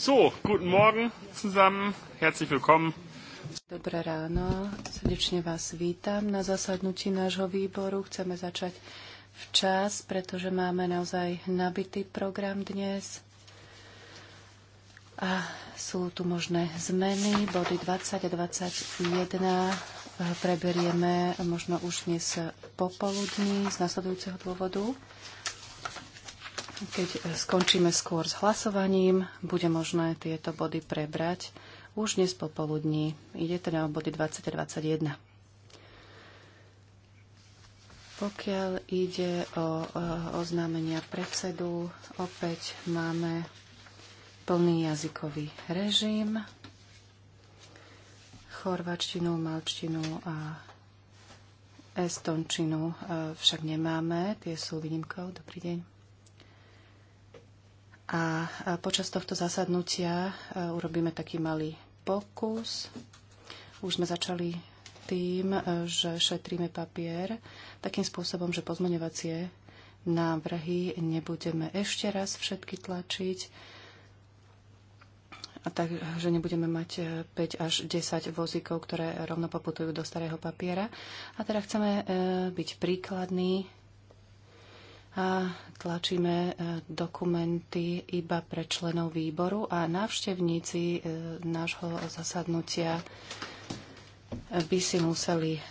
So, guten Morgen zusammen, herzlich willkommen. Dobré ráno, srdečne vás vítam na zasadnutí nášho výboru. Chceme začať včas, pretože máme naozaj nabitý program dnes. A sú tu možné zmeny, body 20 a 21 eh, preberieme možno už dnes popoludní z nasledujúceho dôvodu. Keď skončíme skôr s hlasovaním, bude možné tieto body prebrať už dnes popoludní. Ide teda o body 20 a 21. Pokiaľ ide o e, oznámenia predsedu, opäť máme plný jazykový režim. Chorvačtinu, malčtinu a estončinu e, však nemáme. Tie sú výnimkou. Dobrý deň. A počas tohto zasadnutia e, urobíme taký malý pokus. Už sme začali tým, e, že šetríme papier takým spôsobom, že pozmeňovacie návrhy nebudeme ešte raz všetky tlačiť, a tak, že nebudeme mať 5 e, až 10 vozíkov, ktoré rovno poputujú do starého papiera. A teda chceme byť príkladní a tlačíme e, dokumenty iba pre členov výboru a návštevníci e, nášho zasadnutia by si museli e,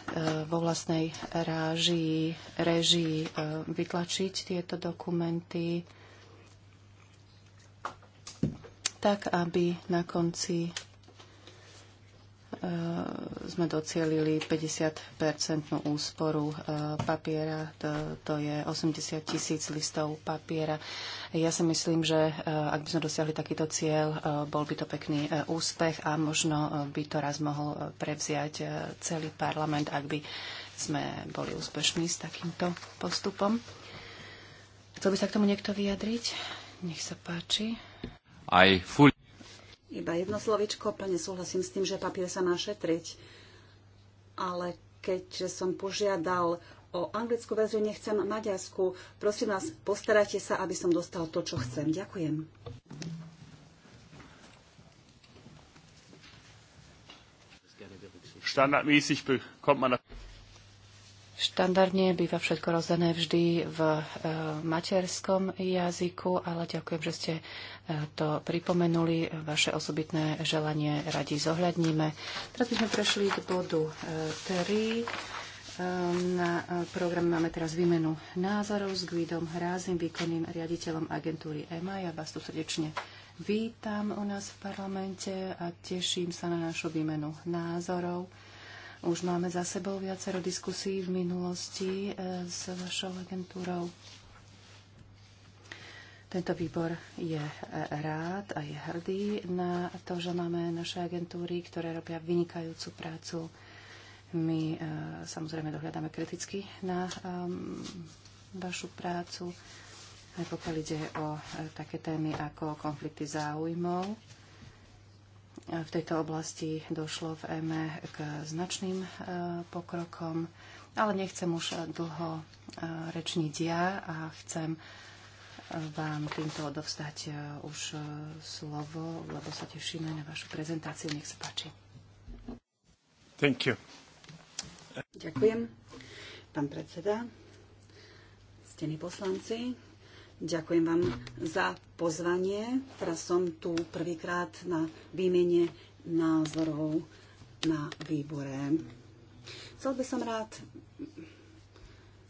vo vlastnej rážii, režii vytlačiť tieto dokumenty tak, aby na konci E, sme docielili 50-percentnú úsporu e, papiera. To, to je 80 tisíc listov papiera. Ja si myslím, že e, ak by sme dosiahli takýto cieľ, bol by to pekný úspech a možno by to raz mohol prevziať celý parlament, ak by sme boli úspešní s takýmto postupom. Chcel by sa k tomu niekto vyjadriť? Nech sa páči. Aj fully iba jedno slovičko, plne súhlasím s tým, že papier sa má šetriť. Ale keďže som požiadal o anglickú verziu, nechcem maďarskú. Prosím vás, postarajte sa, aby som dostal to, čo chcem. Ďakujem. Standardmäßig bekommt man Štandardne býva všetko rozdané vždy v e, materskom jazyku, ale ďakujem, že ste e, to pripomenuli. Vaše osobitné želanie radi zohľadníme. Teraz by sme prešli k bodu 3. E, na programe máme teraz výmenu názorov s Guidom Hrázim, výkonným riaditeľom agentúry EMA. Ja vás tu srdečne vítam u nás v parlamente a teším sa na našu výmenu názorov. Už máme za sebou viacero diskusí v minulosti e, s vašou agentúrou. Tento výbor je e, rád a je hrdý na to, že máme naše agentúry, ktoré robia vynikajúcu prácu. My e, samozrejme dohľadáme kriticky na vašu prácu, aj pokiaľ ide o také témy ako konflikty záujmov v tejto oblasti došlo v EME k značným e, pokrokom, ale nechcem už dlho e, rečniť ja a chcem e, vám týmto odovstať už slovo, lebo sa tešíme na vašu prezentáciu. Nech sa páči. Thank you. Ďakujem. Pán predseda, stení poslanci, Ďakujem vám za pozvanie. Teraz som tu prvýkrát na výmene názorov na výbore. Chcel by som rád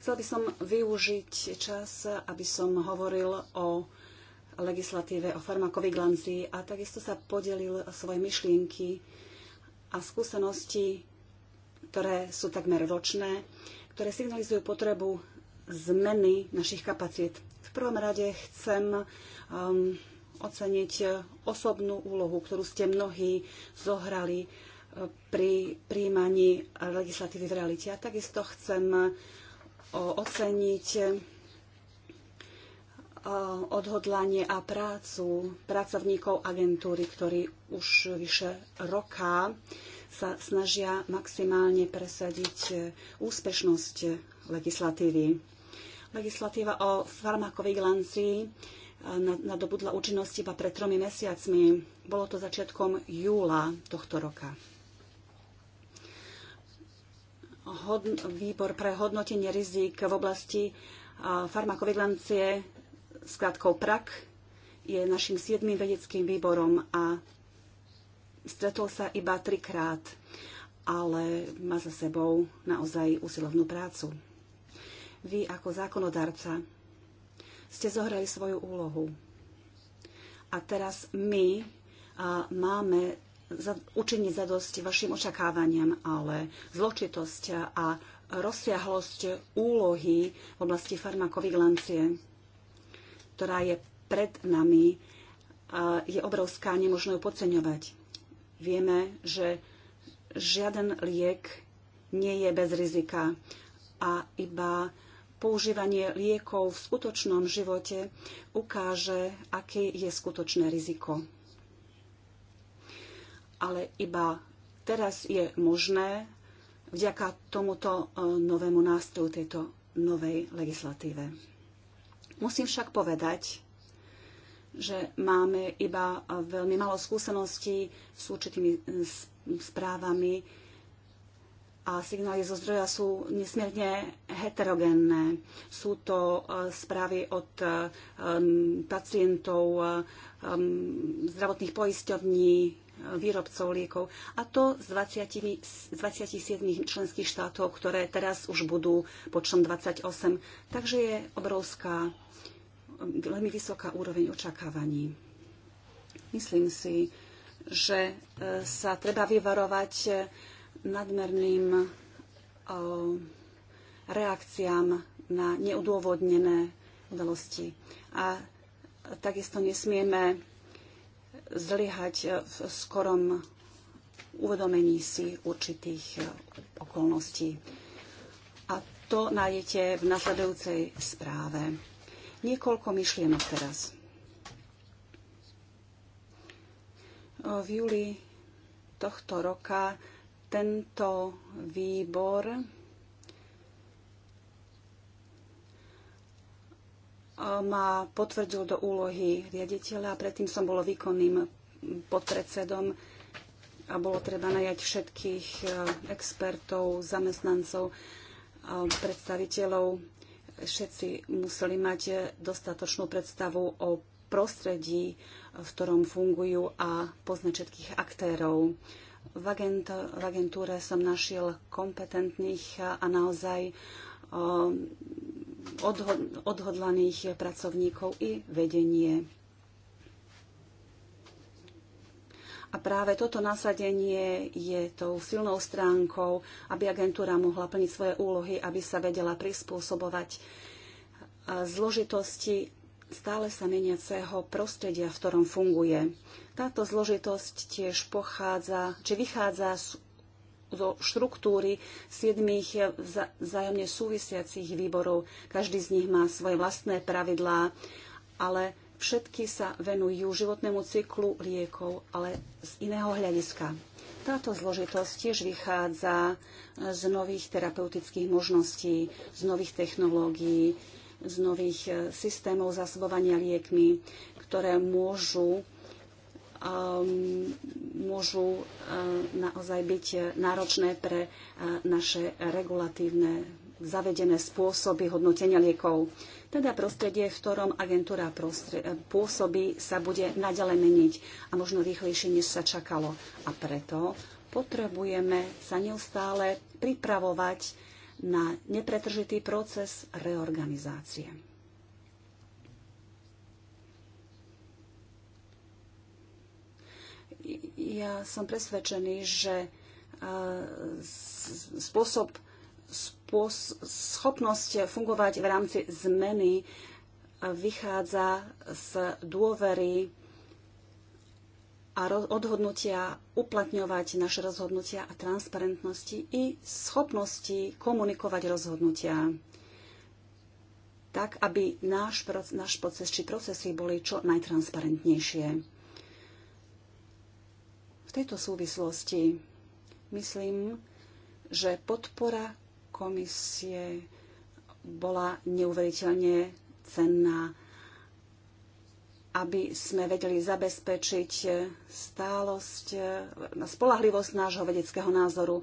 Chcel by som využiť čas, aby som hovoril o legislatíve o farmakovigilancii a takisto sa podelil svoje myšlienky a skúsenosti, ktoré sú takmer ročné, ktoré signalizujú potrebu zmeny našich kapacít. V prvom rade chcem um, oceniť osobnú úlohu, ktorú ste mnohí zohrali uh, pri príjmaní legislatívy v realite. A takisto chcem uh, oceniť uh, odhodlanie a prácu pracovníkov agentúry, ktorí už vyše roka sa snažia maximálne presadiť úspešnosť legislatívy. Legislatíva o farmakovigilancii eh, nadobudla účinnosť iba pred tromi mesiacmi. Bolo to začiatkom júla tohto roka. výbor pre hodnotenie rizik v oblasti eh, farmakovigilancie s krátkou PRAK je našim siedmým vedeckým výborom a stretol sa iba trikrát, ale má za sebou naozaj usilovnú prácu. Vy ako zákonodarca ste zohrali svoju úlohu. A teraz my máme za, učiniť zadosť vašim očakávaniam, ale zločitosť a rozsiahlosť úlohy v oblasti farmakovigilancie, ktorá je pred nami, a je obrovská, nemožno ju podceňovať. Vieme, že žiaden liek nie je bez rizika a iba používanie liekov v skutočnom živote ukáže, aké je skutočné riziko. Ale iba teraz je možné vďaka tomuto e, novému nástroju, tejto novej legislatíve. Musím však povedať, že máme iba e, veľmi malo skúseností s určitými e, správami, a signály zo zdroja sú nesmierne heterogénne. Sú to e, správy od e, pacientov, e, zdravotných poisťovní, výrobcov liekov. A to z, 20, z 27 členských štátov, ktoré teraz už budú počtom 28. Takže je obrovská, veľmi vysoká úroveň očakávaní. Myslím si, že sa treba vyvarovať nadmerným reakciám na neudôvodnené udalosti. A takisto nesmieme zlyhať v skorom uvedomení si určitých e, okolností. A to nájdete v nasledujúcej správe. Niekoľko myšlienok teraz. V júli tohto roka tento výbor ma potvrdil do úlohy riaditeľa. Predtým som bolo výkonným podpredsedom a bolo treba najať všetkých e, expertov, zamestnancov, predstaviteľov. Všetci museli mať dostatočnú predstavu o prostredí, v ktorom fungujú a poznať všetkých aktérov. V, agent, v agentúre som našiel kompetentných a naozaj odhod, odhodlaných pracovníkov i vedenie. A práve toto nasadenie je tou silnou stránkou, aby agentúra mohla plniť svoje úlohy, aby sa vedela prispôsobovať zložitosti stále sa meniaceho prostredia, v ktorom funguje. Táto zložitosť tiež pochádza, či vychádza zo štruktúry siedmých vzájomne súvisiacich výborov. Každý z nich má svoje vlastné pravidlá, ale všetky sa venujú životnému cyklu liekov, ale z iného hľadiska. Táto zložitosť tiež vychádza z nových terapeutických možností, z nových technológií, z nových e, systémov zasobovania liekmi, ktoré môžu Ehm, môžu eh, naozaj byť eh, náročné pre eh, naše regulatívne zavedené spôsoby hodnotenia liekov. Teda prostredie, v ktorom agentúra pôsobí, sa bude naďalej meniť a možno rýchlejšie, než sa čakalo. A preto potrebujeme sa neustále pripravovať na nepretržitý proces reorganizácie. Ja som presvedčený, že e, spôsob, schopnosť fungovať v rámci zmeny e, vychádza z dôvery a odhodnutia uplatňovať naše rozhodnutia a transparentnosti i schopnosti komunikovať rozhodnutia tak, aby náš, náš proces či procesy boli čo najtransparentnejšie. V tejto súvislosti myslím, že podpora komisie bola neuveriteľne cenná, aby sme vedeli zabezpečiť stálosť, spolahlivosť nášho vedeckého názoru,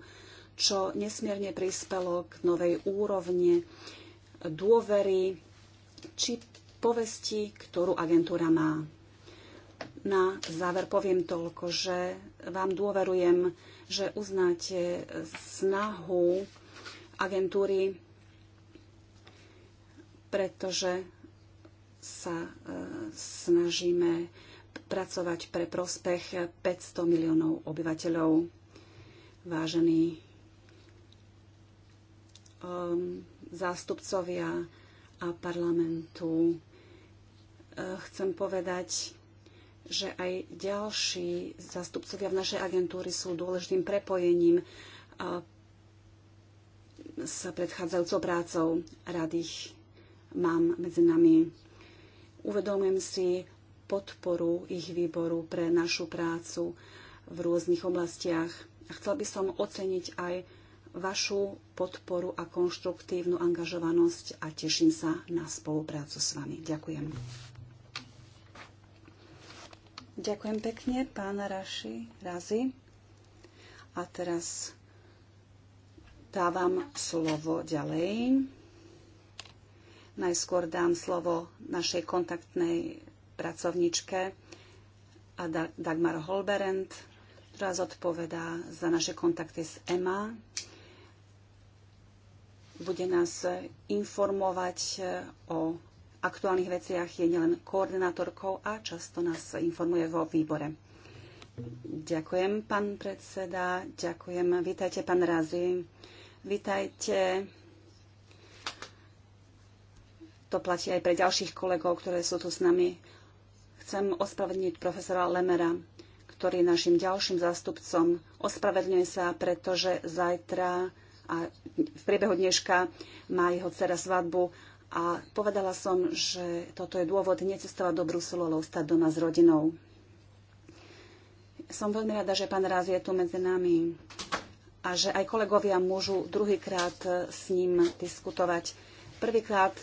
čo nesmierne prispelo k novej úrovne dôvery či povesti, ktorú agentúra má na záver poviem toľko, že vám dôverujem, že uznáte snahu agentúry, pretože sa e, snažíme pracovať pre prospech 500 miliónov obyvateľov. Vážení ehm, zástupcovia a parlamentu, e, chcem povedať, že aj ďalší zastupcovia v našej agentúry sú dôležitým prepojením s predchádzajúcou prácou. Rád ich mám medzi nami. Uvedomujem si podporu ich výboru pre našu prácu v rôznych oblastiach. A chcel by som oceniť aj vašu podporu a konštruktívnu angažovanosť a teším sa na spoluprácu s vami. Ďakujem. Ďakujem pekne, pána Raši Razi. A teraz dávam slovo ďalej. Najskôr dám slovo našej kontaktnej pracovničke Dagmar Holberend, ktorá zodpovedá za naše kontakty s EMA. Bude nás informovať e, o aktuálnych veciach je nielen koordinátorkou a často nás informuje vo výbore. Ďakujem, pán predseda. Ďakujem. Vítajte, pán razy. Vítajte. To platí aj pre ďalších kolegov, ktoré sú tu s nami. Chcem ospravedlniť profesora Lemera, ktorý je našim ďalším zástupcom. Ospravedlňuje sa, pretože zajtra a v priebehu dneška má jeho dcera svadbu a povedala som, že toto je dôvod necestovať do Bruselu, ale ostať doma s rodinou. Som veľmi rada, že pán Ráz je tu medzi nami a že aj kolegovia môžu druhýkrát eh, s ním diskutovať. Prvýkrát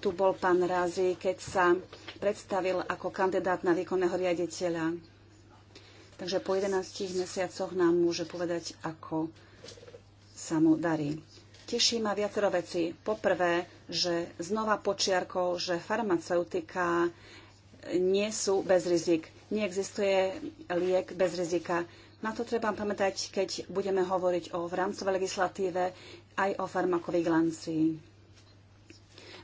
tu bol pán Rázi, keď sa predstavil ako kandidát na výkonného riaditeľa. Takže po 11 mesiacoch nám môže povedať, ako sa mu darí. Teší ma viacero veci. Poprvé, že znova počiarkol, že farmaceutika nie sú bez rizik. Neexistuje liek bez rizika. Na to treba pamätať, keď budeme hovoriť o v rámcovej legislatíve aj o farmakovigilancii.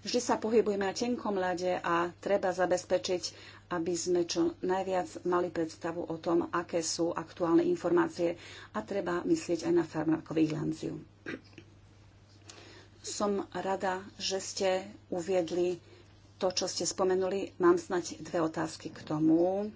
Vždy sa pohybujeme na tenkom ľade a treba zabezpečiť, aby sme čo najviac mali predstavu o tom, aké sú aktuálne informácie a treba myslieť aj na farmakovigilanciu. Som rada, že ste uviedli to, čo ste spomenuli. Mám snať dve otázky k tomu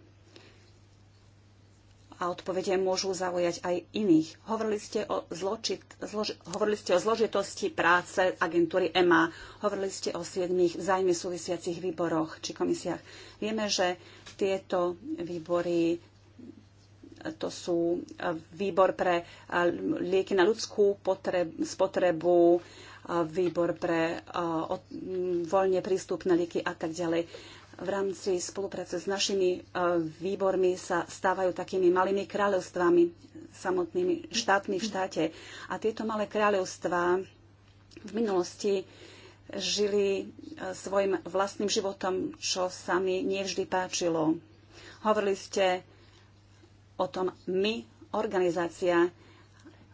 a odpovede môžu zaujať aj iných. Hovorili ste o, zločit, zlož, hovorili ste o zložitosti práce agentúry EMA, hovorili ste o siedmých vzájme súvisiacich výboroch či komisiách. Vieme, že tieto výbory to sú výbor pre lieky na ľudskú potrebu, spotrebu, výbor pre voľne prístupné lieky a tak ďalej. V rámci spolupráce s našimi výbormi sa stávajú takými malými kráľovstvami, samotnými štátmi v štáte. A tieto malé kráľovstvá v minulosti žili svojim vlastným životom, čo sa mi nevždy páčilo. Hovorili ste o tom my, organizácia,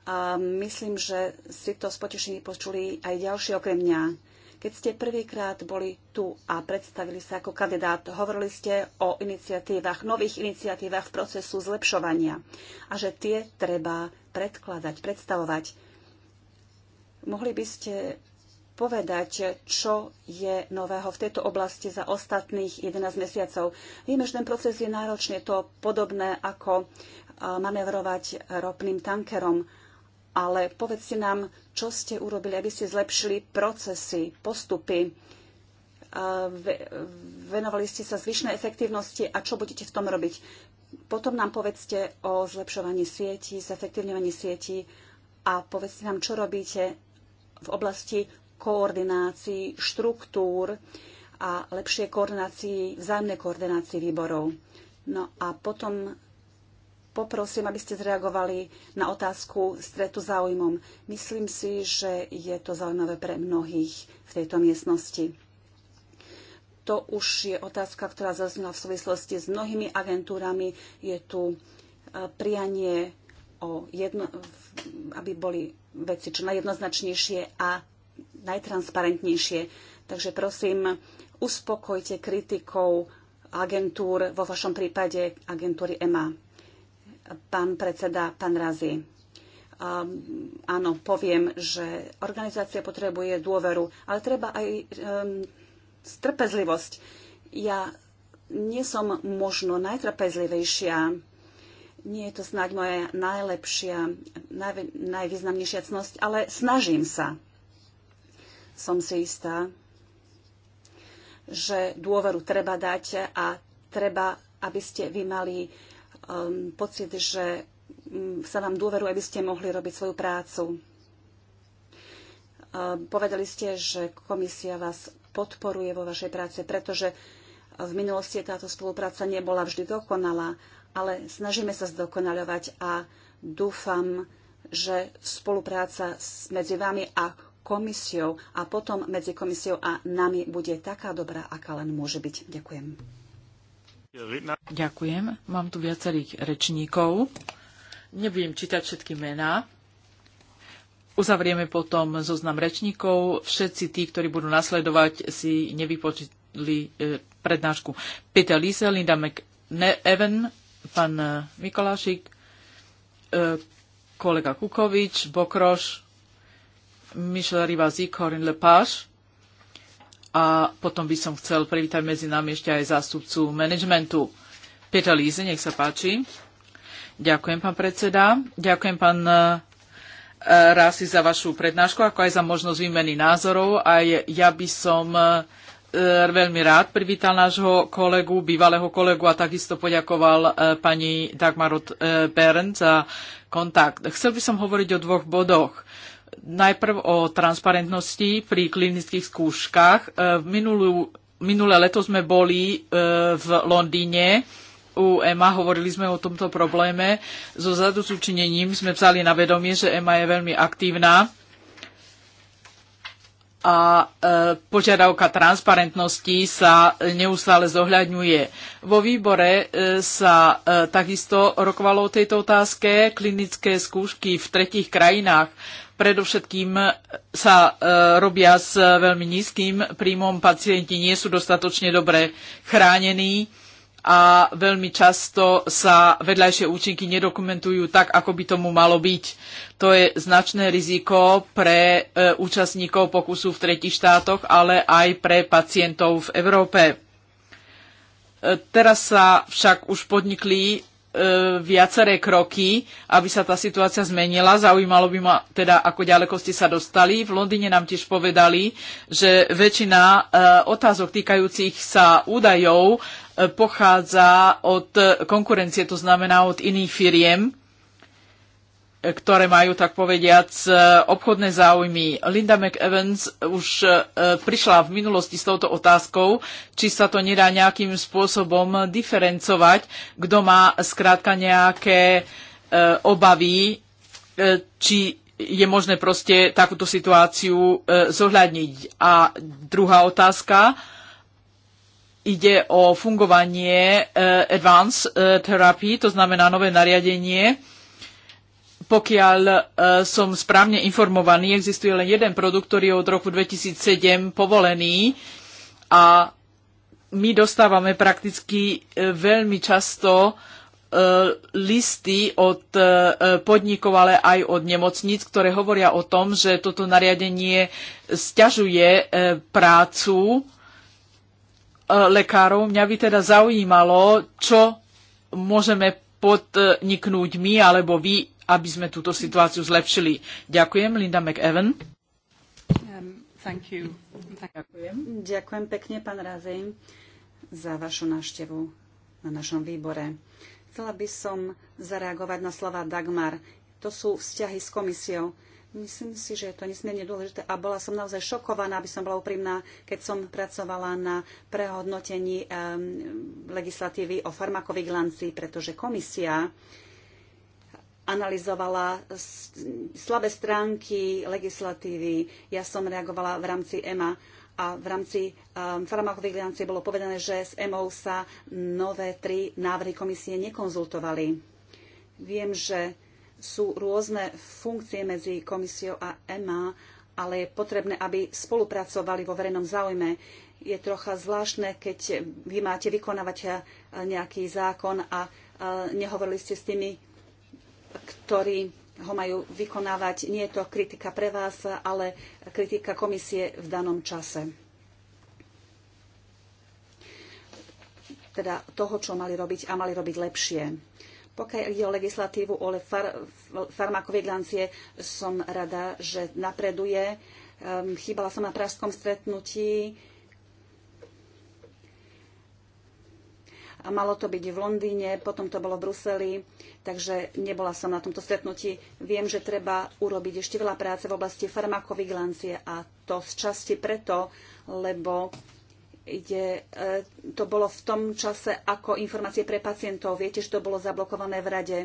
a myslím, že si to s potešením počuli aj ďalší okrem mňa. Keď ste prvýkrát boli tu a predstavili sa ako kandidát, hovorili ste o iniciatívach, nových iniciatívach v procesu zlepšovania a že tie treba predkladať, predstavovať. Mohli by ste povedať, čo je nového v tejto oblasti za ostatných 11 mesiacov. Vieme, že ten proces je náročný, je to podobné ako manevrovať ropným tankerom ale povedzte nám, čo ste urobili, aby ste zlepšili procesy, postupy, venovali ste sa zvyšnej efektívnosti a čo budete v tom robiť. Potom nám povedzte o zlepšovaní sieti, zefektívňovaní sieti a povedzte nám, čo robíte v oblasti koordinácií, štruktúr a lepšie koordinácii, vzájomnej koordinácii výborov. No a potom poprosím, aby ste zreagovali na otázku stretu záujmom. Myslím si, že je to zaujímavé pre mnohých v tejto miestnosti. To už je otázka, ktorá zaznela v súvislosti s mnohými agentúrami. Je tu e, prianie, o jedno, aby boli veci čo najjednoznačnejšie a najtransparentnejšie. Takže prosím, uspokojte kritikov agentúr, vo vašom prípade agentúry EMA. Pán predseda, pán Razi, um, áno, poviem, že organizácia potrebuje dôveru, ale treba aj um, strpezlivosť. Ja nie som možno najtrpezlivejšia, nie je to snáď moja najlepšia, naj, najvýznamnejšia cnosť, ale snažím sa. Som si istá, že dôveru treba dať a treba, aby ste vy mali uh, Ehm, pocit, že mm, sa vám dôveru, aby ste mohli robiť svoju prácu. Ehm, povedali ste, že komisia vás podporuje vo vašej práce, pretože v minulosti táto spolupráca nebola vždy dokonalá, ale snažíme sa zdokonaľovať a dúfam, že spolupráca medzi vami a komisiou a potom medzi komisiou a nami bude taká dobrá, aká len môže byť. Ďakujem. Ďakujem. Mám tu viacerých rečníkov. Nebudem čítať všetky mená. Uzavrieme potom zoznam rečníkov. Všetci tí, ktorí budú nasledovať, si nevypočítali e, prednášku. Peter Lise, Linda McEwen, pán e, Mikolášik, e, kolega Kukovič, Bokroš, Michel Rivazí, Corinne Lepage a potom by som chcel privítať medzi nami ešte aj zástupcu manažmentu. Peter Líze, nech sa páči. Ďakujem, pán predseda. Ďakujem, pán e, Rási, za vašu prednášku, ako aj za možnosť výmeny názorov. Aj ja by som e, veľmi rád privítal nášho kolegu, bývalého kolegu a takisto poďakoval e, pani Dagmarot Bern za kontakt. Chcel by som hovoriť o dvoch bodoch najprv o transparentnosti pri klinických skúškach. E, minulú, minulé leto sme boli e, v Londýne u EMA, hovorili sme o tomto probléme. So zadozučinením sme vzali na vedomie, že EMA je veľmi aktívna a e, požiadavka transparentnosti sa neustále zohľadňuje. Vo výbore sa takisto rokovalo o tejto otázke. Klinické skúšky v tretich krajinách Predovšetkým sa e, robia s veľmi nízkym príjmom, pacienti nie sú dostatočne dobre chránení a veľmi často sa vedľajšie účinky nedokumentujú tak, ako by tomu malo byť. To je značné riziko pre e, účastníkov pokusu v tretich štátoch, ale aj pre pacientov v Európe. E, teraz sa však už podnikli E, viaceré kroky, aby sa tá situácia zmenila. Zaujímalo by ma teda, ako ďaleko ste sa dostali. V Londýne nám tiež povedali, že väčšina e, otázok týkajúcich sa údajov e, pochádza od konkurencie, to znamená od iných firiem ktoré majú, tak povediac, e, obchodné záujmy. Linda McEvans už e, prišla v minulosti s touto otázkou, či sa to nedá nejakým spôsobom diferencovať, kto má skrátka nejaké e, obavy, či je možné proste takúto situáciu zohľadniť. A druhá otázka, ide o fungovanie Advanced Therapy, to znamená nové nariadenie, pokiaľ uh, som správne informovaný, existuje len jeden produkt, ktorý je od roku 2007 povolený a my dostávame prakticky uh, veľmi často e, listy od podnikov, ale aj od nemocníc, ktoré hovoria o tom, že toto nariadenie sťažuje prácu lekárov. Mňa by teda zaujímalo, čo môžeme podniknúť my alebo vy aby sme túto situáciu zlepšili. Ďakujem, Linda McEwen. Um, thank you. Ďakujem. Ďakujem pekne, pán Razej, za vašu návštevu na našom výbore. Chcela by som zareagovať na slova Dagmar. To sú vzťahy s komisiou. Myslím si, že je to nesmierne dôležité a bola som naozaj šokovaná, aby som bola úprimná, keď som pracovala na prehodnotení um, legislatívy o farmakovigilancii, pretože komisia uh, analyzovala slabé stránky legislatívy. Ja som reagovala v rámci EMA a v rámci um, farmakovigilancie bolo povedané, že s EMO sa nové tri návrhy komisie nekonzultovali. Viem, že sú rôzne funkcie medzi komisiou a EMA, ale je potrebné, aby spolupracovali vo verejnom záujme. Je trocha zvláštne, keď vy máte vykonávať nejaký zákon a uh, nehovorili ste s tými ktorí ho majú vykonávať. Nie je to kritika pre vás, ale kritika komisie v danom čase. Teda toho, čo mali robiť a mali robiť lepšie. Pokiaľ ide o legislatívu o far- farmakovigilancie, som rada, že napreduje. Ehm, chýbala som na pražskom stretnutí. a malo to byť v Londýne, potom to bolo v Bruseli, takže nebola som na tomto stretnutí. Viem, že treba urobiť ešte veľa práce v oblasti farmakovigilancie a to z časti preto, lebo ide, e, to bolo v tom čase ako informácie pre pacientov. Viete, že to bolo zablokované v rade.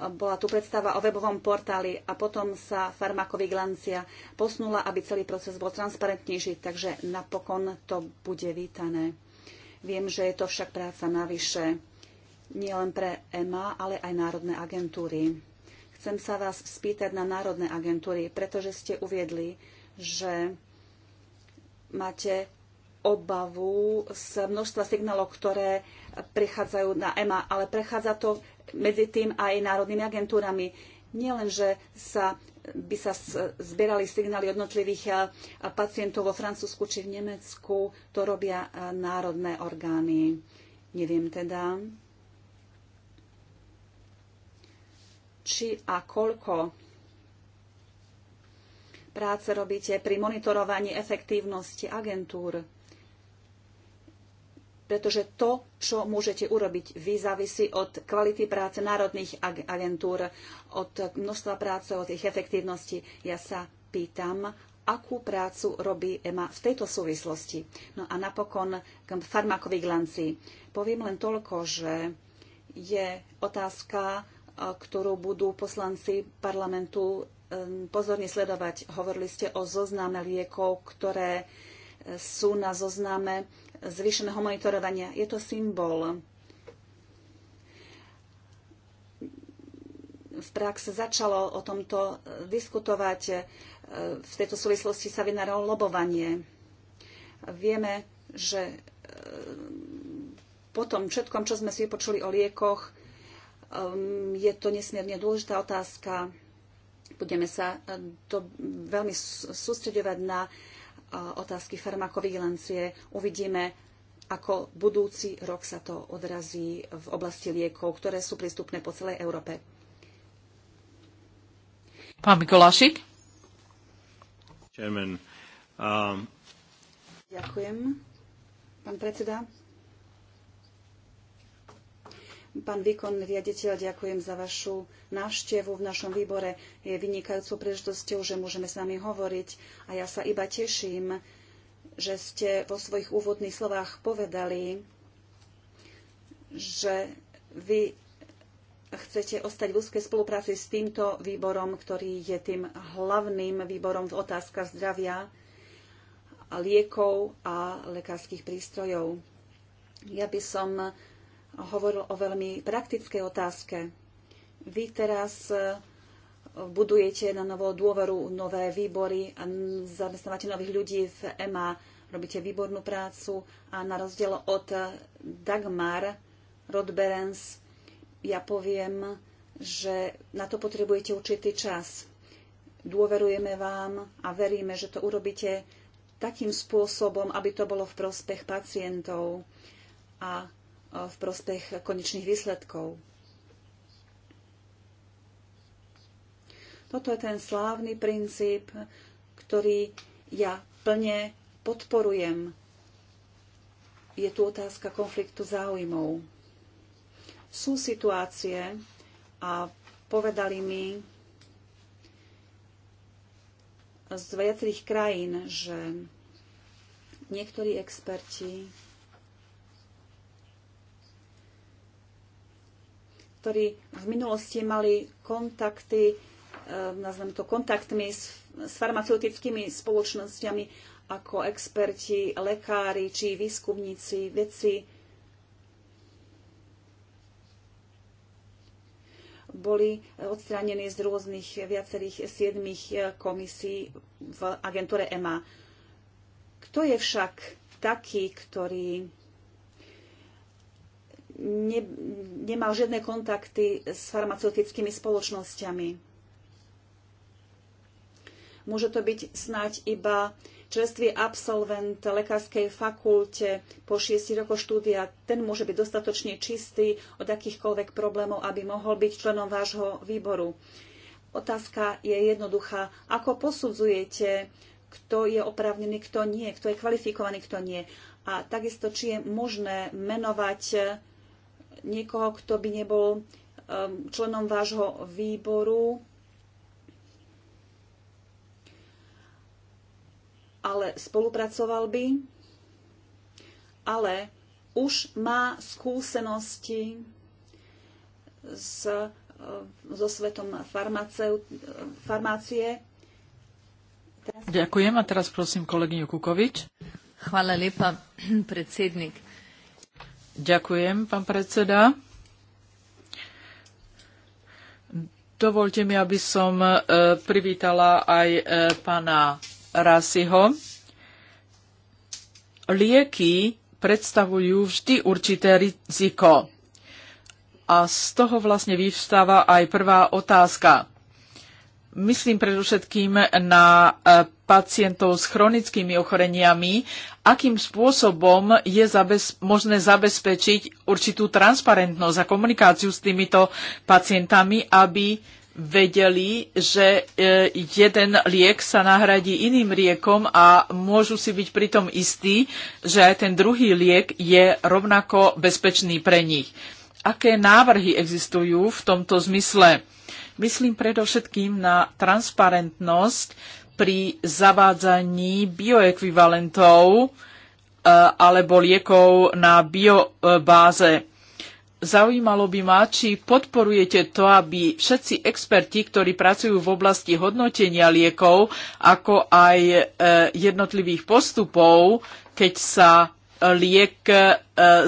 Bola tu predstava o webovom portáli a potom sa farmakovigilancia posnula, aby celý proces bol transparentnejší, takže napokon to bude vítané. Viem, že je to však práca navyše nielen pre EMA, ale aj národné agentúry. Chcem sa vás spýtať na národné agentúry, pretože ste uviedli, že máte obavu z množstva signálov, ktoré prichádzajú na EMA, ale prechádza to medzi tým aj národnými agentúrami. Nielen, že sa by sa zbierali signály jednotlivých pacientov vo Francúzsku či v Nemecku. To robia národné orgány. Neviem teda, či a koľko práce robíte pri monitorovaní efektívnosti agentúr pretože to, čo môžete urobiť vy, závisí od kvality práce národných agentúr, od množstva práce, od ich efektívnosti. Ja sa pýtam, akú prácu robí EMA v tejto súvislosti. No a napokon k glanci. Poviem len toľko, že je otázka, e, ktorú budú poslanci parlamentu e, pozorne sledovať. Hovorili ste o zozname liekov, ktoré e, sú na zozname zvýšeného monitorovania. Je to symbol. V prax začalo o tomto diskutovať. E, v tejto súvislosti sa vynaralo lobovanie. Vieme, že e, po tom všetkom, čo sme si počuli o liekoch, um, je to nesmierne dôležitá otázka. Budeme sa to e, veľmi sústredovať na uh, Eh, otázky farmakovigilancie. Uvidíme, ako budúci rok sa to odrazí v oblasti liekov, ktoré sú prístupné po celej Európe. Pán Mikolášik. Um, Ďakujem, pán predseda. Pán výkonný riaditeľ, ďakujem za vašu návštevu v našom výbore. Je vynikajúcou príležitosťou, že môžeme s vami hovoriť a ja sa iba teším, že ste vo svojich úvodných slovách povedali, že vy chcete ostať v úzkej spolupráci s týmto výborom, ktorý je tým hlavným výborom v otázkach zdravia, liekov a lekárskych prístrojov. Ja by som hovoril o veľmi praktickej otázke. Vy teraz e, budujete na novo dôveru, nové výbory, a zamestnávate nových ľudí v EMA, robíte výbornú prácu a na rozdiel od Dagmar Rodberens ja poviem, že na to potrebujete určitý čas. Dôverujeme vám a veríme, že to urobíte takým spôsobom, aby to bolo v prospech pacientov a Eh, v prospech konečných výsledkov. Toto je ten slávny princíp, ktorý ja plne podporujem. Je tu otázka konfliktu záujmov. Sú situácie a povedali mi z viacerých krajín, že niektorí experti ktorí v minulosti mali kontakty, e, nazvem to kontaktmi s, s farmaceutickými spoločnosťami ako experti, lekári či výskumníci, vedci. boli odstránení z rôznych viacerých siedmých e, komisí v agentúre EMA. Kto je však taký, ktorý ne, nemal žiadne kontakty s farmaceutickými spoločnosťami. Môže to byť snať iba čerstvý absolvent lekárskej fakulte po 6 rokoch štúdia. Ten môže byť dostatočne čistý od akýchkoľvek problémov, aby mohol byť členom vášho výboru. Otázka je jednoduchá. Ako posudzujete, kto je oprávnený, kto nie, kto je kvalifikovaný, kto nie? A takisto, či je možné menovať niekoho, kto by nebol um, členom vášho výboru, ale spolupracoval by, ale už má skúsenosti s, um, so svetom farmácie. Teraz... Ďakujem a teraz prosím kolegyňu Kukovič. Hvala lepa, predsednik. Ďakujem, pán predseda. Dovolte mi, aby som e, privítala aj e, pána Rasiho. Lieky predstavujú vždy určité riziko. A z toho vlastne vyvstáva aj prvá otázka. Myslím predovšetkým na e, pacientov s chronickými ochoreniami, akým spôsobom je zabez, možné zabezpečiť určitú transparentnosť a komunikáciu s týmito pacientami, aby vedeli, že e, jeden liek sa nahradí iným liekom a môžu si byť pritom istí, že aj ten druhý liek je rovnako bezpečný pre nich. Aké návrhy existujú v tomto zmysle? Myslím predovšetkým na transparentnosť pri zavádzaní bioekvivalentov e, alebo liekov na biobáze. Zaujímalo by ma, či podporujete to, aby všetci experti, ktorí pracujú v oblasti hodnotenia liekov, ako aj e, jednotlivých postupov, keď sa liek e,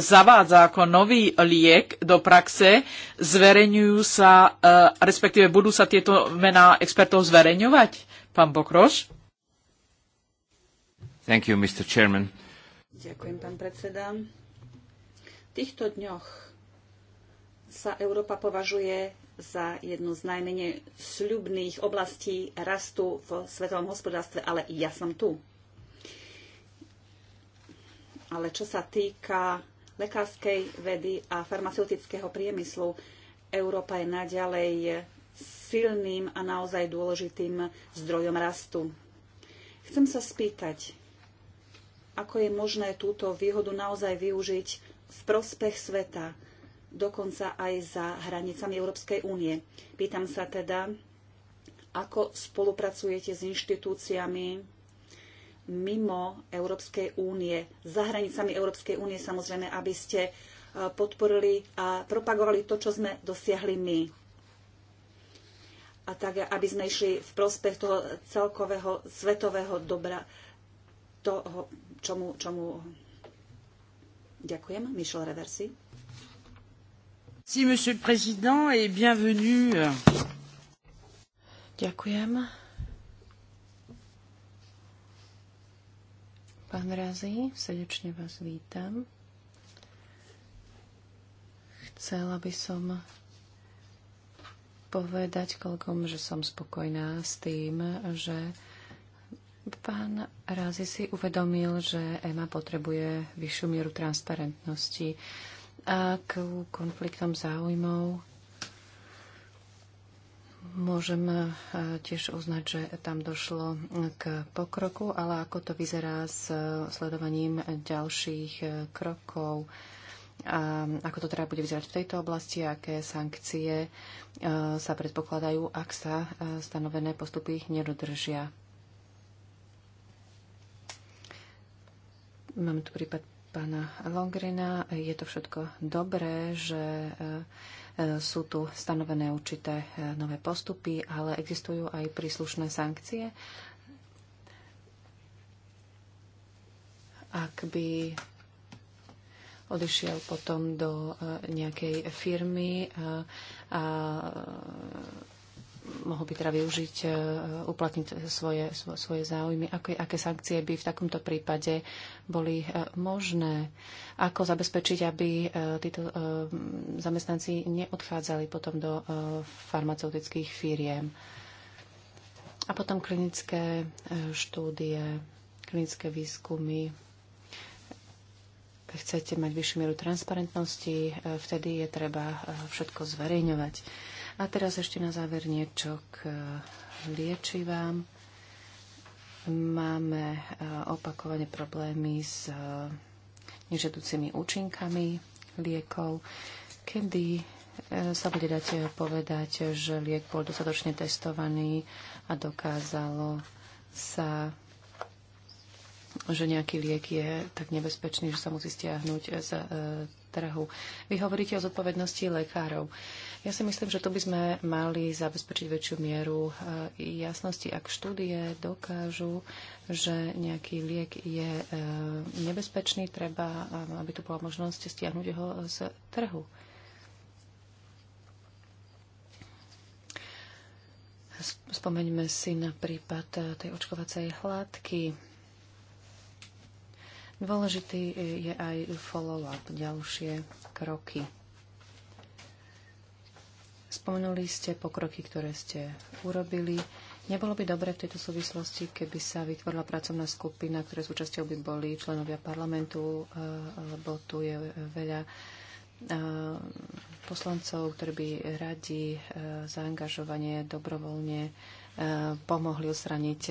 zavádza ako nový liek do praxe, zverejňujú sa, respektíve budú sa tieto mená expertov zverejňovať? Pán Bokroš. Thank you, Mr. Chairman. Ďakujem, pán predseda. V týchto dňoch sa Európa považuje za jednu z najmenej sľubných oblastí rastu v svetovom hospodárstve, ale ja som tu. Ale čo sa týka lekárskej vedy a farmaceutického priemyslu, Európa je naďalej silným a naozaj dôležitým zdrojom rastu. Chcem sa spýtať, ako je možné túto výhodu naozaj využiť v prospech sveta, dokonca aj za hranicami Európskej únie. Pýtam sa teda, ako spolupracujete s inštitúciami mimo Európskej únie, za hranicami Európskej únie samozrejme, aby ste eh, podporili a propagovali to, čo sme dosiahli my a tak, aby sme išli v prospech toho celkového svetového dobra, toho, čomu, čomu... Ďakujem. Michel Reversi. Si, monsieur le président, et bienvenue. Ďakujem. Pán Razi, srdečne vás vítam. Chcela by som povedať kolkom, že som spokojná s tým, že pán Rázi si uvedomil, že EMA potrebuje vyššiu mieru transparentnosti a k konfliktom záujmov môžem e, tiež uznať, že tam došlo k pokroku, ale ako to vyzerá s sledovaním ďalších e, krokov? a ako to teda bude vyzerať v tejto oblasti, aké sankcie e, sa predpokladajú, ak sa e, stanovené postupy nedodržia. Máme tu prípad pána Longrina. Je to všetko dobré, že e, sú tu stanovené určité nové postupy, ale existujú aj príslušné sankcie. Ak by odišiel potom do e, nejakej firmy e, a, a e, mohol by teda využiť, uplatniť svoje, svoje záujmy. Aké, aké sankcie by v takomto prípade boli možné? Ako zabezpečiť, aby títo zamestnanci neodchádzali potom do farmaceutických firiem? A potom klinické štúdie, klinické výskumy, chcete mať vyššiu mieru transparentnosti, e, vtedy je treba e, všetko zverejňovať. A teraz ešte na záver niečo k e, liečivám. Máme opakovane problémy s nežadúcimi účinkami liekov, kedy sa bude dať povedať, že liek bol dostatočne testovaný a dokázalo sa že nejaký liek je tak nebezpečný, že sa musí stiahnuť z e, trhu. Vy hovoríte o zodpovednosti lekárov. Ja si myslím, že tu by sme mali zabezpečiť väčšiu mieru e, jasnosti, ak štúdie dokážu, že nejaký liek je e, nebezpečný, treba, e, aby tu bola možnosť stiahnuť ho z trhu. Spomeňme si na prípad e, tej očkovacej hladky Dôležitý je aj follow-up, ďalšie kroky. Spomenuli ste pokroky, ktoré ste urobili. Nebolo by dobre v tejto súvislosti, keby sa vytvorila pracovná skupina, ktoré súčasťou by boli členovia parlamentu, e, lebo tu je veľa e, poslancov, ktorí by radi e, zaangažovanie dobrovoľne pomohli osraniť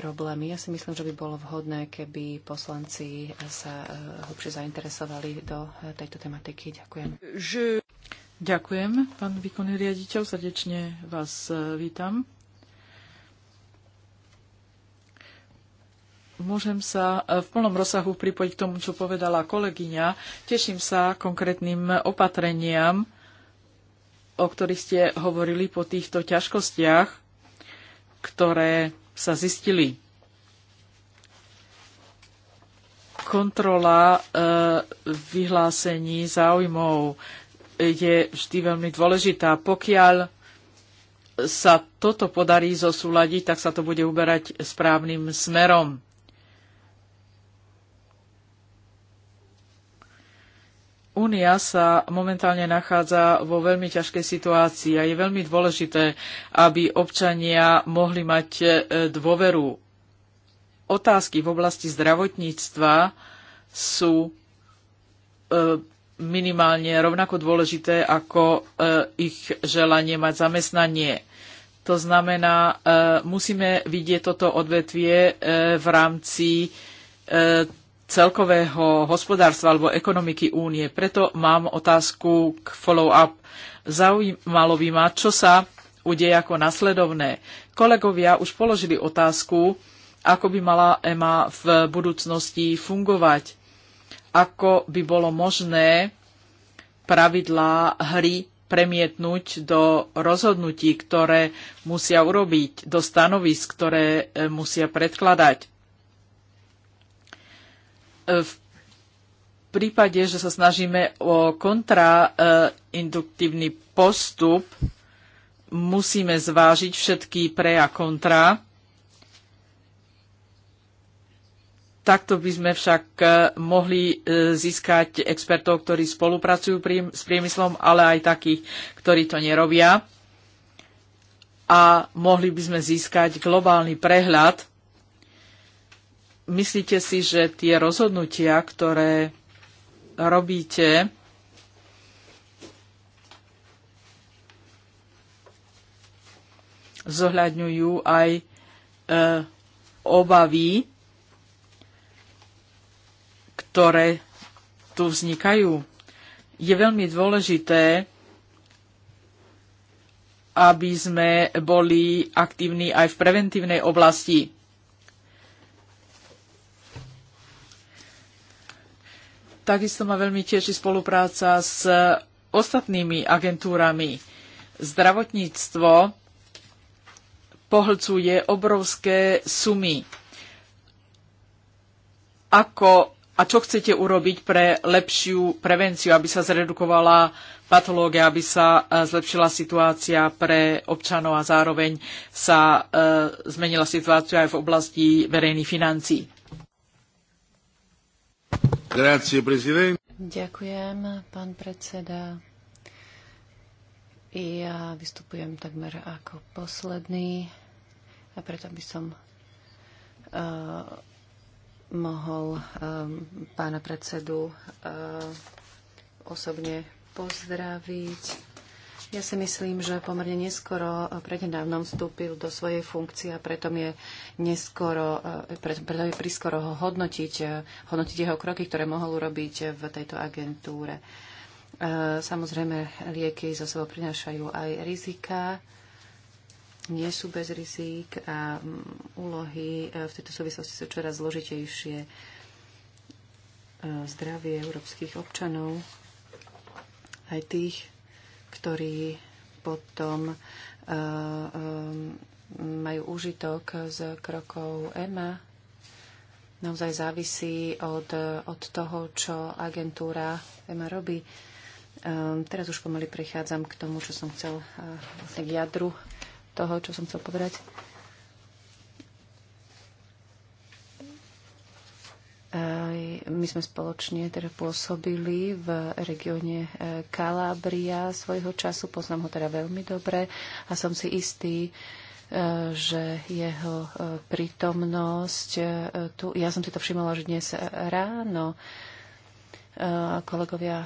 problémy. Ja si myslím, že by bolo vhodné, keby poslanci sa e, hlbšie zainteresovali do e, tejto tematiky. Ďakujem. Že... Ďakujem, pán výkonný riaditeľ. Srdečne vás e, vítam. Môžem sa v plnom rozsahu pripojiť k tomu, čo povedala kolegyňa. Teším sa konkrétnym opatreniam, o ktorých ste hovorili po týchto ťažkostiach, ktoré sa zistili. Kontrola e, vyhlásení záujmov je vždy veľmi dôležitá. Pokiaľ sa toto podarí zosúľadiť, tak sa to bude uberať správnym smerom. únia sa momentálne nachádza vo veľmi ťažkej situácii a je veľmi dôležité, aby občania mohli mať e, dôveru. Otázky v oblasti zdravotníctva sú e, minimálne rovnako dôležité ako e, ich želanie mať zamestnanie. To znamená, musíme vidieť toto odvetvie v rámci celkového hospodárstva alebo ekonomiky únie. Preto mám otázku k follow-up. Zaujímalo by ma, čo sa udeje ako nasledovné. Kolegovia už položili otázku, ako by mala EMA v budúcnosti fungovať, ako by bolo možné pravidlá hry premietnúť do rozhodnutí, ktoré musia urobiť, do stanovisk, ktoré eh, musia predkladať E, v prípade, že sa snažíme o kontrainduktívny postup, musíme zvážiť všetky pre a kontra. Takto by sme však e, mohli e, získať expertov, ktorí spolupracujú s priemyslom, ale aj takých, ktorí to nerobia. A mohli by sme získať globálny prehľad myslíte si, že tie rozhodnutia, ktoré robíte, zohľadňujú aj e, obavy, ktoré tu vznikajú. Je veľmi dôležité, aby sme boli aktívni aj v preventívnej oblasti Takisto ma veľmi teší spolupráca s ostatnými agentúrami. Zdravotníctvo pohlcuje obrovské sumy. Ako a čo chcete urobiť pre lepšiu prevenciu, aby sa zredukovala patológia, aby sa e, zlepšila situácia pre občanov a zároveň sa e, zmenila situácia aj v oblasti verejných financií. Ďakujem, pán predseda. Ja vystupujem takmer ako posledný a preto by som uh, mohol um, pána predsedu uh, osobne pozdraviť. Ja si myslím, že pomerne neskoro eh, prednedávnom vstúpil do svojej funkcie a preto je, neskoro, eh, preto, preto je priskoro ho hodnotiť, eh, hodnotiť jeho kroky, ktoré mohol urobiť v tejto agentúre. Samozrejme, lieky zo sebou prinášajú aj rizika, nie sú bez rizík a mm, úlohy v tejto súvislosti sú čoraz zložitejšie. Zdravie európskych občanov, aj tých, ktorí potom e, e, majú úžitok z krokov EMA, naozaj závisí od, od toho, čo agentúra EMA robí. E, teraz už pomaly prechádzam k tomu, čo som chcel, vlastne k jadru toho, čo som chcel povedať. My sme spoločne teda pôsobili v regióne e, Kalábria svojho času, poznám ho teda veľmi dobre a som si istý, e, že jeho e, prítomnosť tu, ja som si to všimla že dnes ráno, kolegovia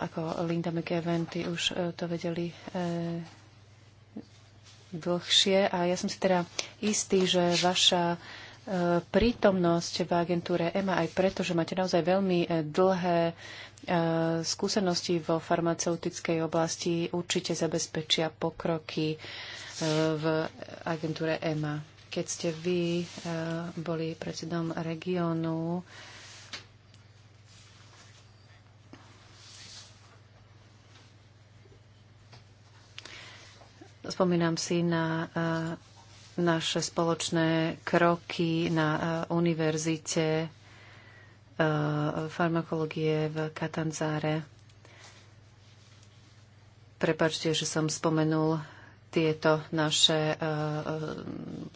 ako Linda McEwen, už to vedeli dlhšie a ja som si teda istý, že vaša prítomnosť v agentúre EMA aj preto, že máte naozaj veľmi e, dlhé e, skúsenosti vo farmaceutickej oblasti, určite zabezpečia pokroky e, v agentúre EMA. Keď ste vy boli predsedom regiónu, spomínam si na naše spoločné kroky na e, univerzite e, farmakológie v Katanzáre. Prepačte, že som spomenul tieto naše e,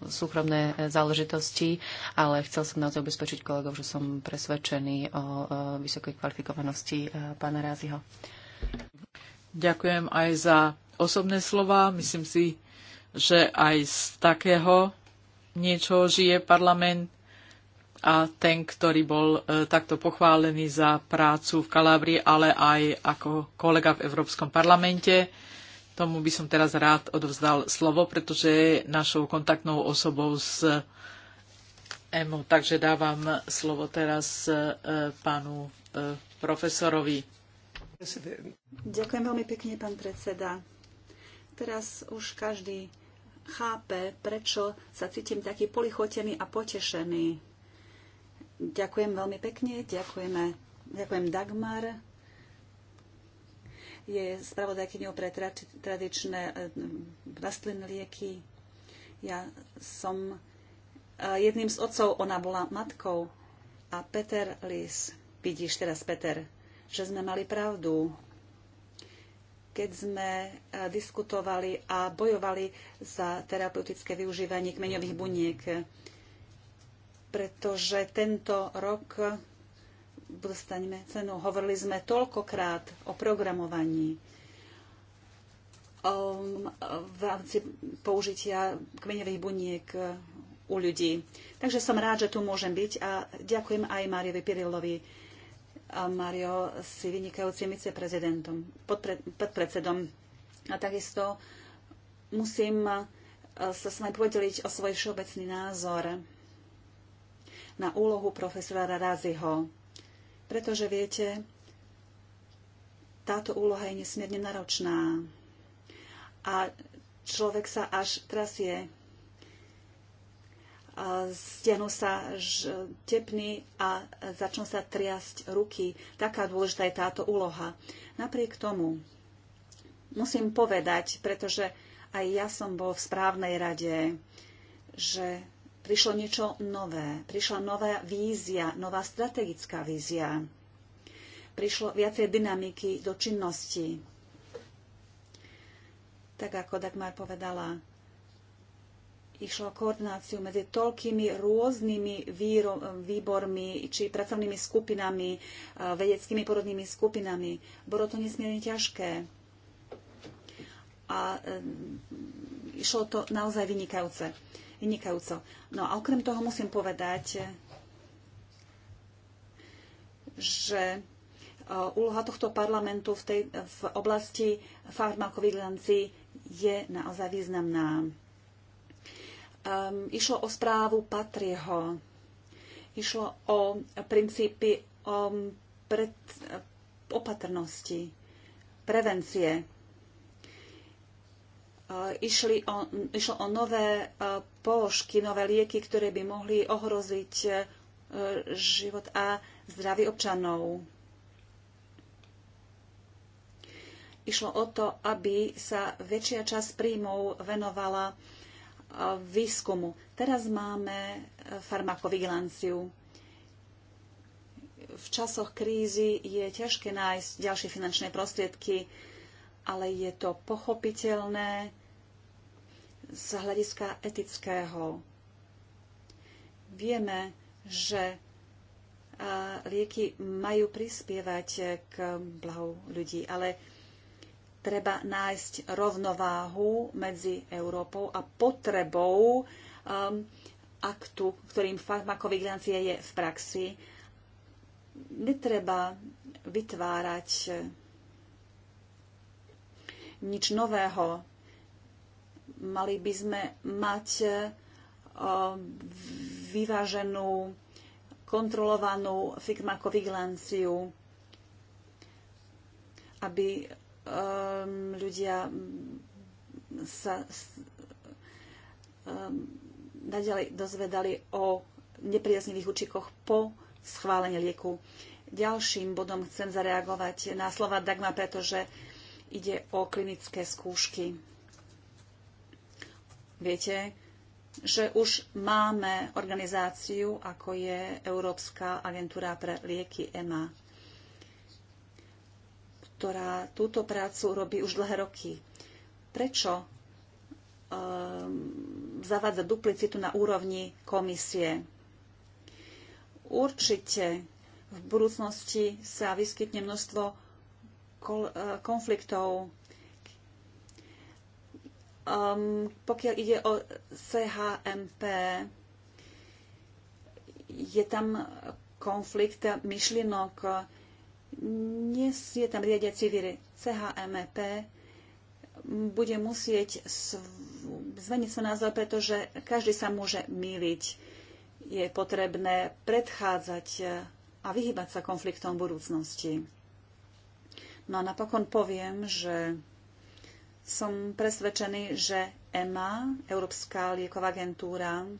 súkromné záležitosti, ale chcel som naozaj ubezpečiť kolegov, že som presvedčený o vysokej kvalifikovanosti pána Ráziho. Ďakujem aj za osobné slova. Myslím si, že aj z takého niečo žije parlament a ten, ktorý bol e, takto pochválený za prácu v Kalábrii, ale aj ako kolega v Európskom parlamente. Tomu by som teraz rád odovzdal slovo, pretože je našou kontaktnou osobou z EMO. Takže dávam slovo teraz e, pánu e, profesorovi. Ďakujem veľmi pekne, pán predseda. Teraz už každý chápe, prečo sa cítim taký polichotený a potešený. Ďakujem veľmi pekne, ďakujeme, ďakujem Dagmar. Je spravodajkyňou pre tradičné e, rastlinné lieky. Ja som e, jedným z otcov, ona bola matkou. A Peter Lis, vidíš teraz, Peter, že sme mali pravdu keď sme e, diskutovali a bojovali za terapeutické využívanie kmeňových buniek, pretože tento rok dostaneme cenu. Hovorili sme toľkokrát o programovaní v rámci použitia kmeňových buniek u ľudí. Takže som rád, že tu môžem byť a ďakujem aj Máriovi Pirilovi Mario si vynikajúcim viceprezidentom, podpred, podpredsedom. A takisto musím e, sa s vami podeliť o svoj všeobecný názor na úlohu profesora Raziho. Pretože viete, táto úloha je nesmierne náročná. A človek sa až trasie stiahnu sa tepny a začnú sa triasť ruky. Taká dôležitá je táto úloha. Napriek tomu musím povedať, pretože aj ja som bol v správnej rade, že prišlo niečo nové. Prišla nová vízia, nová strategická vízia. Prišlo viacej dynamiky do činnosti. Tak ako Dagmar povedala, išlo o koordináciu medzi toľkými rôznymi výro, výbormi či pracovnými skupinami, e, vedeckými porodnými skupinami. Bolo to nesmierne ťažké. A e, išlo to naozaj vynikajúce. vynikajúco. No a okrem toho musím povedať, že e, úloha tohto parlamentu v, tej, v oblasti farmakovigilancii je naozaj významná Um, išlo o správu Patrieho. Išlo o princípy o ehm, pred, eh, opatrnosti, prevencie. Eh, išli o, išlo o nové eh, položky, nové lieky, ktoré by mohli ohroziť život a zdravie občanov. Išlo o to, aby sa väčšia časť príjmov venovala výskumu. Teraz máme e, farmakovigilanciu. V časoch krízy je ťažké nájsť ďalšie finančné prostriedky, ale je to pochopiteľné z hľadiska etického. Vieme, že e, lieky majú prispievať e, k blahu ľudí, ale treba nájsť rovnováhu medzi Európou a potrebou um, aktu, ktorým farmakovigilancia je v praxi. Netreba vytvárať eh, nič nového. Mali by sme mať um, vyváženú, kontrolovanú figmakovigilanciu, aby um, ľudia sa um, ehm, nadalej dozvedali o nepriaznivých účinkoch po schválení lieku. Ďalším bodom chcem zareagovať na slova Dagma, pretože ide o klinické skúšky. Viete, že už máme organizáciu, ako je Európska agentúra pre lieky EMA ktorá túto prácu robí už dlhé roky. Prečo um, zavádza duplicitu na úrovni komisie? Určite v budúcnosti sa vyskytne množstvo uh, konfliktov. Um, pokiaľ ide o CHMP, je tam konflikt myšlienok dnes je tam riadiaci vir CHMP, bude musieť zmeniť svoj názor, pretože každý sa môže míliť. Je potrebné predchádzať e, a vyhybať sa konfliktom v budúcnosti. No a napokon poviem, že som presvedčený, že EMA, Európska lieková agentúra, e,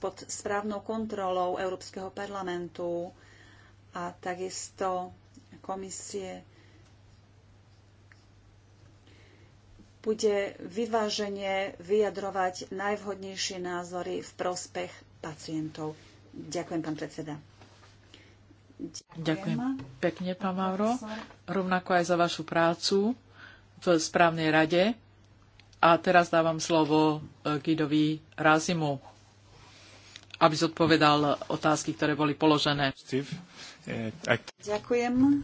pod správnou kontrolou Európskeho parlamentu a takisto komisie bude vyváženie vyjadrovať najvhodnejšie názory v prospech pacientov. Ďakujem, pán predseda. Ďakujem, Ďakujem pekne, pán Mauro. Rovnako aj za vašu prácu v správnej rade. A teraz dávam slovo e, Gidovi Razimu, aby zodpovedal otázky, ktoré boli položené. Steve. E, Ďakujem.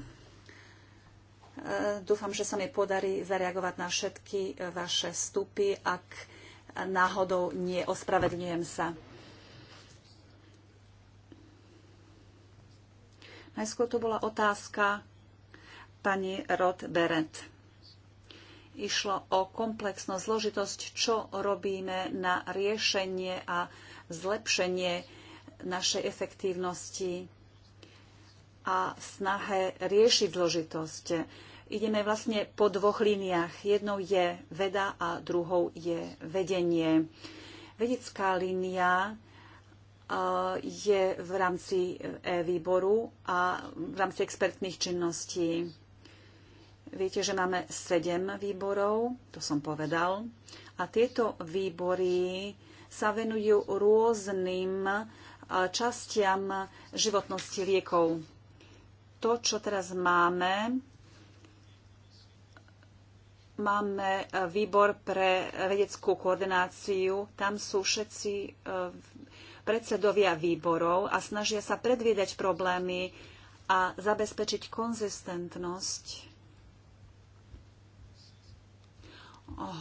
E, dúfam, že sa mi podarí zareagovať na všetky e, vaše vstupy, ak náhodou nie ospravedlňujem sa. Najskôr to bola otázka pani Rod Beret. Išlo o komplexnú zložitosť, čo robíme na riešenie a zlepšenie našej efektívnosti a snahe riešiť zložitosť. Ideme vlastne po dvoch líniách. Jednou je veda a druhou je vedenie. Vedecká línia je v rámci e-výboru a v rámci expertných činností. Viete, že máme sedem výborov, to som povedal, a tieto výbory sa venujú rôznym častiam životnosti liekov to, čo teraz máme, máme e, výbor pre vedeckú koordináciu. Tam sú všetci e, predsedovia výborov a snažia sa predviedať problémy a zabezpečiť konzistentnosť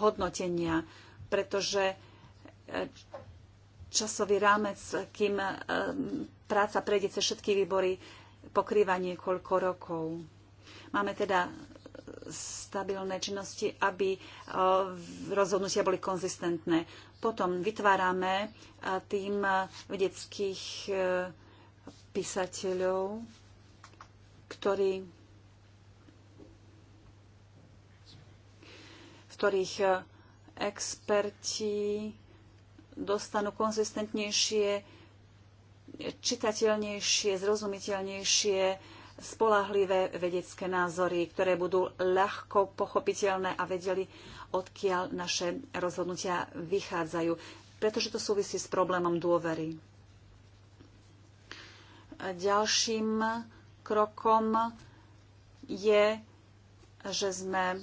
hodnotenia, pretože e, časový rámec, kým práca prejde cez všetky výbory, pokrýva niekoľko rokov. Máme teda stabilné činnosti, aby e, rozhodnutia boli konzistentné. Potom vytvárame e, tým e, vedeckých písateľov, ktorí, v ktorých experti dostanú konzistentnejšie čitateľnejšie, zrozumiteľnejšie, spolahlivé vedecké názory, ktoré budú ľahko pochopiteľné a vedeli, odkiaľ naše rozhodnutia vychádzajú, pretože to súvisí s problémom dôvery. Ďalším krokom je, že sme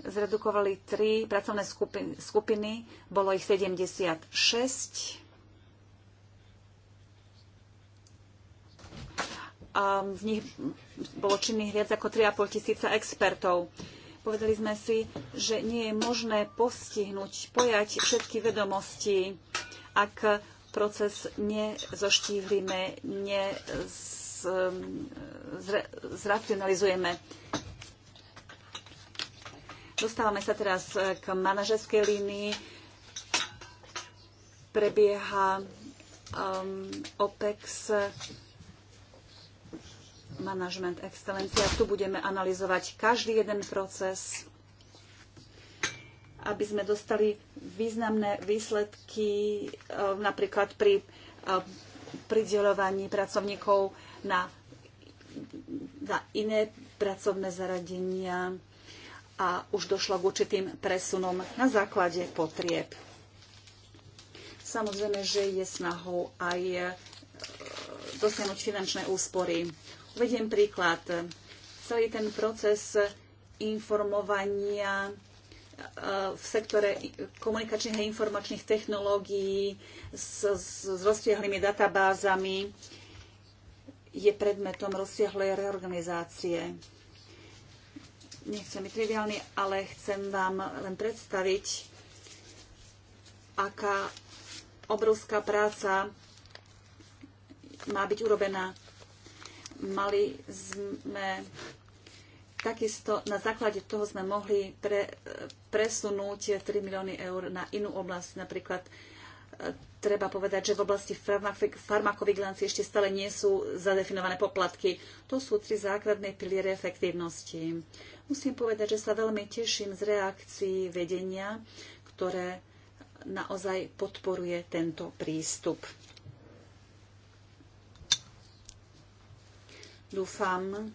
zredukovali tri pracovné skupiny, skupiny bolo ich 76 a v nich bolo činných viac ako 3,5 tisíca expertov. Povedali sme si, že nie je možné postihnúť, pojať všetky vedomosti, ak proces nezoštívime, nezracionalizujeme. Dostávame sa teraz k manažerskej línii. Prebieha um, OPEX Management Excelencia. Tu budeme analyzovať každý jeden proces, aby sme dostali významné výsledky e, napríklad pri e, prideľovaní pracovníkov na, na iné pracovné zaradenia a už došlo k určitým presunom na základe potrieb. Samozrejme, že je snahou aj e, dosiahnuť finančné úspory vediem príklad. Celý ten proces informovania eh, v sektore komunikačných a informačných technológií s, s, s rozsiahlými databázami je predmetom rozsiahlej reorganizácie. Nechcem byť triviálny, ale chcem vám len predstaviť, aká obrovská práca má byť urobená mali sme takisto na základe toho sme mohli pre, presunúť 3 milióny eur na inú oblasť. Napríklad e, treba povedať, že v oblasti farmakovigilancie ešte stále nie sú zadefinované poplatky. To sú tri základné piliere efektívnosti. Musím povedať, že sa veľmi teším z reakcií vedenia, ktoré naozaj podporuje tento prístup. Dúfam,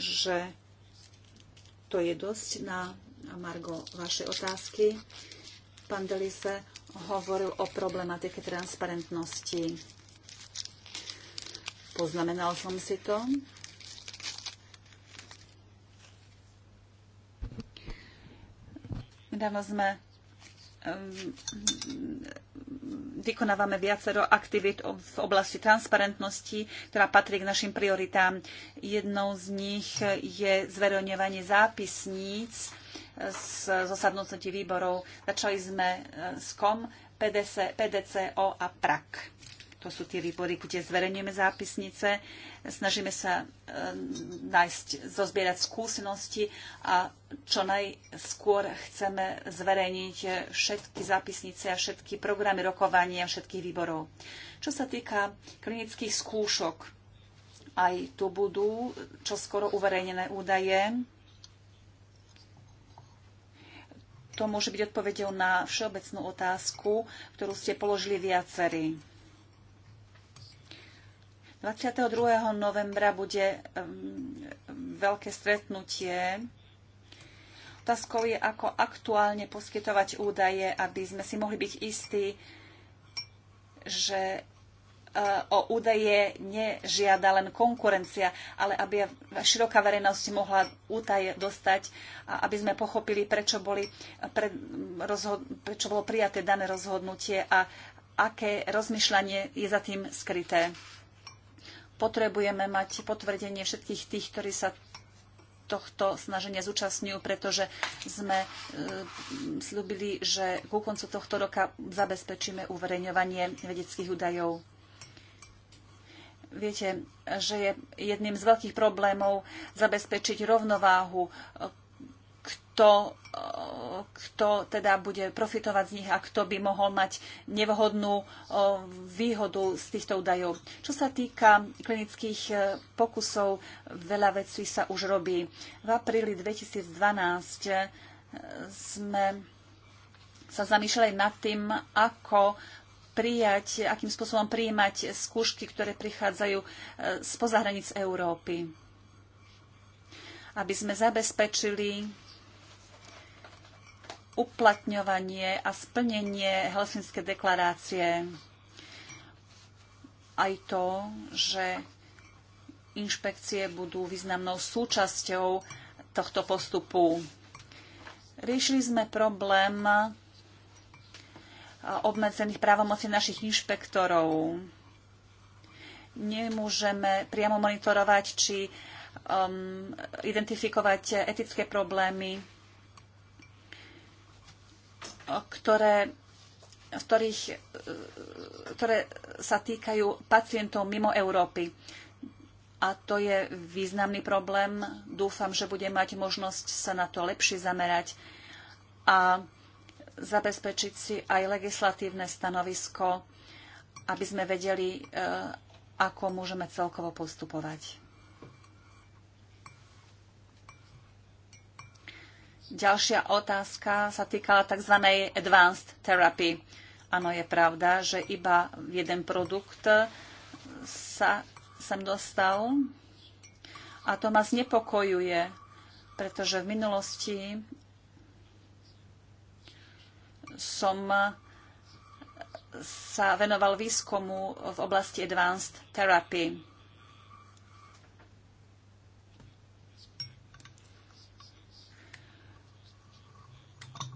že to je dosť na Margo vaše otázky. Pán Delise hovoril o problematike transparentnosti. Poznamenal som si to. Nedávno sme Ehm, vykonávame viacero aktivít v oblasti transparentnosti, ktorá patrí k našim prioritám. Jednou z nich je zverejňovanie zápisníc eh, z zasadnutí výborov. Začali sme eh, s KOM, PDC, PDCO a PRAK. To sú tie výbory, kde zverejňujeme zápisnice. Snažíme sa e, nájsť, zozbierať skúsenosti a čo najskôr chceme zverejniť všetky zápisnice a všetky programy rokovania všetkých výborov. Čo sa týka klinických skúšok, aj tu budú čoskoro uverejnené údaje. To môže byť odpovedou na všeobecnú otázku, ktorú ste položili viacerí. 22. novembra bude veľké stretnutie. Otázkou je, ako aktuálne poskytovať údaje, aby sme si mohli byť istí, že e, o údaje nežiada len konkurencia, ale aby široká verejnosť mohla údaje dostať a aby sme pochopili, prečo, boli, pre, rozhod, prečo bolo prijaté dané rozhodnutie a aké rozmýšľanie je za tým skryté potrebujeme mať potvrdenie všetkých tých, ktorí sa tohto snaženia zúčastňujú, pretože sme e, slúbili, že ku koncu tohto roka zabezpečíme uverejňovanie vedeckých údajov. Viete, že je jedným z veľkých problémov zabezpečiť rovnováhu kto, eh, kto teda bude profitovať z nich a kto by mohol mať nevhodnú eh, výhodu z týchto údajov. Čo sa týka klinických eh, pokusov, veľa vecí sa už robí. V apríli 2012 sme sa zamýšľali nad tým, ako prijať, akým spôsobom prijímať skúšky, ktoré prichádzajú spoza hraníc Európy. Aby sme zabezpečili uplatňovanie a splnenie Helsinskej deklarácie. Aj to, že inšpekcie budú významnou súčasťou tohto postupu. Riešili sme problém obmedzených právomocí našich inšpektorov. Nemôžeme priamo monitorovať či um, identifikovať etické problémy ktoré v ktorých, e, ktoré sa týkajú pacientov mimo Európy. A to je významný problém. Dúfam, že bude mať možnosť sa na to lepšie zamerať a zabezpečiť si aj legislatívne stanovisko, aby sme vedeli, e, ako môžeme celkovo postupovať. Ďalšia otázka sa týkala tzv. advanced therapy. Áno, je pravda, že iba jeden produkt sa sem dostal a to ma znepokojuje, pretože v minulosti som sa venoval výskumu v oblasti advanced therapy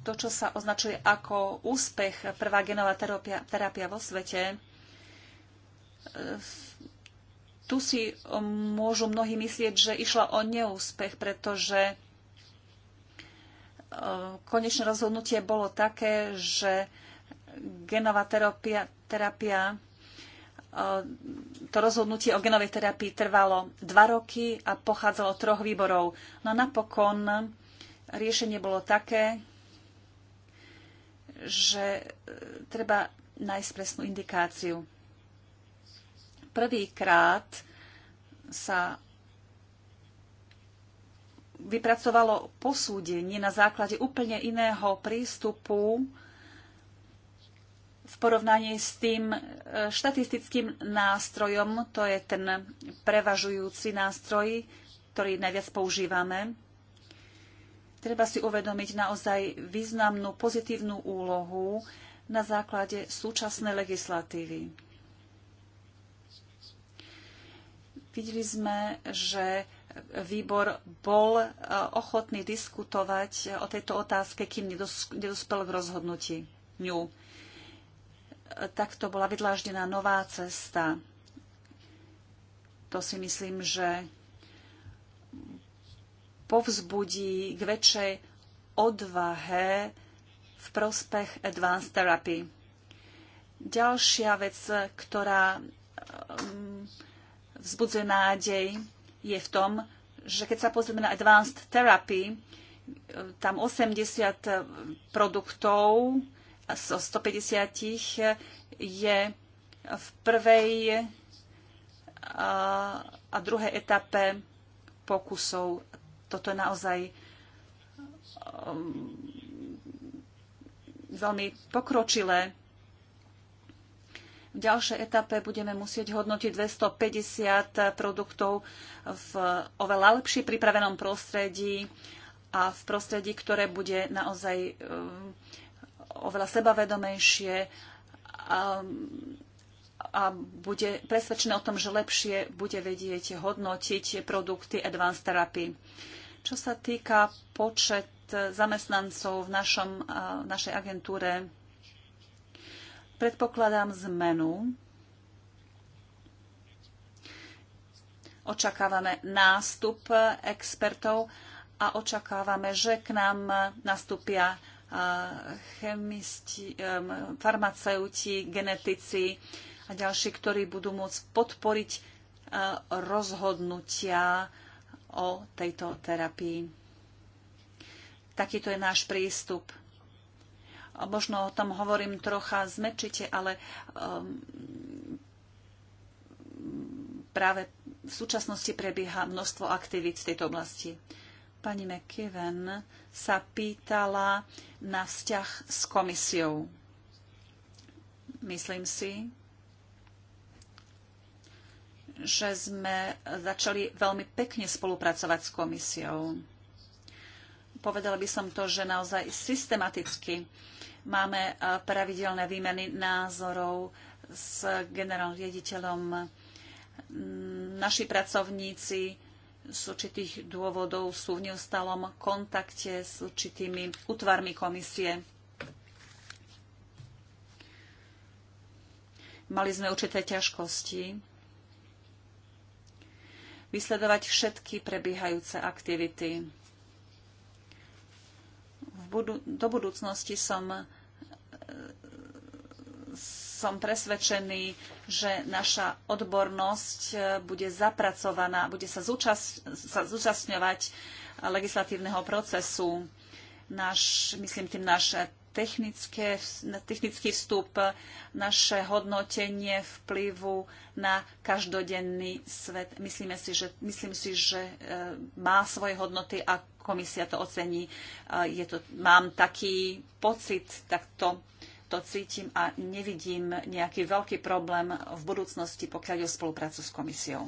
to, čo sa označuje ako úspech prvá genová terapia, terapia vo svete, e, tu si môžu mnohí myslieť, že išla o neúspech, pretože e, konečné rozhodnutie bolo také, že genová terapia, terapia e, to rozhodnutie o genovej terapii trvalo dva roky a pochádzalo troch výborov. No a napokon riešenie bolo také, že e, treba nájsť presnú indikáciu. Prvýkrát sa vypracovalo posúdenie na základe úplne iného prístupu v porovnaní s tým e, štatistickým nástrojom, to je ten prevažujúci nástroj, ktorý najviac používame. Treba si uvedomiť naozaj významnú pozitívnu úlohu na základe súčasnej legislatívy. Videli sme, že výbor bol e, ochotný diskutovať o tejto otázke, kým nedospel k rozhodnutiu. E, Takto bola vydláždená nová cesta. To si myslím, že povzbudí k väčšej odvahe v prospech advanced therapy. Ďalšia vec, ktorá um, vzbudzuje nádej, je v tom, že keď sa pozrieme na advanced therapy, tam 80 produktov zo 150 je v prvej uh, a druhej etape pokusov toto je naozaj um, veľmi pokročilé. V ďalšej etape budeme musieť hodnotiť 250 produktov v oveľa lepšie pripravenom prostredí a v prostredí, ktoré bude naozaj um, oveľa sebavedomejšie a, um, a bude presvedčené o tom, že lepšie bude vedieť hodnotiť produkty Advanced Therapy. Čo sa týka počet zamestnancov v, našom, v našej agentúre, predpokladám zmenu. Očakávame nástup expertov a očakávame, že k nám nastúpia chemisti, e, farmaceuti, genetici a ďalší, ktorí budú môcť podporiť e, rozhodnutia o tejto terapii. Takýto je náš prístup. Možno o tom hovorím trocha zmečite, ale um, práve v súčasnosti prebieha množstvo aktivít v tejto oblasti. Pani McKeven sa pýtala na vzťah s komisiou. Myslím si, že sme začali veľmi pekne spolupracovať s komisiou. Povedala by som to, že naozaj systematicky máme e, pravidelné výmeny názorov s generálnym riaditeľom. Naši pracovníci z určitých dôvodov sú v neustálom kontakte s určitými útvarmi komisie. Mali sme určité ťažkosti vysledovať všetky prebiehajúce aktivity. Budu- do budúcnosti som, e, som presvedčený, že naša odbornosť e, bude zapracovaná, bude sa, zúčast- sa zúčastňovať legislatívneho procesu. Náš, myslím tým náš technické, technický vstup, naše hodnotenie vplyvu na každodenný svet. Myslíme si, že, myslím si, že e, má svoje hodnoty a komisia to ocení. E, je to, mám taký pocit, tak to, to cítim a nevidím nejaký veľký problém v budúcnosti, pokiaľ je o spoluprácu s komisiou.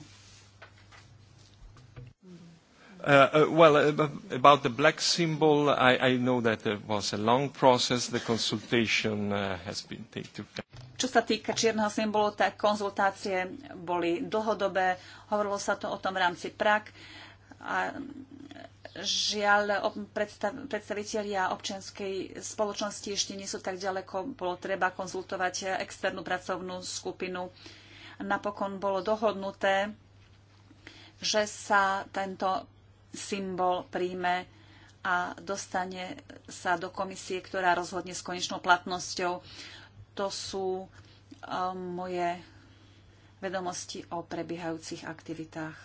Uh, uh, well, uh, about the black symbol, I, I know that it was a long process. The consultation uh, has been taken. Čo sa týka čierneho symbolu, tak konzultácie boli dlhodobé. Hovorilo sa to o tom v rámci PRAK. A žiaľ, predstav, predstaviteľia občianskej spoločnosti ešte nie sú tak ďaleko. Bolo treba konzultovať externú pracovnú skupinu. Napokon bolo dohodnuté, že sa tento symbol príjme a dostane sa do komisie, ktorá rozhodne s konečnou platnosťou. To sú um, moje vedomosti o prebiehajúcich aktivitách.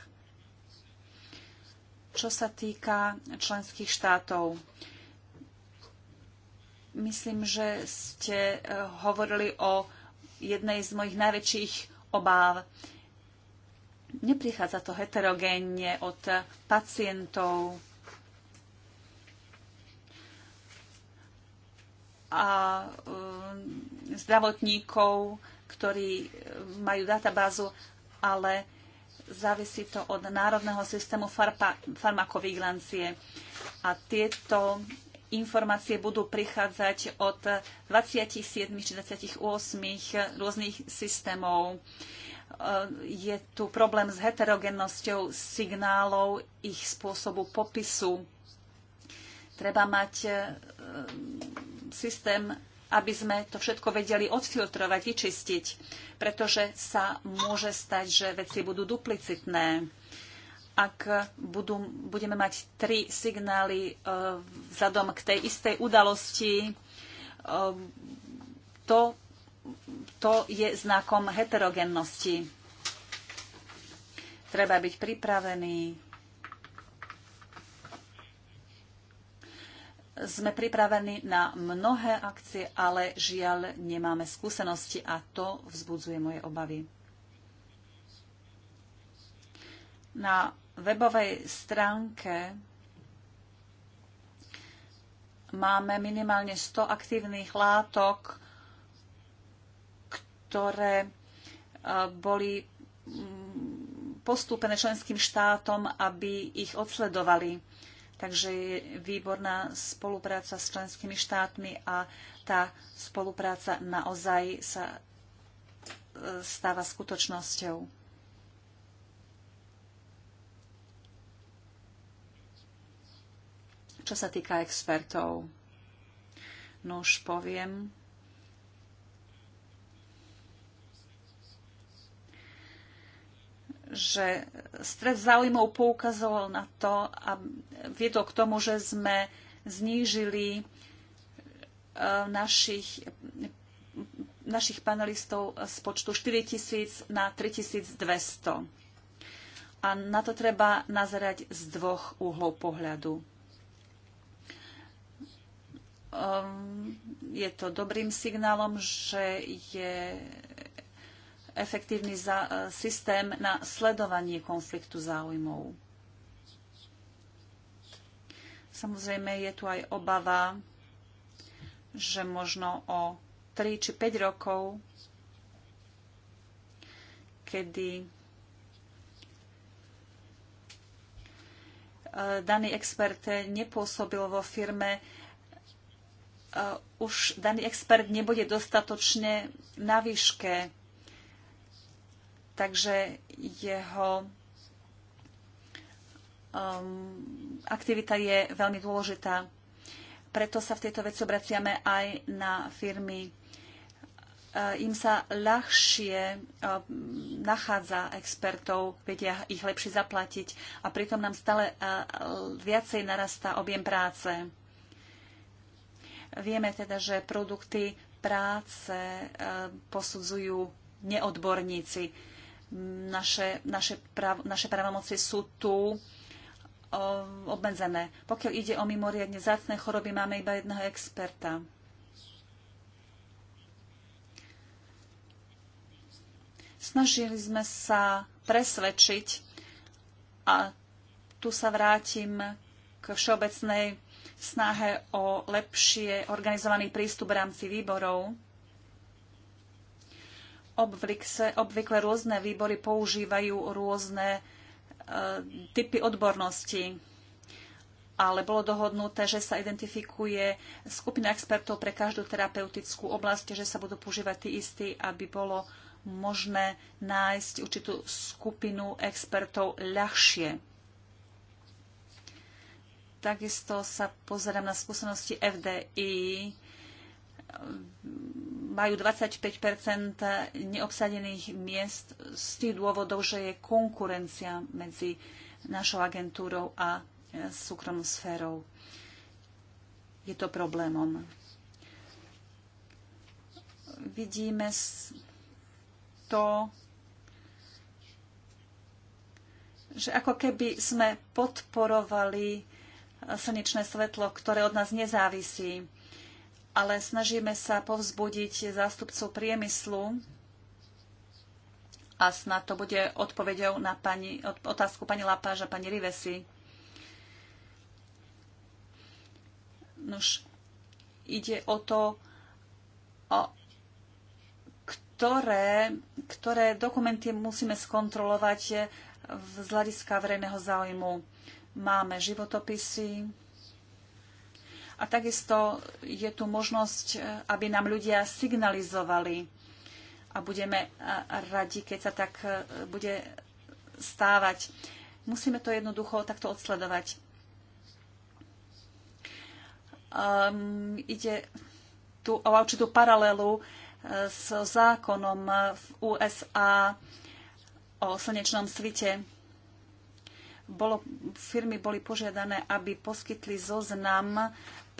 Čo sa týka členských štátov, myslím, že ste eh, hovorili o jednej z mojich najväčších obáv. Neprichádza to heterogénne od pacientov a e, zdravotníkov, ktorí majú databázu, ale závisí to od národného systému farmakovigilancie. A tieto informácie budú prichádzať od 27 či 28 rôznych systémov. Eh, je tu problém s heterogennosťou signálov, ich spôsobu popisu. Treba mať eh, systém, aby sme to všetko vedeli odfiltrovať, vyčistiť, pretože sa môže stať, že veci budú duplicitné ak budú, budeme mať tri signály e, vzhľadom k tej istej udalosti, to to je znakom heterogennosti. Treba byť pripravený. Sme pripravení na mnohé akcie, ale žiaľ nemáme skúsenosti a to vzbudzuje moje obavy. Na webovej stránke máme minimálne 100 aktívnych látok, ktoré e, boli mm, postúpené členským štátom, aby ich odsledovali. Takže je výborná spolupráca s členskými štátmi a tá spolupráca naozaj sa e, stáva skutočnosťou. Čo sa týka expertov, no už poviem, že stred záujmov poukazoval na to a viedol k tomu, že sme znížili e, našich, našich panelistov z počtu 4000 na 3200. A na to treba nazerať z dvoch uhlov pohľadu. Ehm, je to dobrým signálom, že je efektívny e, systém na sledovanie konfliktu záujmov. Samozrejme je tu aj obava, že možno o 3 či 5 rokov, kedy e, daný expert nepôsobil vo firme, e, už daný expert nebude dostatočne na výške takže jeho um, aktivita je veľmi dôležitá. Preto sa v tejto veci obraciame aj na firmy. Uh, Im sa ľahšie uh, nachádza expertov, vedia ich lepšie zaplatiť a pritom nám stále uh, viacej narastá objem práce. Vieme teda, že produkty práce posudzujú neodborníci naše, naše, prav, naše právomoci sú tu obmedzené. Pokiaľ ide o mimoriadne zácne choroby, máme iba jedného experta. Snažili sme sa presvedčiť a tu sa vrátim k všeobecnej snahe o lepšie organizovaný prístup v rámci výborov obvykle, obvykle rôzne výbory používajú rôzne e, typy odbornosti ale bolo dohodnuté, že sa identifikuje skupina expertov pre každú terapeutickú oblasť, že sa budú používať tí istí, aby bolo možné nájsť určitú skupinu expertov ľahšie. Takisto sa pozerám na skúsenosti FDI majú 25 neobsadených miest z tých dôvodov, že je konkurencia medzi našou agentúrou a e, súkromnou sférou. Je to problémom. Vidíme to, že ako keby sme podporovali e, slnečné svetlo, ktoré od nás nezávisí ale snažíme sa povzbudiť zástupcov priemyslu a snad to bude odpovedou na pani, otázku pani Lapáža, pani Rivesi. Nož, ide o to, o ktoré, ktoré dokumenty musíme skontrolovať z hľadiska verejného záujmu. Máme životopisy, a takisto je tu možnosť, e, aby nám ľudia signalizovali a budeme e, radi, keď sa tak e, bude stávať. Musíme to jednoducho takto odsledovať. Um, ide tu o určitú paralelu s zákonom v USA o slnečnom svite. Bolo, firmy boli požiadané, aby poskytli zoznam uh,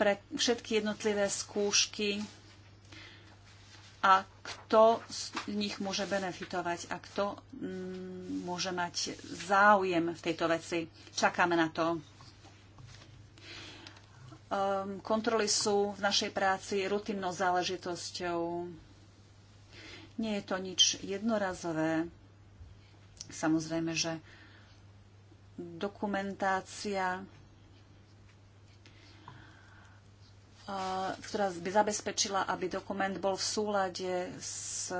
pre všetky jednotlivé skúšky a kto z nich môže benefitovať a kto mm, môže mať záujem v tejto veci. Čakáme na to. Ehm, kontroly sú v našej práci rutinnou záležitosťou. Nie je to nič jednorazové. Samozrejme, že dokumentácia Eh, ktorá by zabezpečila, aby dokument bol v súlade s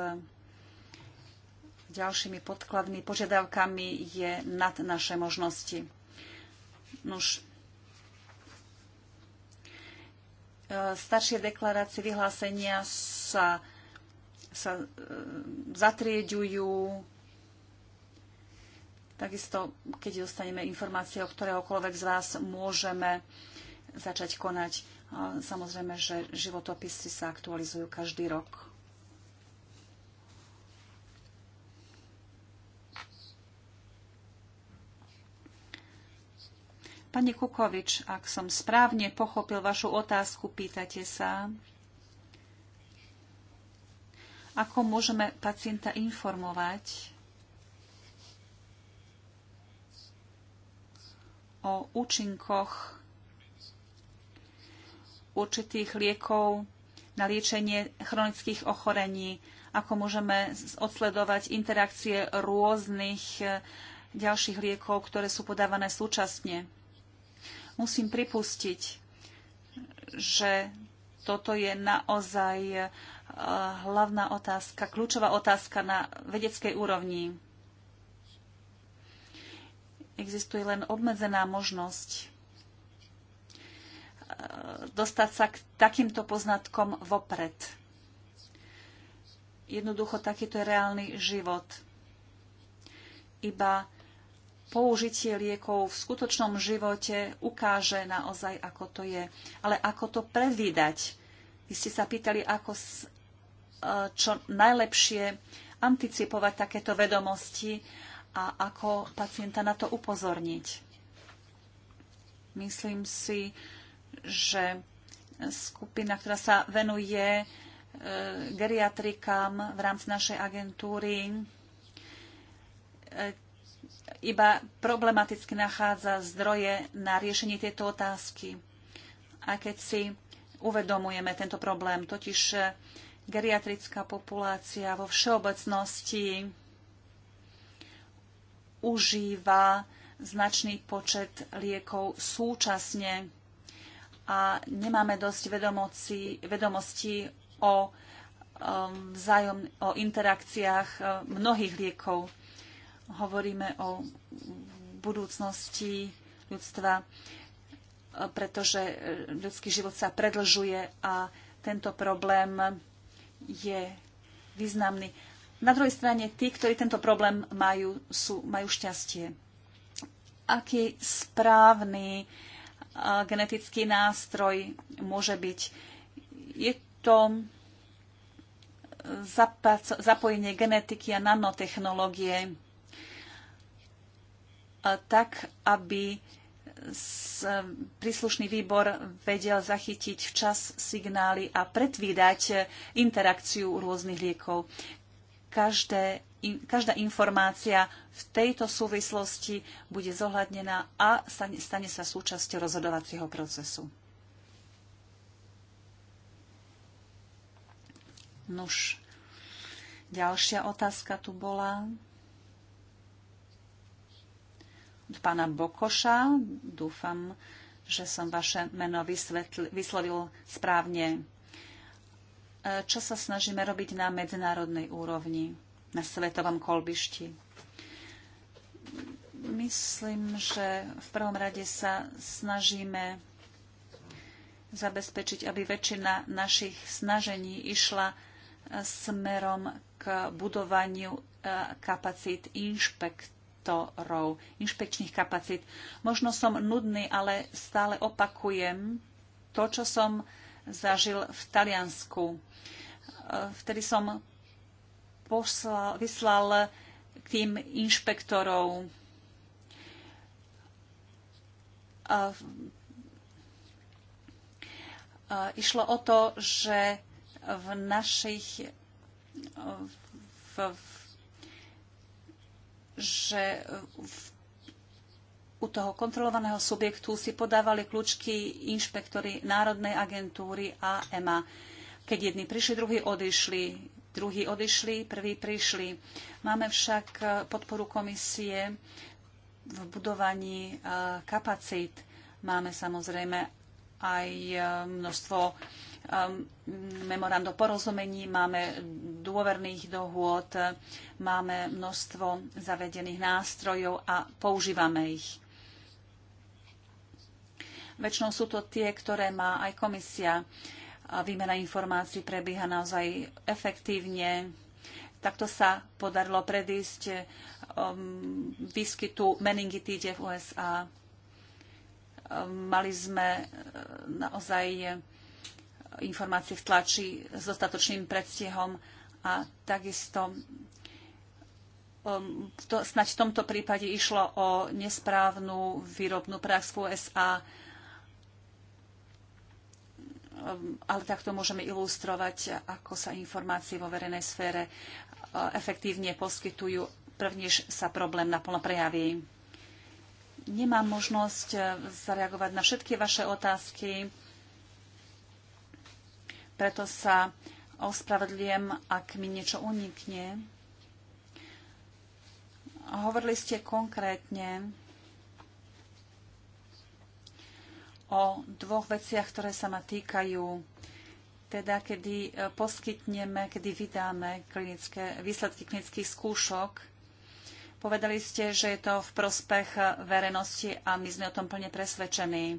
ďalšími podkladmi, požiadavkami je nad naše možnosti. Nož. Eh, staršie deklarácie, vyhlásenia sa, sa eh, zatrieďujú. Takisto, keď dostaneme informácie o ktorého z vás, môžeme začať konať Samozrejme, že životopisy sa aktualizujú každý rok. Pani Kukovič, ak som správne pochopil vašu otázku, pýtate sa, ako môžeme pacienta informovať o účinkoch určitých liekov na liečenie chronických ochorení, ako môžeme odsledovať interakcie rôznych e, ďalších liekov, ktoré sú podávané súčasne. Musím pripustiť, že toto je naozaj e, hlavná otázka, kľúčová otázka na vedeckej úrovni. Existuje len obmedzená možnosť dostať sa k takýmto poznatkom vopred. Jednoducho takýto je reálny život. Iba použitie liekov v skutočnom živote ukáže naozaj, ako to je. Ale ako to predvídať? Vy ste sa pýtali, ako e, čo najlepšie anticipovať takéto vedomosti a ako pacienta na to upozorniť. Myslím si, že skupina, ktorá sa venuje e, geriatrikám v rámci našej agentúry, e, iba problematicky nachádza zdroje na riešenie tejto otázky. A keď si uvedomujeme tento problém, totiž e, geriatrická populácia vo všeobecnosti užíva značný počet liekov súčasne a nemáme dosť vedomosti, vedomostí o, um, vzájom, o interakciách uh, mnohých liekov. Hovoríme o budúcnosti ľudstva, uh, pretože uh, ľudský život sa predlžuje a tento problém je významný. Na druhej strane, tí, ktorí tento problém majú, sú, majú šťastie. Aký správny uh, genetický nástroj môže byť. Je to e, zapojenie genetiky a nanotechnológie e, tak, aby e, príslušný výbor vedel zachytiť včas signály a predvídať interakciu rôznych liekov. Každé in, každá informácia v tejto súvislosti bude zohľadnená a stane, stane sa súčasťou rozhodovacieho procesu. Nuž, ďalšia otázka tu bola od pána Bokoša. Dúfam, že som vaše meno vysvetl, vyslovil správne. E, čo sa snažíme robiť na medzinárodnej úrovni? na svetovom kolbišti. Myslím, že v prvom rade sa snažíme zabezpečiť, aby väčšina našich snažení išla e, smerom k budovaniu e, kapacít inšpektorov, inšpekčných kapacít. Možno som nudný, ale stále opakujem to, čo som zažil v Taliansku. E, vtedy som poslal, vyslal k tým inšpektorov. A, a išlo o to, že v našich v, v, že v, u toho kontrolovaného subjektu si podávali kľúčky inšpektory Národnej agentúry a EMA. Keď jedni prišli, druhí odišli druhí odišli, prví prišli. Máme však e, podporu komisie v budovaní e, kapacít. Máme samozrejme aj e, množstvo memorandov porozumení, máme dôverných dohôd, máme množstvo zavedených nástrojov a používame ich. Väčšinou sú to tie, ktoré má aj komisia výmena informácií prebieha naozaj efektívne. Takto sa podarilo predísť um, výskytu meningitíde v USA. Um, mali sme uh, naozaj uh, informácie v tlači s dostatočným predstihom a takisto um, to, snáď v tomto prípade išlo o nesprávnu výrobnú prax v USA ale takto môžeme ilustrovať, ako sa informácie vo verejnej sfére e, efektívne poskytujú, prvnež sa problém naplno prejaví. Nemám možnosť e, zareagovať na všetky vaše otázky, preto sa ospravedliem, ak mi niečo unikne. Hovorili ste konkrétne o dvoch veciach, ktoré sa ma týkajú. Teda, kedy e, poskytneme, kedy vydáme klinické, výsledky klinických skúšok. Povedali ste, že je to v prospech verejnosti a my sme o tom plne presvedčení.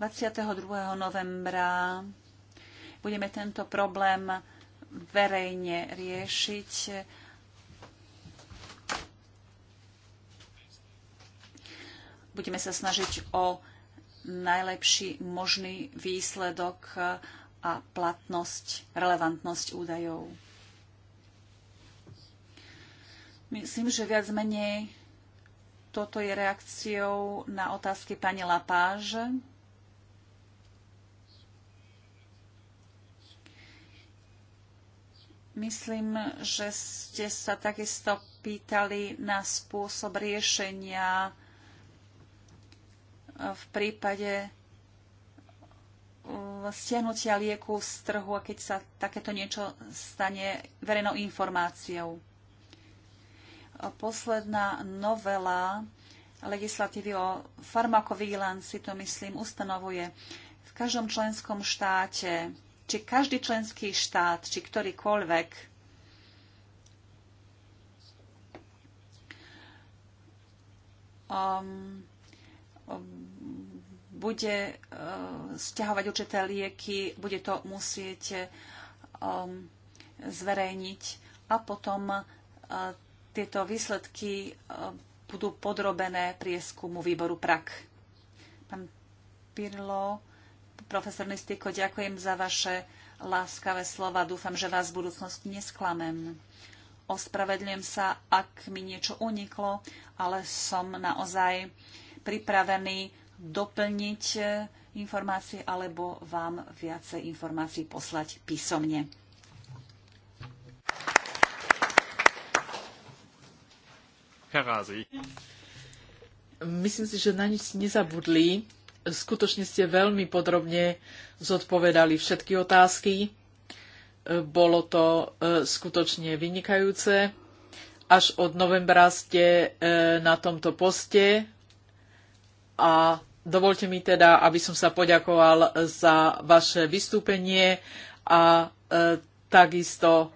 22. novembra budeme tento problém verejne riešiť. Budeme sa snažiť o najlepší možný výsledok e, a platnosť, relevantnosť údajov. Myslím, že viac menej toto je reakciou na otázky pani Lapáže. Myslím, že ste sa takisto pýtali na spôsob riešenia v prípade eh, stiahnutia lieku z trhu a keď sa takéto niečo stane verejnou informáciou. Posledná novela legislatívy o farmakovigilancii to, myslím, ustanovuje v každom členskom štáte, či každý členský štát, či ktorýkoľvek um, bude eh, stiahovať určité lieky, bude to musieť eh, um, zverejniť a potom eh, tieto výsledky budú podrobené prieskumu výboru PRAK. Pán Pirlo, profesor Nistiko, ďakujem za vaše láskavé slova. Dúfam, že vás v budúcnosti nesklamem. Ospravedlňujem sa, ak mi niečo uniklo, ale som naozaj uh, pripravení doplniť e, informácie alebo vám viacej informácií poslať písomne. Myslím si, že na nič nezabudli. Skutočne ste veľmi podrobne zodpovedali všetky otázky. E, bolo to e, skutočne vynikajúce. Až od novembra ste na tomto poste a dovolte mi teda, aby som sa poďakoval za vaše vystúpenie a e, takisto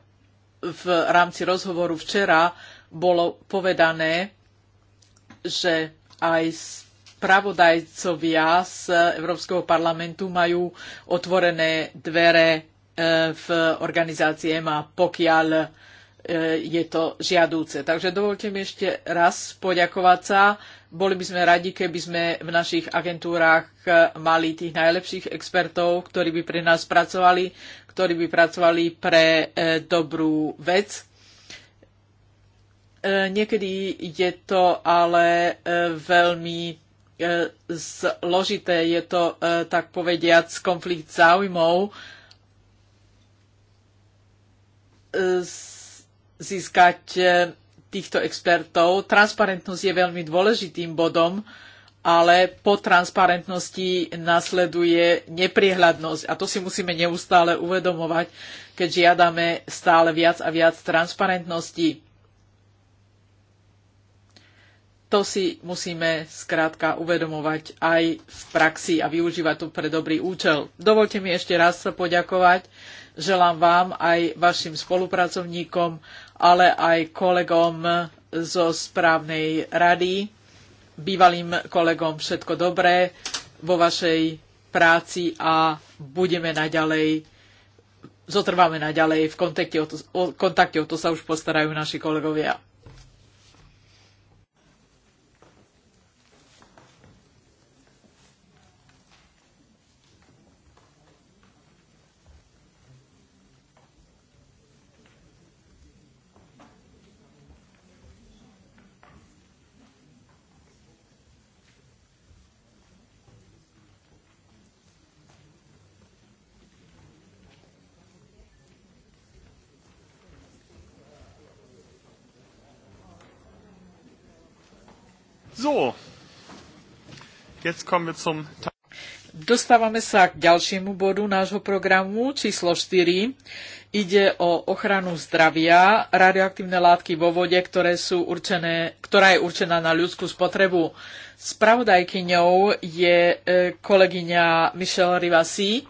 v rámci rozhovoru včera bolo povedané, že aj spravodajcovia z Európskeho parlamentu majú otvorené dvere e, v organizácii EMA, pokiaľ e, je to žiadúce. Takže dovolte mi ešte raz poďakovať sa boli by sme radi, keby sme v našich agentúrách eh, mali tých najlepších expertov, ktorí by pre nás pracovali, ktorí by pracovali pre eh, dobrú vec. Eh, niekedy je to ale veľmi zložité, je to tak povediac konflikt záujmov získať týchto expertov. Transparentnosť je veľmi dôležitým bodom, ale po transparentnosti nasleduje nepriehľadnosť. A to si musíme neustále uvedomovať, keď žiadame stále viac a viac transparentnosti. To si musíme skrátka uvedomovať aj v praxi a využívať to pre dobrý účel. Dovolte mi ešte raz sa poďakovať. Želám vám aj vašim spolupracovníkom ale aj kolegom zo správnej rady, bývalým kolegom všetko dobré vo vašej práci a budeme naďalej, zotrváme naďalej v kontakte, o to, o kontakte, o to sa už postarajú naši kolegovia. So, jetzt kommen wir zum Dostávame sa k ďalšiemu bodu nášho programu, číslo 4. Ide o ochranu zdravia, radioaktívne látky vo vode, ktoré sú určené, ktorá je určená na ľudskú spotrebu. Spravodajkyňou je e, kolegyňa Michelle Rivasi.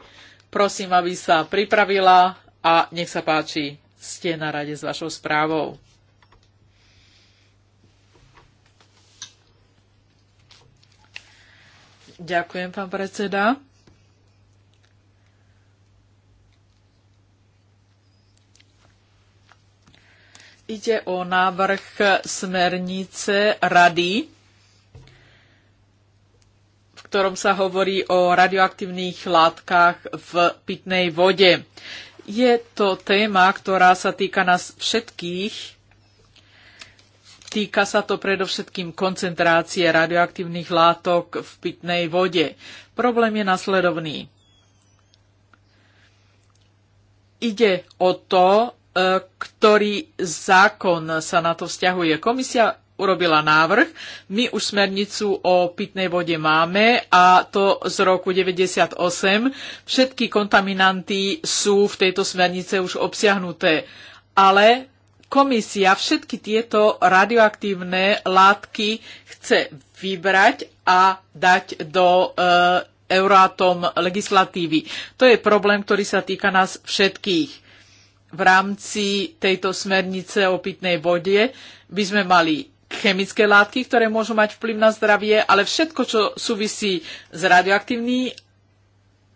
Prosím, aby sa pripravila a nech sa páči, ste na rade s vašou správou. Ďakujem, pán predseda. Ide o návrh smernice Rady, v ktorom sa hovorí o radioaktívnych látkach v pitnej vode. Je to téma, ktorá sa týka nás všetkých Týka sa to predovšetkým koncentrácie radioaktívnych látok v pitnej vode. Problém je nasledovný. Ide o to, e, ktorý zákon sa na to vzťahuje. Komisia urobila návrh. My už smernicu o pitnej vode máme a to z roku 98. Všetky kontaminanty sú v tejto smernice už obsiahnuté, ale Komisia všetky tieto radioaktívne látky chce vybrať a dať do e, Euroatom legislatívy. To je problém, ktorý sa týka nás všetkých. V rámci tejto smernice o pitnej vode by sme mali chemické látky, ktoré môžu mať vplyv na zdravie, ale všetko, čo súvisí s radioaktívnymi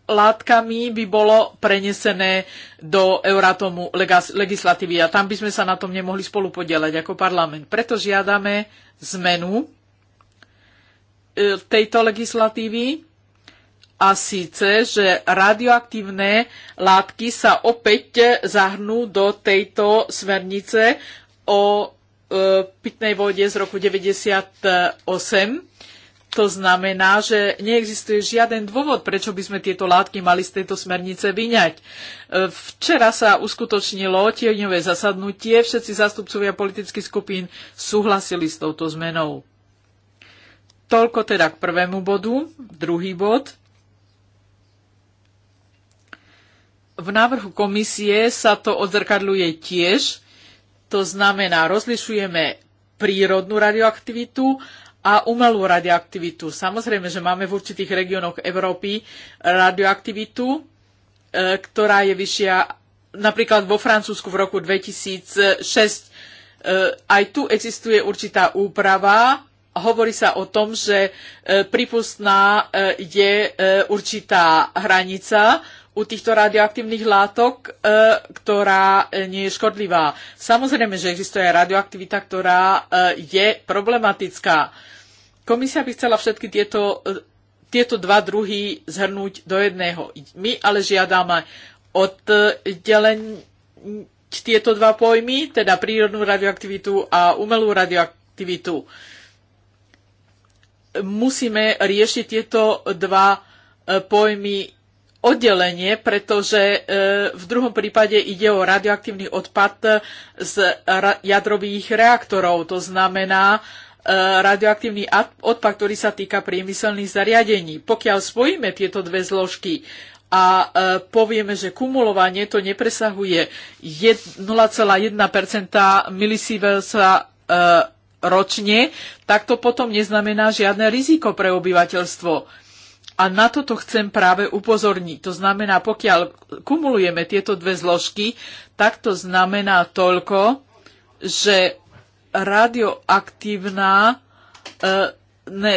látkami by bolo prenesené do Euratomu legislatívy a tam by sme sa na tom nemohli spolu podielať ako parlament. Preto žiadame zmenu e, tejto legislatívy a síce, že radioaktívne látky sa opäť zahrnú do tejto smernice o e, pitnej vode z roku 1998. To znamená, že neexistuje žiaden dôvod, prečo by sme tieto látky mali z tejto smernice vyňať. E, včera sa uskutočnilo tieňové zasadnutie, všetci zástupcovia politických skupín súhlasili s touto zmenou. Toľko teda k prvému bodu. Druhý bod. V návrhu komisie sa to odzrkadľuje tiež. To znamená, rozlišujeme prírodnú radioaktivitu a umelú radioaktivitu. Samozrejme, že máme v určitých regiónoch Európy radioaktivitu, e, ktorá je vyššia napríklad vo Francúzsku v roku 2006. E, aj tu existuje určitá úprava. Hovorí sa o tom, že e, prípustná je určitá hranica, u týchto radioaktívnych látok, e, ktorá e, nie je škodlivá. Samozrejme, že existuje radioaktivita, ktorá e, je problematická. Komisia by chcela všetky tieto, tieto dva druhy zhrnúť do jedného. My ale žiadame oddeleť tieto dva pojmy, teda prírodnú radioaktivitu a umelú radioaktivitu. Musíme riešiť tieto dva pojmy oddelenie, pretože e, v druhom prípade ide o radioaktívny odpad z jadrových reaktorov. To znamená e, radioaktívny odpad, ktorý sa týka priemyselných zariadení. Pokiaľ spojíme tieto dve zložky a e, povieme, že kumulovanie to nepresahuje 0,1 milisieversa ročne, tak to potom neznamená žiadne riziko pre obyvateľstvo a na toto chcem práve upozorniť. To znamená, pokiaľ kumulujeme tieto dve zložky, tak to znamená toľko, že radioaktívna e,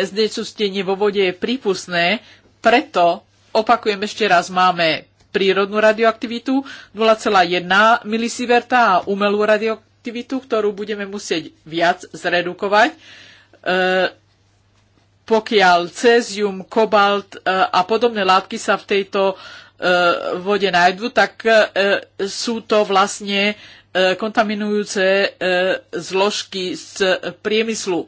znečistenie vo vode je prípustné, preto opakujem ešte raz, máme prírodnú radioaktivitu 0,1 milisiverta a umelú radioaktivitu, ktorú budeme musieť viac zredukovať. E, pokiaľ cezium, kobalt e, a podobné látky sa v tejto e, vode nájdú, tak e, sú to vlastne kontaminujúce zložky z priemyslu.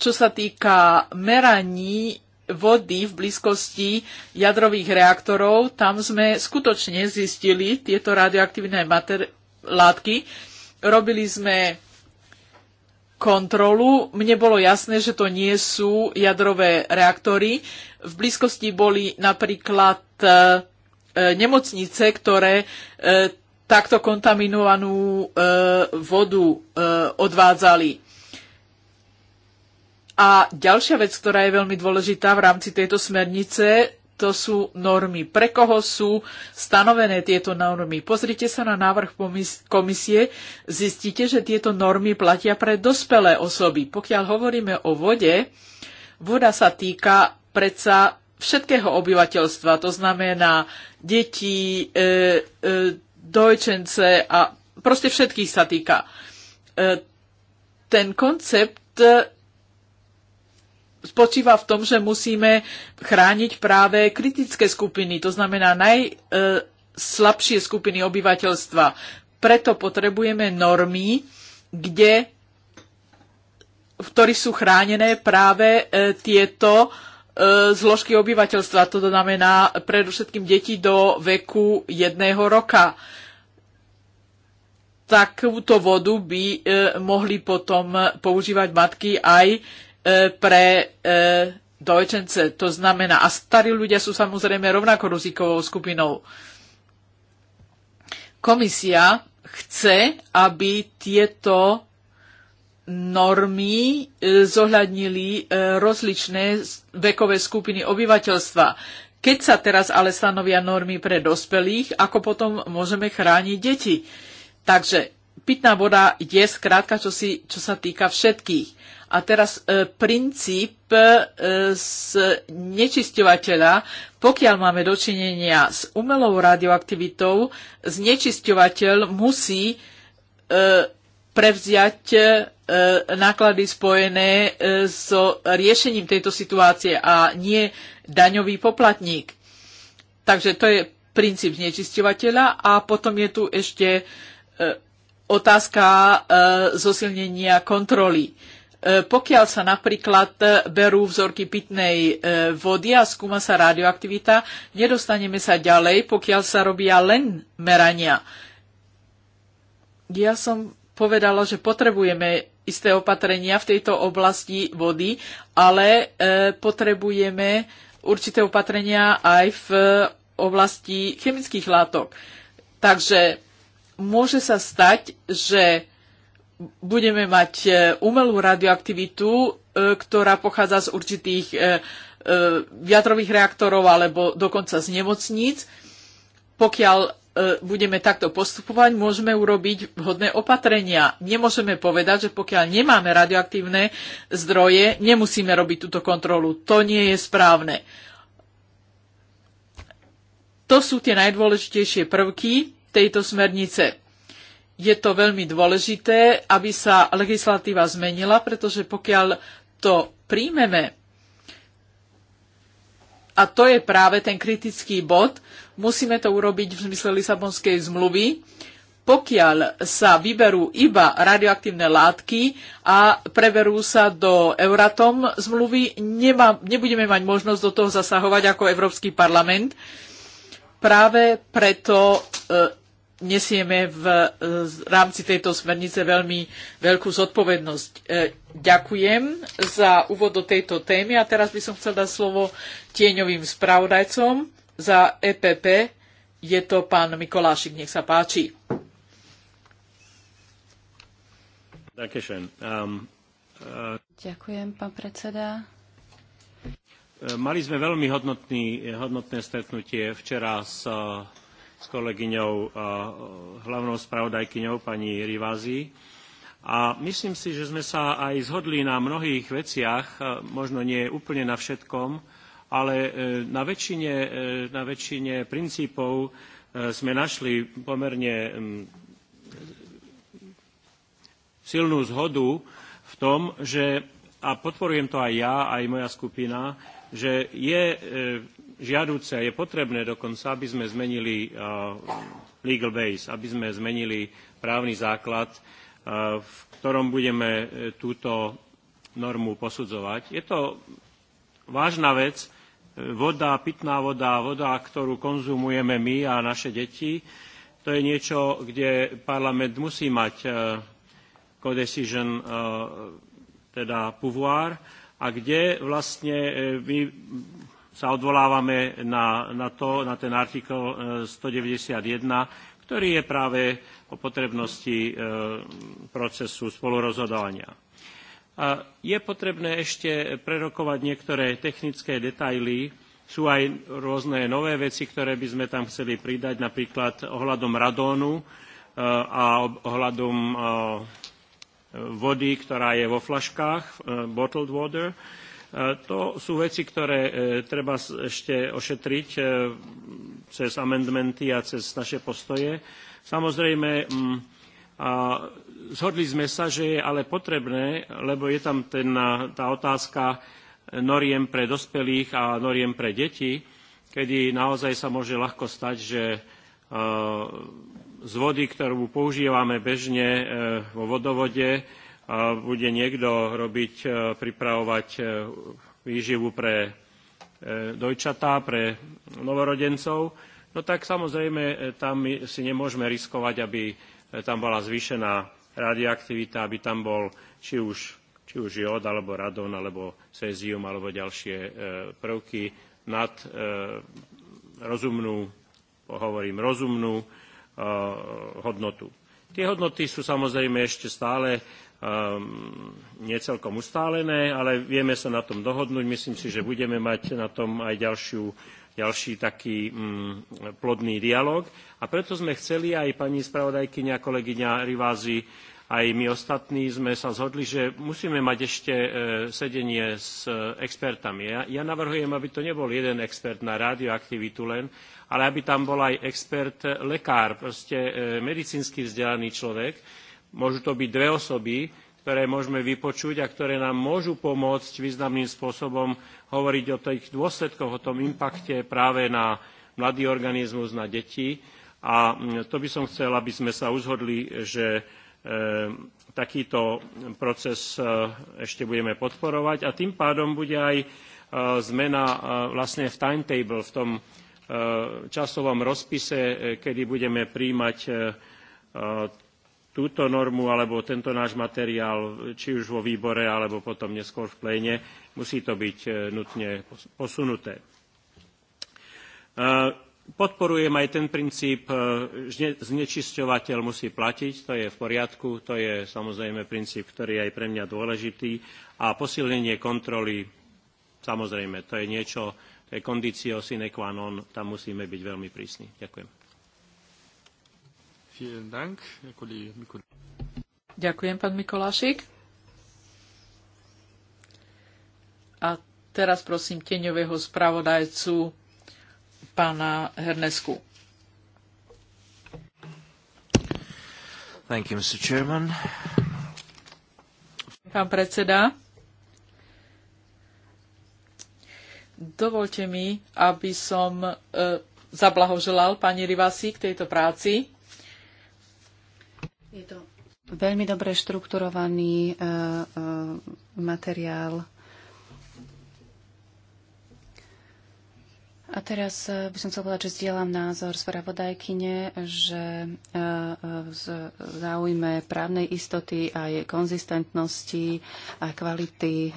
Čo sa týka meraní vody v blízkosti jadrových reaktorov, tam sme skutočne zistili tieto radioaktívne látky. Robili sme kontrolu. Mne bolo jasné, že to nie sú jadrové reaktory. V blízkosti boli napríklad e, e, nemocnice, ktoré e, takto kontaminovanú vodu odvádzali. A ďalšia vec, ktorá je veľmi dôležitá v rámci tejto smernice, to sú normy, pre koho sú stanovené tieto normy. Pozrite sa na návrh komisie, zistíte, že tieto normy platia pre dospelé osoby. Pokiaľ hovoríme o vode, voda sa týka predsa všetkého obyvateľstva, to znamená deti, e, e, dojčence a proste všetkých sa týka. E, ten koncept spočíva v tom, že musíme chrániť práve kritické skupiny, to znamená najslabšie skupiny obyvateľstva. Preto potrebujeme normy, kde, v ktorých sú chránené práve e, tieto e, zložky obyvateľstva, to znamená predovšetkým deti do veku jedného roka. Takúto vodu by e, mohli potom používať matky aj E, pre e, dojčence. To znamená, a starí ľudia sú samozrejme rovnako rizikovou skupinou. Komisia chce, aby tieto normy e, zohľadnili rozličné vekové skupiny obyvateľstva. Keď sa teraz ale stanovia normy pre dospelých, ako potom môžeme chrániť deti? Takže pitná voda je skrátka, čo, si, čo sa týka všetkých. A teraz e, princíp e, z nečisťovateľa, pokiaľ máme dočinenia s umelou radioaktivitou, znečisťovateľ musí e, prevziať e, náklady spojené e, so riešením tejto situácie a nie daňový poplatník. Takže to je princíp znečisťovateľa a potom je tu ešte e, otázka e, zosilnenia kontroly. E, E, pokiaľ sa napríklad e, berú vzorky pitnej e, vody a skúma sa radioaktivita, nedostaneme sa ďalej, pokiaľ sa robia len merania. Ja som povedala, že potrebujeme isté opatrenia v tejto oblasti vody, ale potrebujeme určité opatrenia aj v oblasti chemických látok. Takže môže sa stať, že budeme mať e, umelú radioaktivitu, e, ktorá pochádza z určitých viatrových e, reaktorov alebo dokonca z nemocníc. Pokiaľ budeme takto postupovať, môžeme urobiť vhodné opatrenia. Nemôžeme povedať, že pokiaľ nemáme radioaktívne zdroje, nemusíme robiť túto kontrolu. To nie je správne. To sú tie najdôležitejšie prvky tejto smernice je to veľmi dôležité, aby sa legislatíva zmenila, pretože pokiaľ to príjmeme, a to je práve ten kritický bod, musíme to urobiť v zmysle Lisabonskej zmluvy, pokiaľ sa vyberú iba radioaktívne látky a preberú sa do Euratom zmluvy, nemá, nebudeme mať možnosť do toho zasahovať ako Európsky parlament. Práve preto e, nesieme e, v rámci tejto smernice veľmi veľkú zodpovednosť. E, ďakujem za úvod do tejto témy a teraz by som chcel dať slovo tieňovým spravodajcom za EPP. Je to pán Mikolášik, nech sa páči. Um, uh, ďakujem, pán predseda. Uh, mali sme veľmi hodnotný, hodnotné stretnutie včera s uh, s kolegyňou, eh, hlavnou spravodajkyňou pani Rivázy. A myslím si, že sme sa aj zhodli na mnohých veciach, eh, možno nie úplne na všetkom, ale eh, na väčšine, na väčšine princípov sme našli pomerne mm, silnú zhodu v tom, že, a podporujem to aj ja, aj moja skupina, že je žiaduce, je potrebné dokonca, aby sme zmenili eh, legal base, aby sme zmenili právny základ, eh, v ktorom budeme eh, túto normu posudzovať. Je to vážna vec, voda, pitná voda, voda, ktorú konzumujeme my a naše deti, to je niečo, kde parlament musí mať co-decision, teda pouvoir, a kde vlastne my sa odvolávame na, na, to, na ten artikel 191, e, ktorý je práve o potrebnosti e, procesu spolurozhodovania. A e, je potrebné ešte prerokovať niektoré technické detaily. Sú aj rôzne nové veci, ktoré by sme tam chceli pridať, napríklad ohľadom radónu a ohľadom vody, ktorá je vo flaškách, bottled water. E, to sú veci, ktoré e, treba ešte ošetriť e, cez amendmenty a cez naše postoje. Samozrejme, mm, a zhodli sme sa, že je ale potrebné, lebo je tam ten, tá otázka noriem pre dospelých a noriem pre deti, kedy naozaj sa môže ľahko stať, že z vody, ktorú používame bežne vo vodovode, bude niekto robiť, e, pripravovať e, výživu pre e, dojčatá, pre novorodencov, no tak samozrejme tam si nemôžeme riskovať, aby tam bola zvýšená radioaktivita, aby tam bol či už, či už jód, alebo radon, alebo cézium, alebo ďalšie prvky nad rozumnú, hovorím rozumnú hodnotu. Tie hodnoty sú samozrejme ešte stále um, nie celkom ustálené, ale vieme sa na tom dohodnúť. Myslím si, že budeme mať na tom aj ďalšiu, ďalší taký um, plodný dialog. A preto sme chceli aj pani spravodajkyňa, kolegyňa Rivázy, aj my ostatní sme sa zhodli, že musíme mať ešte e, sedenie s e, expertami. Ja, ja navrhujem, aby to nebol jeden expert na radioaktivitu len, ale aby tam bol aj expert lekár, proste e, medicínsky vzdelaný človek, Môžu to byť dve osoby, ktoré môžeme vypočuť a ktoré nám môžu pomôcť významným spôsobom hovoriť o tých dôsledkoch, o tom impakte práve na mladý organizmus, na deti. A mm, to by som chcel, aby sme sa uzhodli, že e, takýto proces e, ešte budeme podporovať a tým pádom bude aj e, zmena vlastne v timetable, v tom časovom rozpise, kedy budeme príjmať túto normu alebo tento náš materiál, či už vo výbore alebo potom neskôr v pléne, musí to byť e, nutne posunuté. E, podporujem aj ten princíp, e, že znečisťovateľ musí platiť, to je v poriadku, to je samozrejme princíp, ktorý je aj pre mňa dôležitý a posilnenie kontroly, samozrejme, to je niečo, to je conditio sine qua non, tam musíme byť veľmi prísni. Ďakujem. Ďakujem, pán Mikolášik. A teraz prosím teňového spravodajcu pána Hernesku. You, Pán predseda, dovolte mi, aby som e, zablahoželal pani Rivasi k tejto práci. Je to veľmi dobre štrukturovaný uh, uh, materiál. A teraz e, by som chcel povedať, že zdieľam názor spravodajkyne, že v záujme právnej istoty a jej konzistentnosti a kvality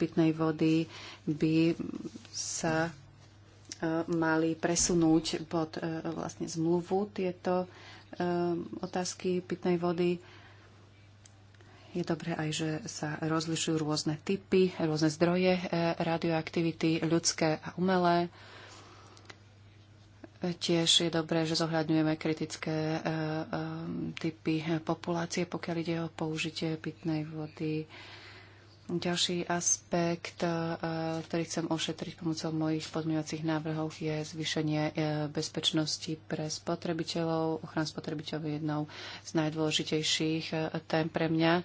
pitnej vody by sa mali presunúť pod vlastne zmluvu tieto Ehm, otázky pitnej vody. Je dobré aj, že sa rozlišujú rôzne typy, rôzne zdroje e, radioaktivity, ľudské a umelé. Tiež je dobré, že zohľadňujeme kritické e, e, typy populácie, pokiaľ ide o použitie pitnej vody. Ďalší aspekt, e, ktorý chcem ošetriť pomocou mojich podmiňovacích návrhov, je zvýšenie e, bezpečnosti pre spotrebiteľov. Ochrana spotrebiteľov je jednou z najdôležitejších e, tém pre mňa.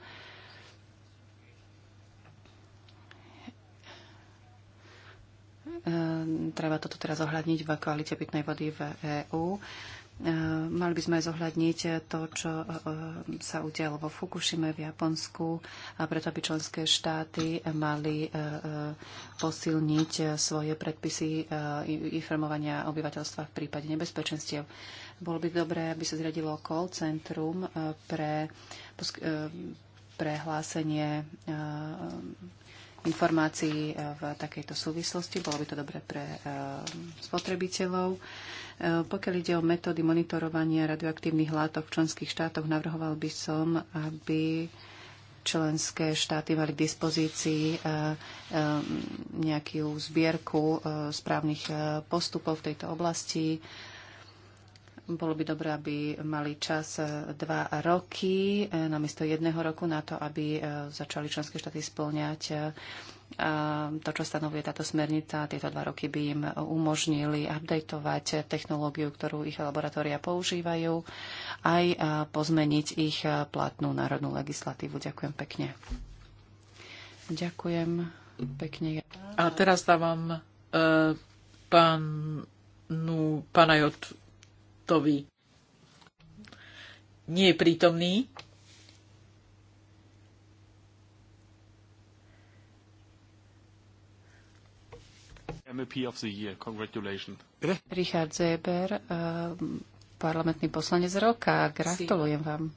Treba toto teraz ohľadniť v kvalite pitnej vody v EÚ. Eh, mali by sme zohľadniť to, čo eh, eh, sa udialo vo Fukushime v Japonsku, a preto aby členské štáty mali posilniť svoje predpisy informovania obyvateľstva v prípade nebezpečenstiev. Bolo by dobré, aby sa zriadilo call centrum pre, pre hlásenie informácií e, v takejto súvislosti. Bolo by to dobre pre e, spotrebiteľov. E, pokiaľ ide o metódy monitorovania radioaktívnych látok v členských štátoch, navrhoval by som, aby členské štáty mali k dispozícii nejakú zbierku správnych postupov v tejto oblasti bolo by dobré, aby mali čas e, dva roky, e, namiesto jedného roku na to, aby e, začali členské štáty splňať to, čo stanovuje táto smernica. Tieto dva roky by im umožnili updatovať technológiu, ktorú ich laboratória používajú, aj pozmeniť ich platnú národnú legislatívu. Ďakujem pekne. Ďakujem pekne. A teraz dávam e, pánu, pána Jotu Kotovi. Nie je prítomný. MEP of the year. Congratulations. Richard Zeber, eh, parlamentný poslanec roka. Gratulujem vám.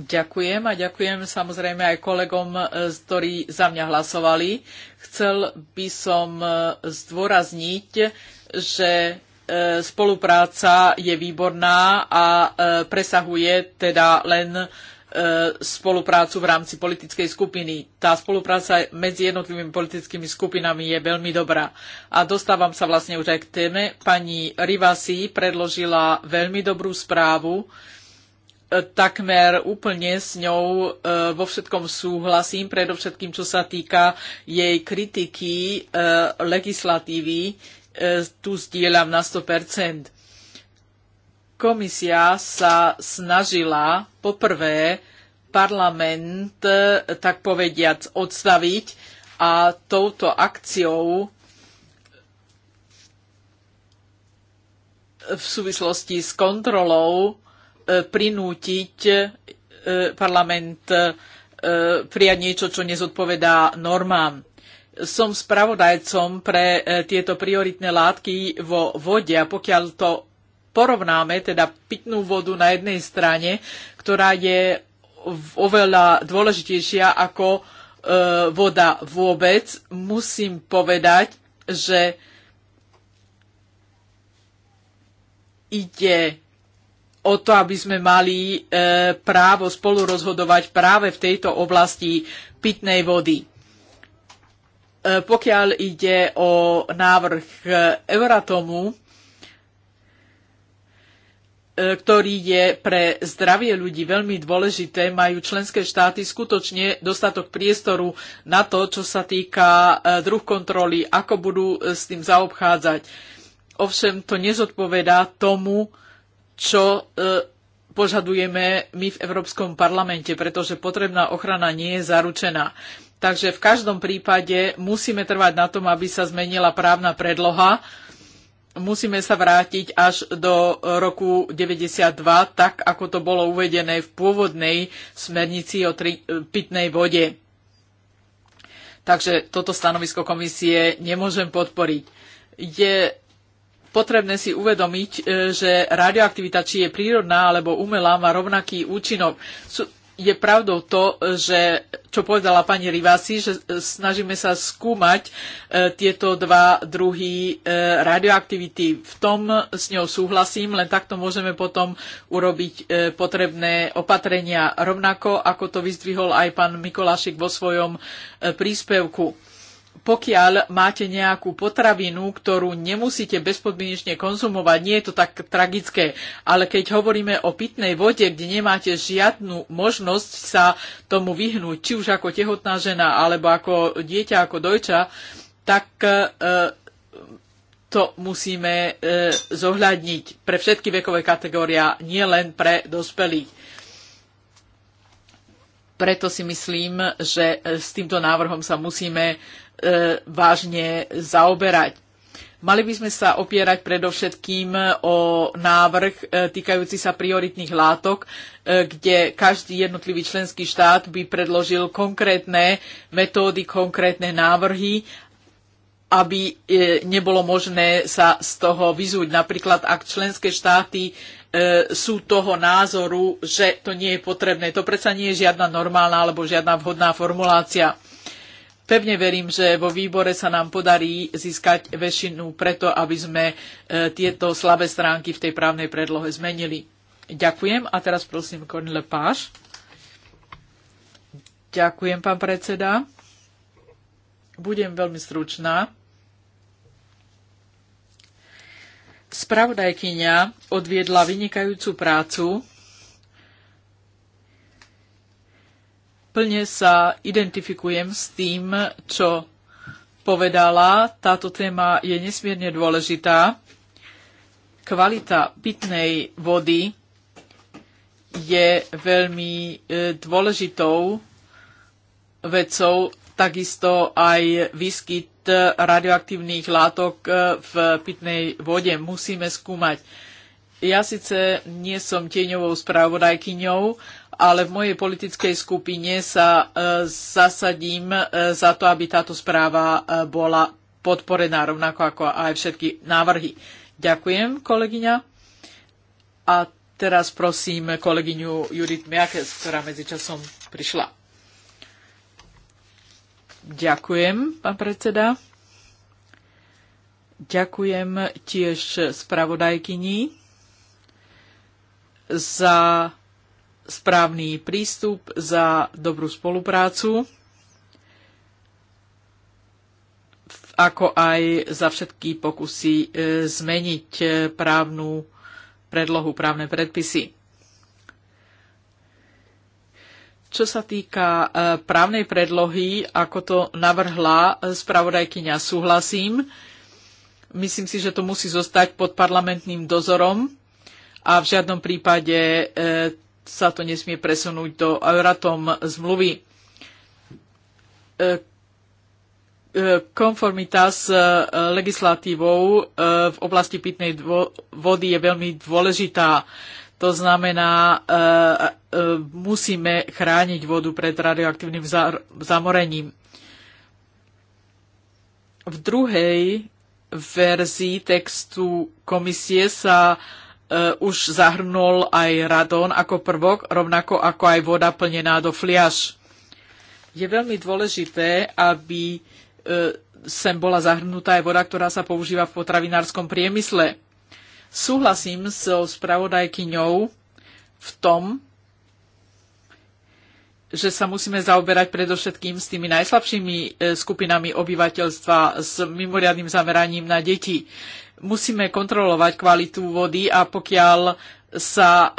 Ďakujem a ďakujem samozrejme aj kolegom, eh, ktorí za mňa hlasovali. Chcel by som eh, zdôrazniť, že e, spolupráca je výborná a e, presahuje teda len e, spoluprácu v rámci politickej skupiny. Tá spolupráca medzi jednotlivými politickými skupinami je veľmi dobrá. A dostávam sa vlastne už aj k téme. Pani Rivasi predložila veľmi dobrú správu. Takmer úplne s ňou vo všetkom súhlasím, predovšetkým čo sa týka jej kritiky legislatívy, E, tu zdieľam na 100%. Komisia sa snažila poprvé parlament, e, tak povediac, odstaviť a touto akciou v súvislosti s kontrolou e, prinútiť parlament prijať niečo, čo nezodpovedá normám som spravodajcom pre e, tieto prioritné látky vo vode a pokiaľ to porovnáme, teda pitnú vodu na jednej strane, ktorá je oveľa dôležitejšia ako e, voda vôbec, musím povedať, že ide o to, aby sme mali e, právo spolu rozhodovať práve v tejto oblasti pitnej vody. E, pokiaľ ide o návrh Euratomu, e, ktorý je pre zdravie ľudí veľmi dôležité, majú členské štáty skutočne dostatok priestoru na to, čo sa týka e, druh kontroly, ako budú s tým zaobchádzať. Ovšem, to nezodpovedá tomu, čo požadujeme my v Európskom parlamente, pretože potrebná ochrana nie je zaručená. Takže v každom prípade musíme trvať na tom, aby sa zmenila právna predloha. Musíme sa vrátiť až do roku 92, tak ako to bolo uvedené v pôvodnej smernici o tri, e, pitnej vode. Takže toto stanovisko komisie nemôžem podporiť. Je potrebné si uvedomiť, e, že radioaktivita, či je prírodná alebo umelá, má rovnaký účinok. Sú, je pravdou to, že čo povedala pani Rivasi, že e, snažíme sa skúmať e, tieto dva druhy e, radioaktivity. V tom s ňou súhlasím, len takto môžeme potom urobiť potrebné opatrenia rovnako, ako to vyzdvihol aj pán Mikolášik vo svojom príspevku pokiaľ máte nejakú potravinu, ktorú nemusíte bezpodmienečne konzumovať, nie je to tak tragické. Ale keď hovoríme o pitnej vode, kde nemáte žiadnu možnosť sa tomu vyhnúť, či už ako tehotná žena, alebo ako dieťa, ako dojča, tak e, to musíme e, zohľadniť pre všetky vekové kategória, nie len pre dospelých preto si myslím, že e, s týmto návrhom sa musíme e, vážne zaoberať. Mali by sme sa opierať predovšetkým o návrh e, týkajúci sa prioritných látok, kde každý jednotlivý členský štát by predložil konkrétne metódy, konkrétne návrhy, aby nebolo možné sa z toho vyzúť. Napríklad, ak členské štáty E, sú toho názoru, že to nie je potrebné. To predsa nie je žiadna normálna alebo žiadna vhodná formulácia. Pevne verím, že vo výbore sa nám podarí získať väčšinu preto, aby sme e, tieto slabé stránky v tej právnej predlohe zmenili. Ďakujem a teraz prosím Corinne Páš. Ďakujem, pán predseda. Budem veľmi stručná. Spravodajkyňa odviedla vynikajúcu prácu. Plne sa identifikujem s tým, čo povedala. Táto téma je nesmierne dôležitá. Kvalita pitnej vody je veľmi e, dôležitou vecou, takisto aj výskyt radioaktívnych látok e, v pitnej vode. Musíme skúmať. Ja síce nie som tieňovou spravodajkyňou, ale v mojej politickej skupine sa e, zasadím e, za to, aby táto správa bola podporená rovnako ako aj všetky návrhy. Ďakujem, kolegyňa. A teraz prosím kolegyňu Judith Miakes, ktorá medzičasom prišla. Ďakujem, pán predseda. Ďakujem tiež spravodajkyni za správny prístup, za dobrú spoluprácu, ako aj za všetky pokusy e, zmeniť e, právnu predlohu, právne predpisy. Čo sa týka e, právnej predlohy, ako to navrhla e, spravodajkyňa, súhlasím. Myslím si, že to musí zostať pod parlamentným dozorom a v žiadnom prípade e, sa to nesmie presunúť do Euratom zmluvy. Konformita s legislatívou v oblasti pitnej vody je veľmi dôležitá. To znamená, e, e, musíme chrániť vodu pred radioaktívnym zamorením. V druhej verzii textu komisie sa e, už zahrnul aj radón ako prvok, rovnako ako aj voda plnená do fliaž. Je veľmi dôležité, aby sem bola zahrnutá aj voda, ktorá sa používa v potravinárskom priemysle Súhlasím so spravodajkyňou v tom, že sa musíme zaoberať predovšetkým s tými najslabšími e, skupinami obyvateľstva s mimoriadným zameraním na deti. Musíme kontrolovať kvalitu vody a pokiaľ sa e,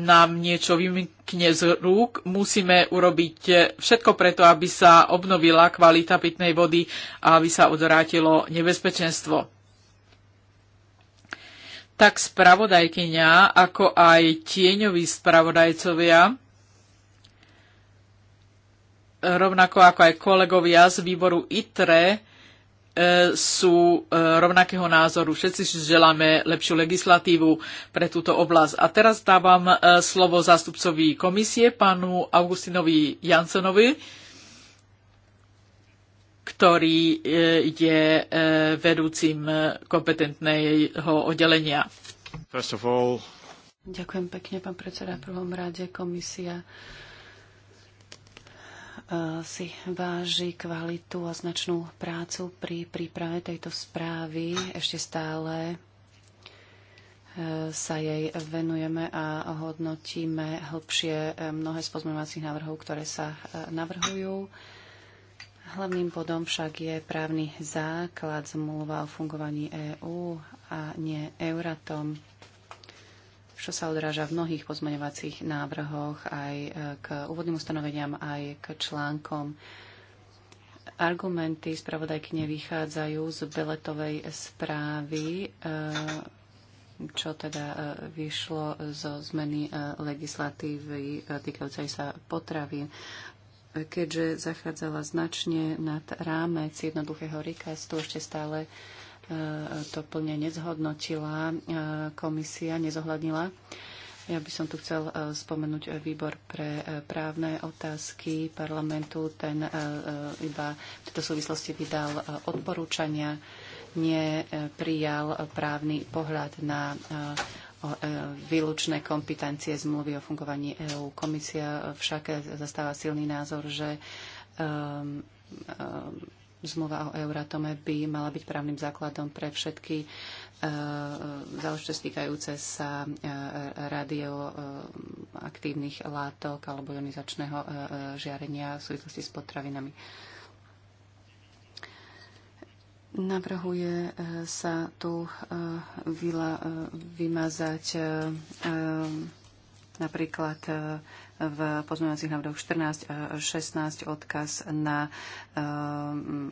nám niečo vymkne z rúk, musíme urobiť e, všetko preto, aby sa obnovila kvalita pitnej vody a aby sa odvrátilo nebezpečenstvo tak spravodajkyňa, ako aj tieňoví spravodajcovia, rovnako ako aj kolegovia z výboru ITRE, e, sú e, rovnakého názoru. Všetci si želáme lepšiu legislatívu pre túto oblasť. A teraz dávam e, slovo zástupcovi komisie, pánu Augustinovi Jansenovi ktorý e, je e, vedúcim kompetentného oddelenia. All... Ďakujem pekne, pán predseda. V prvom rade komisia e, si váži kvalitu a značnú prácu pri príprave tejto správy. Ešte stále sa jej venujeme a hodnotíme hlbšie mnohé z pozmeňovacích návrhov, ktoré sa navrhujú. Hlavným bodom však je právny základ zmluva o fungovaní EÚ a nie Euratom, čo sa odráža v mnohých pozmeňovacích návrhoch aj e, k úvodným ustanoveniam, aj k článkom. Argumenty spravodajky nevychádzajú z beletovej správy, e, čo teda e, vyšlo zo zmeny legislatívy týkajúcej sa potravy keďže zachádzala značne nad rámec jednoduchého rikastu, ešte stále e, to plne nezhodnotila e, komisia, nezohľadnila. Ja by som tu chcel e, spomenúť výbor pre právne otázky parlamentu. Ten iba v tejto súvislosti vydal odporúčania, neprijal právny pohľad na E, výlučné kompetencie zmluvy o fungovaní EÚ. Komisia však zastáva silný názor, že zmluva o Euratome by mala byť právnym základom pre všetky e, záležitosti týkajúce sa e, radioaktívnych látok alebo ionizačného žiarenia v súvislosti s potravinami. Navrhuje e, sa tu e, vila e, vymazať napríklad v pozmeňovacích návrhoch 14 a 16 odkaz na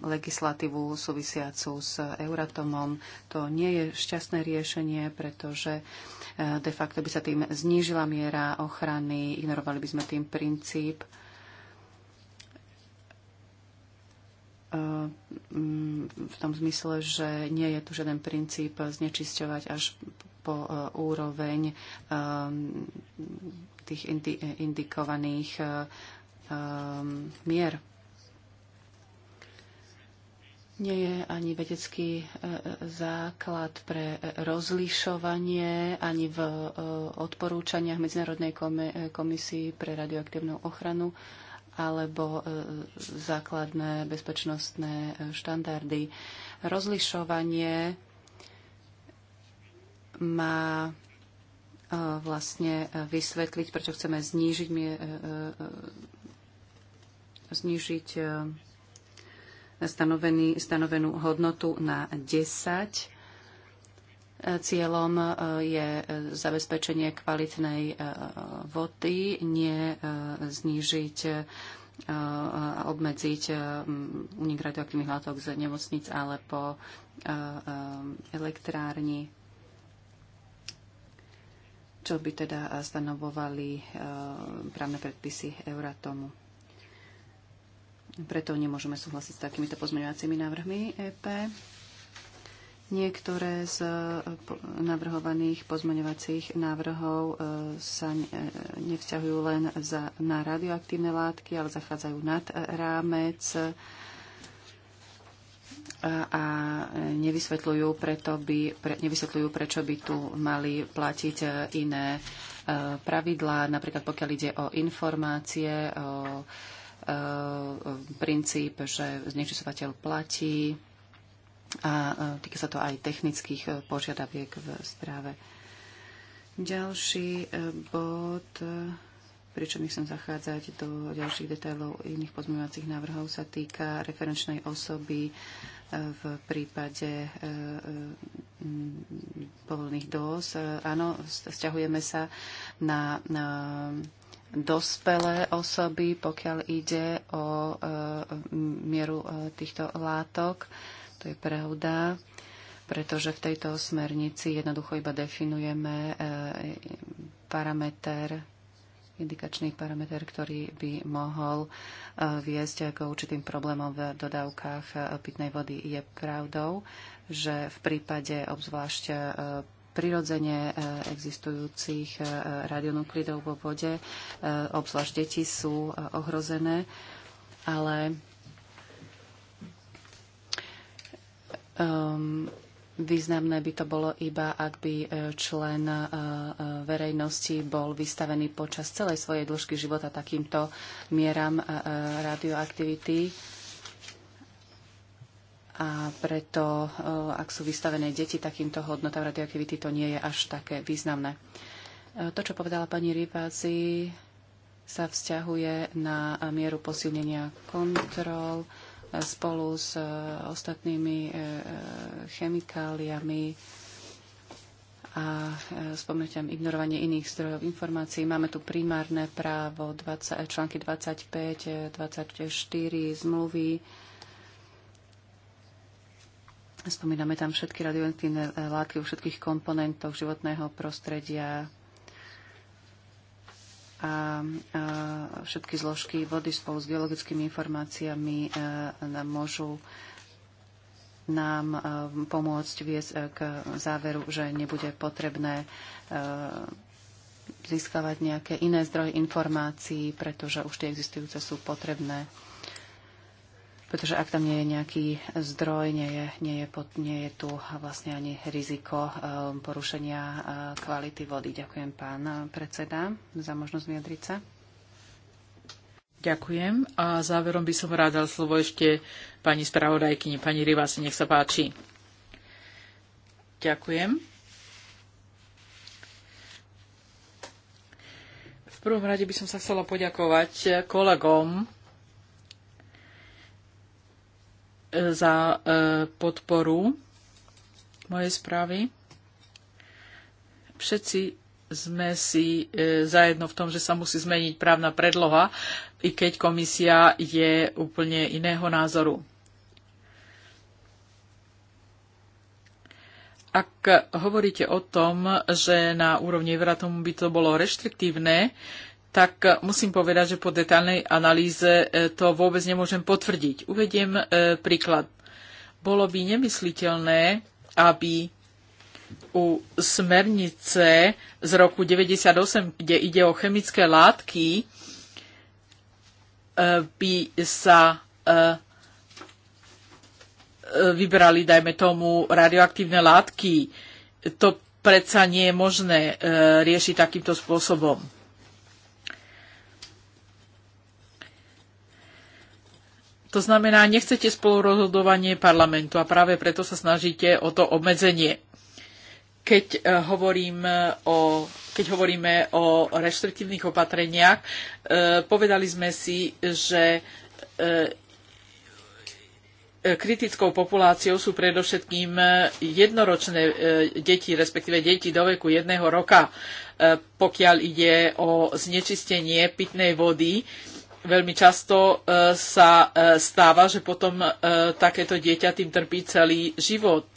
legislatívu súvisiacu s Euratomom. To nie je šťastné riešenie, pretože de facto by sa tým znížila miera ochrany, ignorovali by sme tým princíp v tom zmysle, že nie je tu žiaden princíp znečisťovať až po e, úroveň e, tých e, indikovaných mier. Nie je ani vedecký základ pre rozlišovanie ani v odporúčaniach Medzinárodnej komisii pre radioaktívnu ochranu alebo e, základné bezpečnostné e, štandardy. Rozlišovanie má e, vlastne vysvetliť, prečo chceme znížiť, znížiť stanovený, stanovenú hodnotu na 10 Cieľom e, je e, zabezpečenie kvalitnej e, vody, nie znížiť a obmedziť unik radioaktívnych látok z nemocnic alebo elektrárni, čo by teda stanovovali právne predpisy Euratomu. Preto nemôžeme súhlasiť s takýmito pozmeňovacími návrhmi EP. Niektoré z e, navrhovaných pozmeňovacích návrhov e, sa e, nevzťahujú len za, na radioaktívne látky, ale zachádzajú nad rámec a nevysvetľujú, preto by, pre, nevysvetľujú, prečo by tu mali platiť iné pravidlá, napríklad pokiaľ ide o informácie, o, o princíp, že znečistovateľ platí, a týka sa to aj technických e, požiadaviek v správe. Ďalší e, bod, e, pričom nechcem zachádzať do ďalších detailov iných pozmeňovacích návrhov, sa týka referenčnej osoby v prípade povolených dos. Áno, stiahujeme sa na, na dospelé osoby, pokiaľ ide o mieru týchto látok. To je pravda, pretože v tejto smernici jednoducho iba definujeme eh, parameter indikačný parameter, ktorý by mohol eh, viesť k určitým problémom v dodávkach eh, pitnej vody. Je pravdou, že v prípade obzvlášť prirodzene existujúcich radionuklidov vo vode, obzvlášť deti sú ohrozené, ale Um, Významné by to bolo iba, ak by e, člen e, e, verejnosti bol vystavený počas celej svojej dĺžky života takýmto mieram radioaktivity. A preto, ak sú vystavené deti takýmto hodnotám radioaktivity, to nie je až také významné. To, čo povedala pani Rivázi, sa vzťahuje na mieru posilnenia kontrol spolu s e, ostatnými e, e, chemikáliami a spomeniam ignorovanie iných zdrojov informácií. Máme tu primárne právo 20, články 25, 24 zmluvy. Spomíname tam všetky radioaktívne látky vo všetkých komponentoch životného prostredia, a všetky zložky vody spolu s geologickými informáciami e, nám môžu nám e, pomôcť viesť e, k záveru, že nebude potrebné získavať nejaké iné zdroje informácií, pretože už tie existujúce sú potrebné pretože ak tam nie je nejaký zdroj, nie je, nie je, pod, nie je tu vlastne ani riziko eh, porušenia eh, kvality vody. Ďakujem, pán predseda, za možnosť vyjadriť sa. Ďakujem a záverom by som rád dal slovo ešte pani spravodajkyni, pani Rivasi, nech sa páči. Ďakujem. V prvom rade by som sa chcela poďakovať kolegom, za e, podporu mojej správy. Všetci sme si e, zajedno v tom, že sa musí zmeniť právna predloha, i keď komisia je úplne iného názoru. Ak hovoríte o tom, že na úrovni Evratomu by to bolo reštriktívne, tak e, musím povedať, že po detálnej analýze e, to vôbec nemôžem potvrdiť. Uvediem e, príklad. Bolo by nemysliteľné, aby u smernice z roku 98, kde ide o chemické látky, by sa vybrali, dajme tomu, radioaktívne látky. To predsa nie je možné riešiť takýmto spôsobom. To znamená, nechcete spolurozhodovanie parlamentu a práve preto sa snažíte o to obmedzenie. Keď, eh, hovorím eh, o, keď hovoríme o reštriktívnych opatreniach, eh, povedali sme si, že kritickou populáciou sú predovšetkým jednoročné deti, respektíve deti do veku jedného roka, pokiaľ ide o znečistenie pitnej vody veľmi často e, sa e, stáva, že potom e, takéto dieťa tým trpí celý život.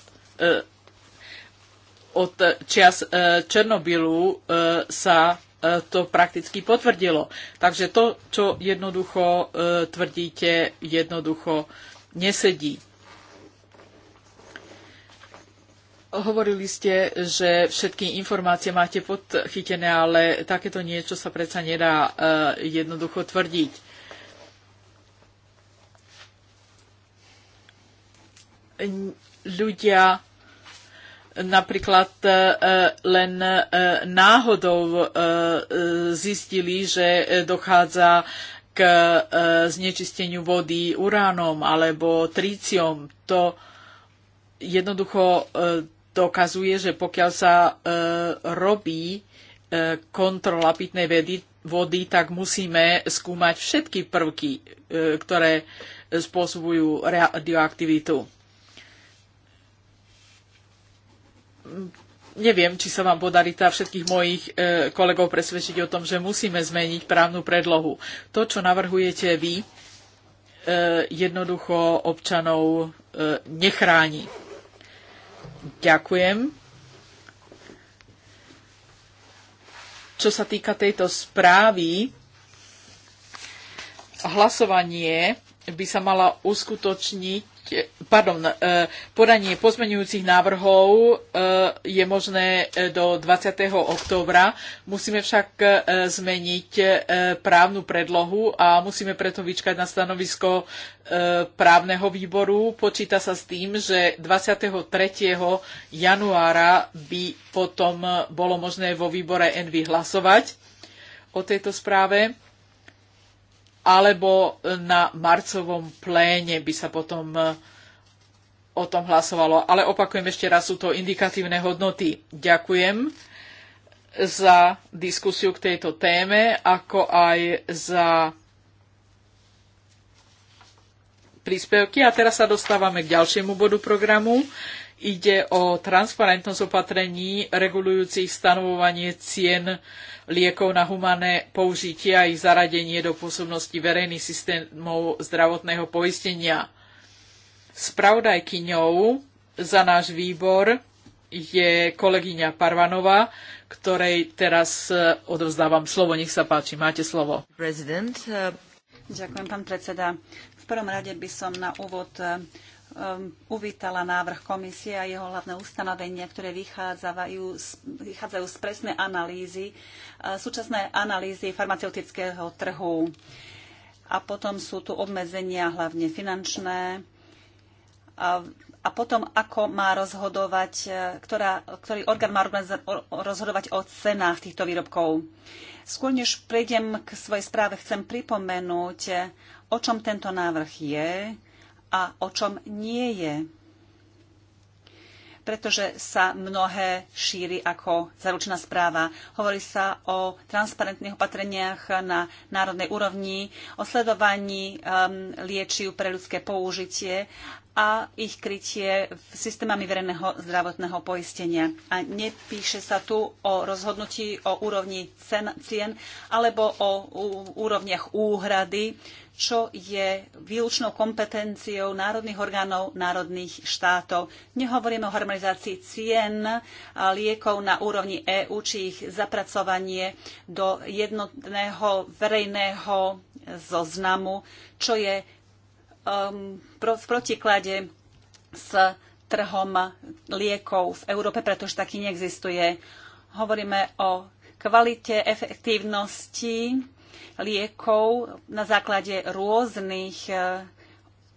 Od čias Černobylu sa to prakticky potvrdilo. Takže to, čo jednoducho tvrdíte, jednoducho nesedí. Hovorili ste, že všetky informácie máte podchytené, ale takéto niečo sa predsa nedá e, jednoducho tvrdiť. Ľudia napríklad e, len e, náhodou zistili, že dochádza k znečisteniu vody uránom alebo tríciom. To jednoducho dokazuje, že pokiaľ sa e, robí e, kontrola pitnej vedy, vody, tak musíme skúmať všetky prvky, e, ktoré spôsobujú radioaktivitu. Neviem, či sa vám podarí tá teda všetkých mojich kolegov presvedčiť o tom, že musíme zmeniť právnu predlohu. To, čo navrhujete vy, jednoducho občanov nechráni. Ďakujem. Čo sa týka tejto správy, hlasovanie by sa mala uskutočniť pardon, e, podanie pozmenujúcich návrhov e, je možné e, do 20. októbra. Musíme však zmeniť právnu predlohu a musíme preto vyčkať na stanovisko právneho výboru. Počíta sa s tým, že 23. januára by potom bolo možné vo výbore NV hlasovať o tejto správe alebo na marcovom pléne by sa potom e, o tom hlasovalo. Ale opakujem ešte raz, sú to indikatívne hodnoty. Ďakujem za diskusiu k tejto téme, ako aj za príspevky. A teraz sa dostávame k ďalšiemu bodu programu. Ide o transparentnosť opatrení regulujúcich stanovovanie cien liekov na humané použitie a ich zaradenie do pôsobnosti verejných systémov zdravotného poistenia. Spravodajkyňou za náš výbor je kolegyňa Parvanová, ktorej teraz e, odovzdávam slovo. Nech sa páči, máte slovo. E, Ďakujem, pán predseda. V prvom rade by som na úvod e, um, uvítala návrh komisie a jeho hlavné ustanovenia, ktoré vychádzajú z, vychádzajú z presnej analýzy, uh, eh, súčasné analýzy farmaceutického trhu. A potom sú tu obmedzenia, hlavne finančné. A, a potom, ako má rozhodovať, eh, ktorá, ktorý orgán má rozhodovať o cenách týchto výrobkov. Skôr než prejdem k svojej správe, chcem pripomenúť, eh, o čom tento návrh je, a o čom nie je. Pretože sa mnohé šíri ako zaručená správa. Hovorí sa o transparentných opatreniach na národnej úrovni, o sledovaní um, liečiv pre ľudské použitie a ich krytie systémami verejného zdravotného poistenia. A nepíše sa tu o rozhodnutí o úrovni cen, cien alebo o úrovniach úhrady, čo je výlučnou kompetenciou národných orgánov národných štátov. Nehovoríme o harmonizácii cien liekov na úrovni EÚ či ich zapracovanie do jednotného verejného zoznamu, čo je um, pro, v protiklade s trhom liekov v Európe, pretože taký neexistuje. Hovoríme o kvalite, efektívnosti liekov na základe rôznych eh,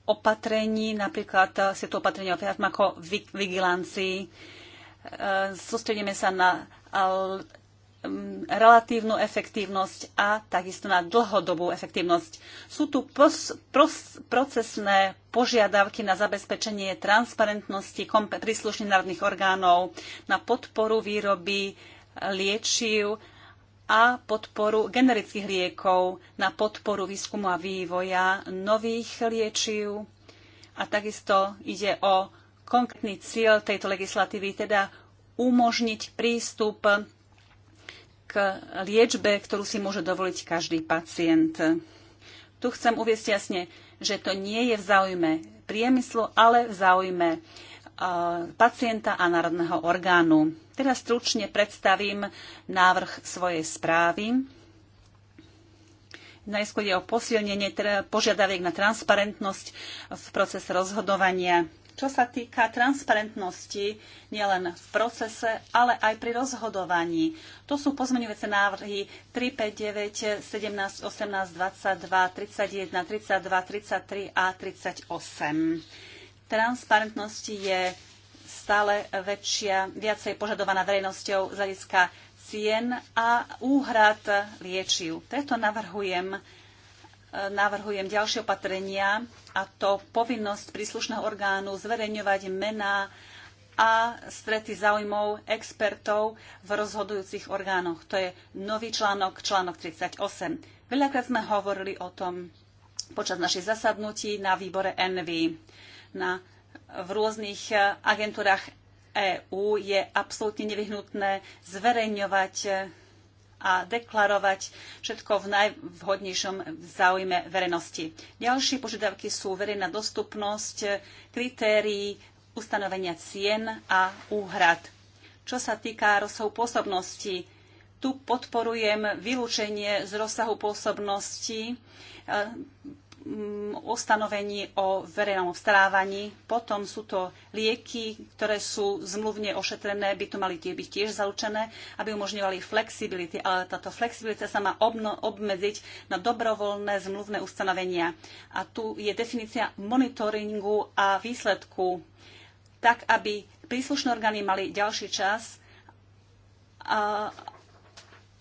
opatrení, napríklad eh, si to opatrenie o farmakovigilancii. Eh, sústredíme sa na Mm, relatívnu efektívnosť a takisto na dlhodobú efektívnosť. Sú tu pros, pros, procesné požiadavky na zabezpečenie transparentnosti príslušných národných orgánov, na podporu výroby liečiv a podporu generických liekov, na podporu výskumu a vývoja nových liečiv. A takisto ide o konkrétny cieľ tejto legislatívy, teda umožniť prístup k liečbe, ktorú si môže dovoliť každý pacient. Tu chcem uviesť jasne, že to nie je v záujme priemyslu, ale v záujme e, pacienta a národného orgánu. Teraz stručne predstavím návrh svojej správy. Najskôr je o posilnenie teda požiadaviek na transparentnosť v procese rozhodovania čo sa týka transparentnosti nielen v procese, ale aj pri rozhodovaní. To sú pozmeňujúce návrhy 3, 5, 9, 17, 18, 22, 31, 32, 33 a 38. Transparentnosti je stále väčšia, viacej požadovaná verejnosťou z hľadiska cien a úhrad liečiv. Preto navrhujem navrhujem ďalšie opatrenia a to povinnosť príslušného orgánu zverejňovať mená a strety záujmov expertov v rozhodujúcich orgánoch. To je nový článok, článok 38. Veľakrát sme hovorili o tom počas našich zasadnutí na výbore ENVY. Na, v rôznych agentúrach EÚ je absolútne nevyhnutné zverejňovať a deklarovať všetko v najvhodnejšom záujme verejnosti. Ďalšie požiadavky sú verejná dostupnosť, kritérií ustanovenia cien a úhrad. Čo sa týka rozsahu pôsobnosti, tu podporujem vylúčenie z rozsahu pôsobnosti Mm, ustanovení o verejnom obstarávaní. Potom sú to lieky, ktoré sú zmluvne ošetrené, by to mali tie byť tiež zaručené, aby umožňovali flexibility. Ale táto flexibilita sa má obmedziť na dobrovoľné zmluvné ustanovenia. A tu je definícia monitoringu a výsledku, tak aby príslušné orgány mali ďalší čas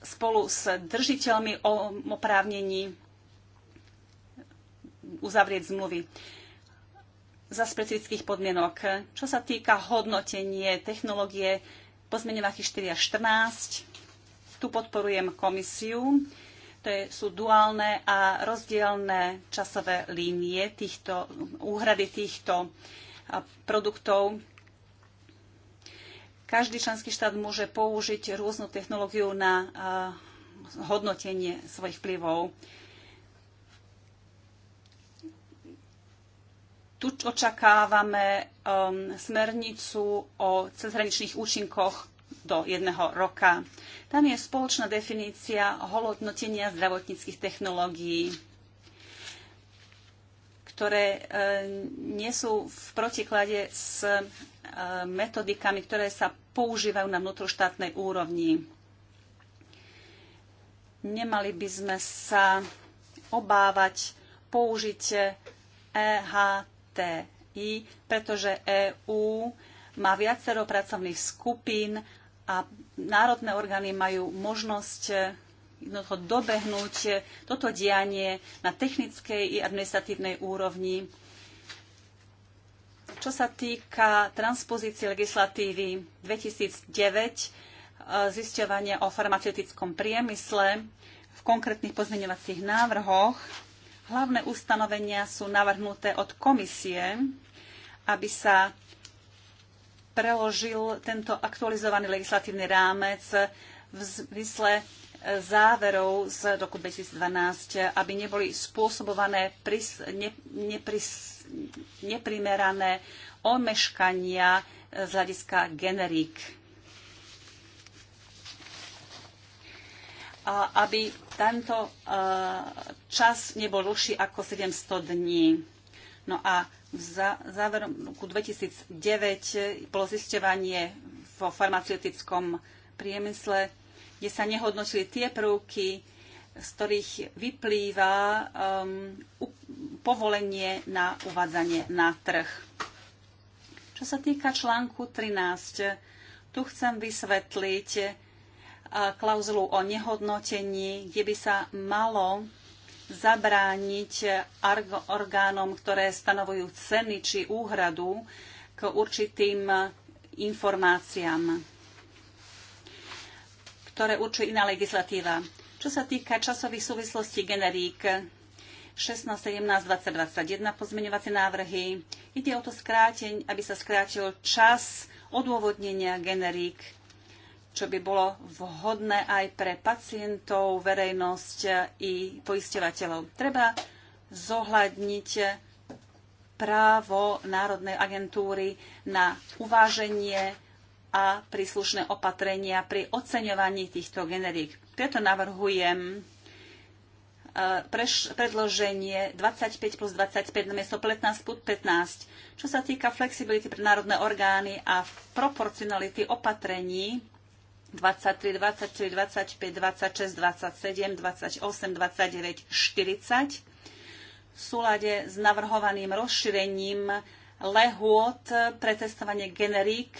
spolu s držiteľmi oprávnení uzavrieť zmluvy za specifických podmienok. Čo sa týka hodnotenie technológie pozmeňovaky 4 až 14, tu podporujem komisiu. To je, sú duálne a rozdielne časové línie týchto, úhrady týchto produktov. Každý členský štát môže použiť rôznu technológiu na hodnotenie svojich vplyvov. Tu očakávame um, smernicu o cezhraničných účinkoch do jedného roka. Tam je spoločná definícia holodnotenia zdravotníckých technológií, ktoré e, nie sú v protiklade s e, metodikami, ktoré sa používajú na vnútroštátnej úrovni. Nemali by sme sa obávať použite EHT TI, pretože EÚ má viacero pracovných skupín a národné orgány majú možnosť jednoducho dobehnúť toto dianie na technickej i administratívnej úrovni. Čo sa týka transpozície legislatívy 2009, e, zisťovania o farmaceutickom priemysle v konkrétnych pozmeňovacích návrhoch, Hlavné ustanovenia sú navrhnuté od komisie, aby sa preložil tento aktualizovaný legislatívny rámec v zmysle e, záverov z roku 2012, aby neboli spôsobované pris, ne, nepris, neprimerané omeškania e, z hľadiska generík aby tento e, čas nebol dlhší ako 700 dní. No a v záveru roku 2009 bolo zisťovanie vo farmaceutickom priemysle, kde sa nehodnotili tie prvky, z ktorých vyplýva um, povolenie na uvádzanie na trh. Čo sa týka článku 13, tu chcem vysvetliť, E, klauzulu o nehodnotení, kde by sa malo zabrániť orgánom, ktoré stanovujú ceny či úhradu k určitým informáciám, ktoré určuje iná legislatíva. Čo sa týka časových súvislostí generík 16, 17, 20, 21 pozmeňovacie návrhy, ide o to, skráteň, aby sa skrátil čas odôvodnenia generík čo by bolo vhodné aj pre pacientov, verejnosť i poisťovateľov. Treba zohľadniť právo Národnej agentúry na uváženie a príslušné opatrenia pri oceňovaní týchto generík. Preto navrhujem e, predloženie 25 plus 25 namiesto 15 plus 15. Čo sa týka flexibility pre národné orgány a proporcionality opatrení, 23, 24, 25, 26, 27, 28, 29, 40 v súlade s navrhovaným rozšírením lehôd pre testovanie generík.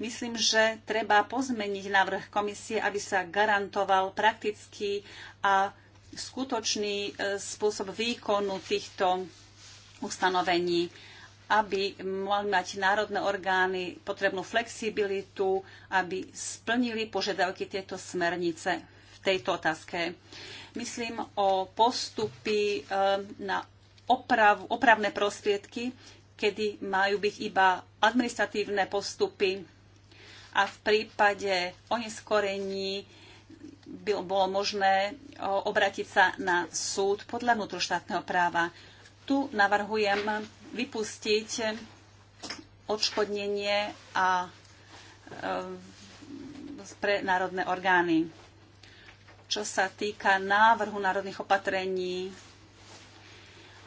Myslím, že treba pozmeniť návrh komisie, aby sa garantoval praktický a skutočný e, spôsob výkonu týchto ustanovení aby mali mať národné orgány potrebnú flexibilitu, aby splnili požiadavky tieto smernice v tejto otázke. Myslím o postupy e, na oprav, opravné prostriedky, kedy majú byť iba administratívne postupy a v prípade oneskorení by bolo možné e, obrátiť sa na súd podľa vnútroštátneho práva. Tu navrhujem vypustiť odškodnenie a e, pre národné orgány. Čo sa týka návrhu národných opatrení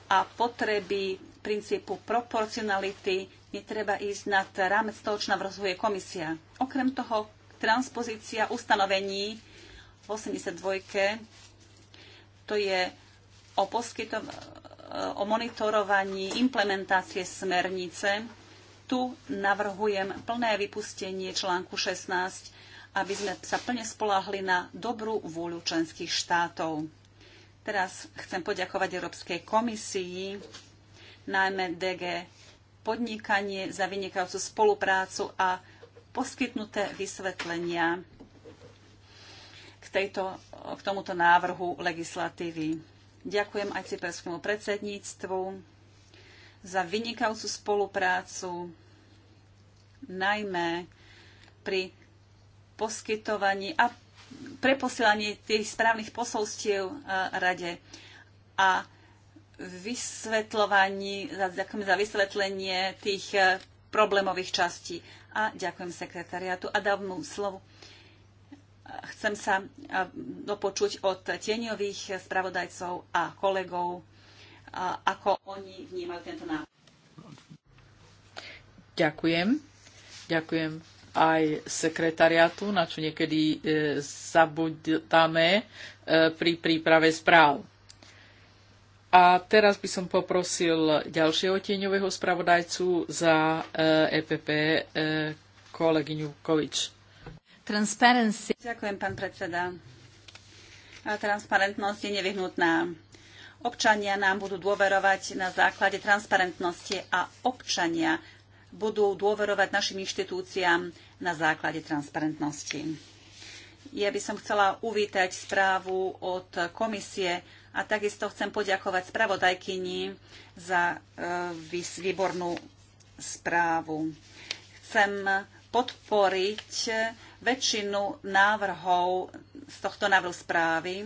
a potreby princípu proporcionality, netreba ísť nad rámec toho, čo navrhuje komisia. Okrem toho, transpozícia ustanovení v 82. To je o, poskytovaní o monitorovaní implementácie smernice. Tu navrhujem plné vypustenie článku 16, aby sme sa plne spolahli na dobrú vôľu členských štátov. Teraz chcem poďakovať Európskej komisii, najmä DG podnikanie za vynikajúcu spoluprácu a poskytnuté vysvetlenia k, tejto, k tomuto návrhu legislatívy. Ďakujem aj cyperskému predsedníctvu za vynikajúcu spoluprácu, najmä pri poskytovaní a preposielaní tých správnych posolstiev eh, rade a vysvetľovaní, ďakujem za vysvetlenie tých eh, problémových častí. A ďakujem sekretariátu a dávam mu slovo chcem sa dopočuť od tieňových spravodajcov a kolegov, ako oni vnímajú tento návrh. Ďakujem. Ďakujem aj sekretariatu, na čo niekedy e, zabudáme e, pri príprave správ. A teraz by som poprosil ďalšieho tieňového spravodajcu za EPP, e kolegyňu Kovič transparency. Ďakujem, pán predseda. A transparentnosť je nevyhnutná. Občania nám budú dôverovať na základe transparentnosti a občania budú dôverovať našim inštitúciám na základe transparentnosti. Ja by som chcela uvítať správu od komisie a takisto chcem poďakovať spravodajkyni za e, výbornú správu. Chcem podporiť väčšinu návrhov z tohto návrhu správy.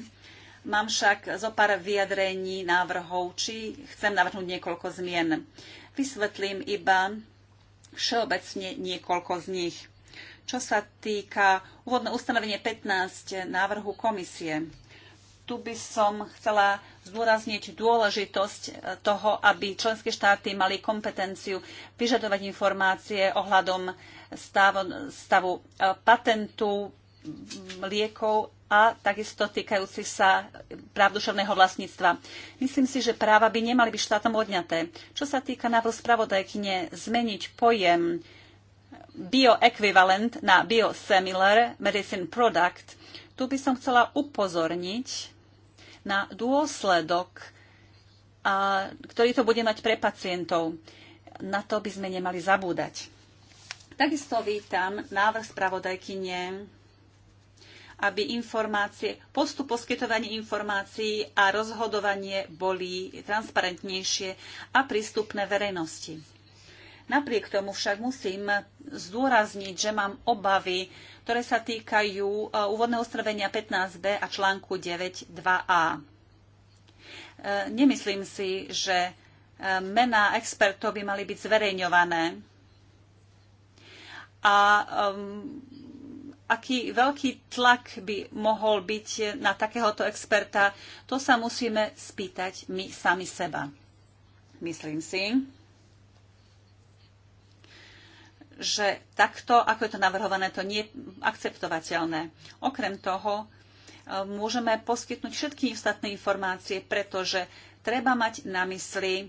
Mám však zo pár vyjadrení návrhov, či chcem navrhnúť niekoľko zmien. Vysvetlím iba všeobecne niekoľko z nich. Čo sa týka úvodného ustanovenie 15 návrhu komisie, tu by som chcela zdôrazniť dôležitosť e, toho, aby členské štáty mali kompetenciu vyžadovať informácie ohľadom stavu, stavu e, patentu, liekov a takisto týkajúci sa práv duševného vlastníctva. Myslím si, že práva by nemali byť štátom odňaté. Čo sa týka návrhu spravodajkyne zmeniť pojem bioekvivalent na biosimilar medicine product, tu by som chcela upozorniť na dôsledok, a, ktorý to bude mať pre pacientov. Na to by sme nemali zabúdať. Takisto vítam návrh spravodajkyne aby informácie, postup poskytovania informácií a rozhodovanie boli transparentnejšie a prístupné verejnosti. Napriek tomu však musím zdôrazniť, že mám obavy ktoré sa týkajú e, úvodného ustanovenia 15b a článku 9.2a. E, nemyslím si, že e, mená expertov by mali byť zverejňované a aký veľký tlak by mohol byť na takéhoto experta, to sa musíme spýtať my sami seba. Myslím si, že takto, ako je to navrhované, to nie je akceptovateľné. Okrem toho, e, môžeme poskytnúť všetky ostatné informácie, pretože treba mať na mysli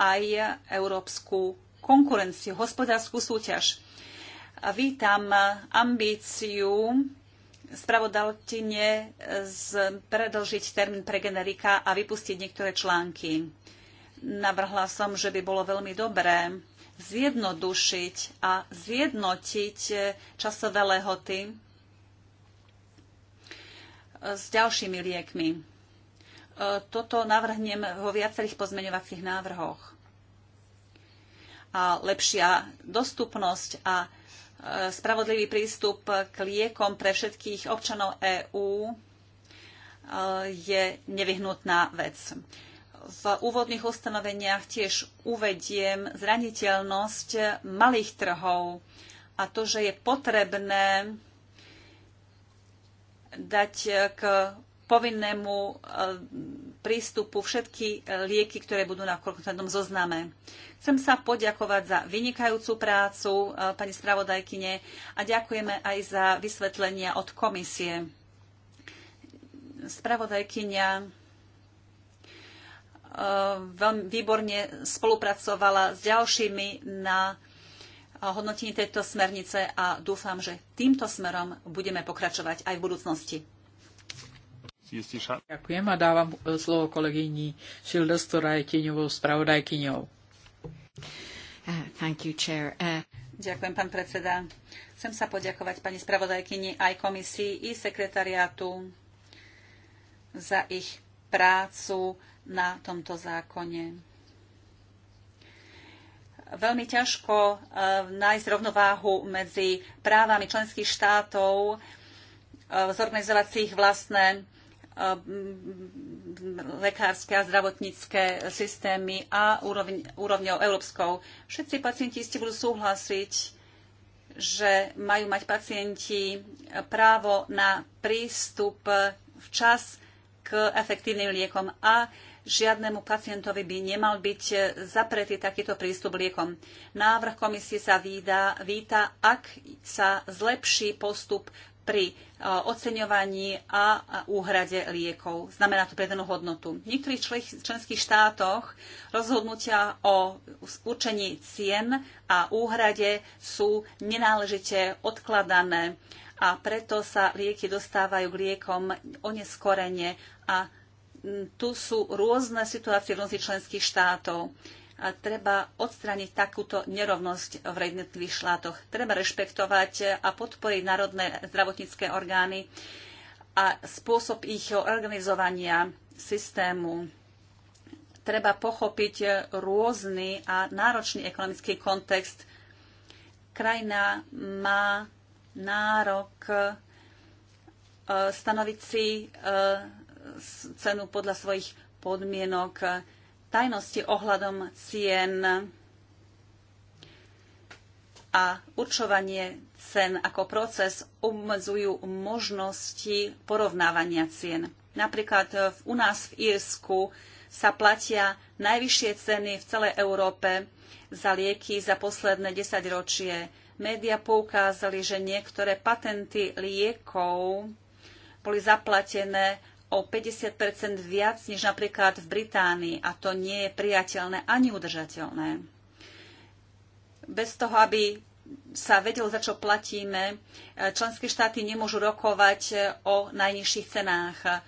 aj európsku konkurenciu, hospodárskú súťaž. Vítam ambíciu spravodaltine e, predlžiť termín pre generika a vypustiť niektoré články. Navrhla som, že by bolo veľmi dobré zjednodušiť a zjednotiť e, časové lehoty e, s ďalšími liekmi. E, toto navrhnem vo viacerých pozmeňovacích návrhoch. A lepšia dostupnosť a spravodlivý prístup k liekom pre všetkých občanov EÚ je nevyhnutná vec v úvodných ustanoveniach tiež uvediem zraniteľnosť malých trhov a to, že je potrebné dať k povinnému e, prístupu všetky lieky, ktoré budú na konkrétnom zozname. Chcem sa poďakovať za vynikajúcu prácu e, pani spravodajkyne a ďakujeme aj za vysvetlenia od komisie. Spravodajkyňa Eh, veľmi výborne spolupracovala s ďalšími na hodnotení tejto smernice a dúfam, že týmto smerom budeme pokračovať aj v budúcnosti. Ďakujem a dávam slovo kolegyni Šildes, ktorá je tieňovou spravodajkyňou. Uh, uh, Ďakujem, pán predseda. Chcem sa poďakovať pani spravodajkyni aj komisii, i sekretariátu za ich prácu na tomto zákone. Veľmi ťažko eh, nájsť rovnováhu medzi právami členských štátov, eh, zorganizovať si ich vlastné eh, lekárske a zdravotnícke systémy a úrovňou európskou. Všetci pacienti ste budú súhlasiť, že majú mať pacienti právo na prístup včas k efektívnym liekom a Žiadnemu pacientovi by nemal byť eh, zapretý takýto prístup liekom. Návrh komisie sa víta, ak sa zlepší postup pri eh, oceňovaní a úhrade liekov. Znamená to predanú hodnotu. V niektorých členských štátoch rozhodnutia o určení cien a úhrade sú nenáležite odkladané a preto sa lieky dostávajú k liekom oneskorene a tu sú rôzne situácie v rôznych členských štátov a treba odstrániť takúto nerovnosť v jednotlivých štátoch. Treba rešpektovať a podporiť národné zdravotnícke orgány a spôsob ich organizovania systému. Treba pochopiť rôzny a náročný ekonomický kontext. Krajina má nárok e, stanoviť si e, cenu podľa svojich podmienok, e, tajnosti ohľadom cien a určovanie cen ako proces obmedzujú možnosti porovnávania cien. Napríklad e, u nás v Írsku sa platia najvyššie ceny v celej Európe za lieky za posledné desaťročie. Média poukázali, že niektoré patenty liekov boli zaplatené o 50 viac než napríklad v Británii a to nie je priateľné ani udržateľné. Bez toho, aby sa vedelo, za čo platíme, členské štáty nemôžu rokovať o najnižších cenách.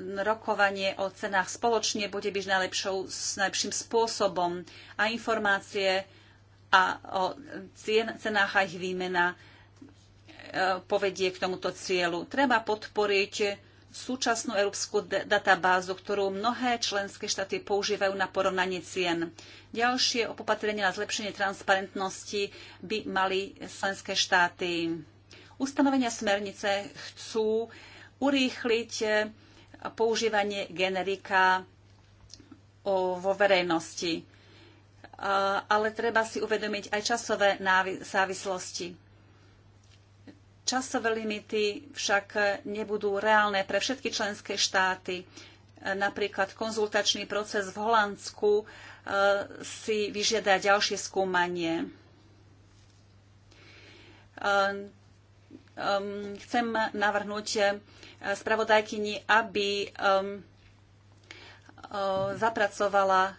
Rokovanie o cenách spoločne bude byť najlepšou, s najlepším spôsobom a informácie a o cien, cenách a ich výmena e, povedie k tomuto cieľu. Treba podporiť súčasnú európsku databázu, ktorú mnohé členské štáty používajú na porovnanie cien. Ďalšie opatrenia na zlepšenie transparentnosti by mali členské štáty. Ustanovenia smernice chcú urýchliť eh, používanie generika vo verejnosti. Ale treba si uvedomiť aj časové závislosti Časové limity však nebudú reálne pre všetky členské štáty. Napríklad konzultačný proces v Holandsku e, si vyžiada ďalšie skúmanie. E, e, chcem navrhnúť spravodajkyni, aby zapracovala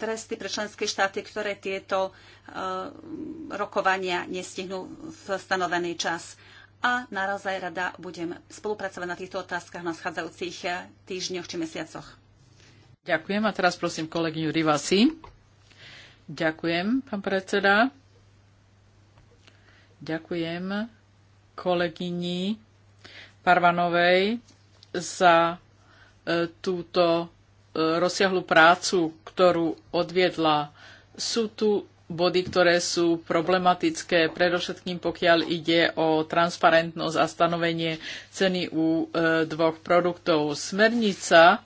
tresty pre členské štáty, ktoré tieto e, rokovania nestihnú v stanovený čas. A aj rada budem spolupracovať na týchto otázkach na schádzajúcich e, týždňoch či mesiacoch. Ďakujem a teraz prosím kolegyňu Rivasi. Ďakujem, pán predseda. Ďakujem kolegyni Parvanovej za e, túto rozsiahlu prácu, ktorú odviedla. Sú tu body, ktoré sú problematické, predovšetkým pokiaľ ide o transparentnosť a stanovenie ceny u e, dvoch produktov. Smernica e,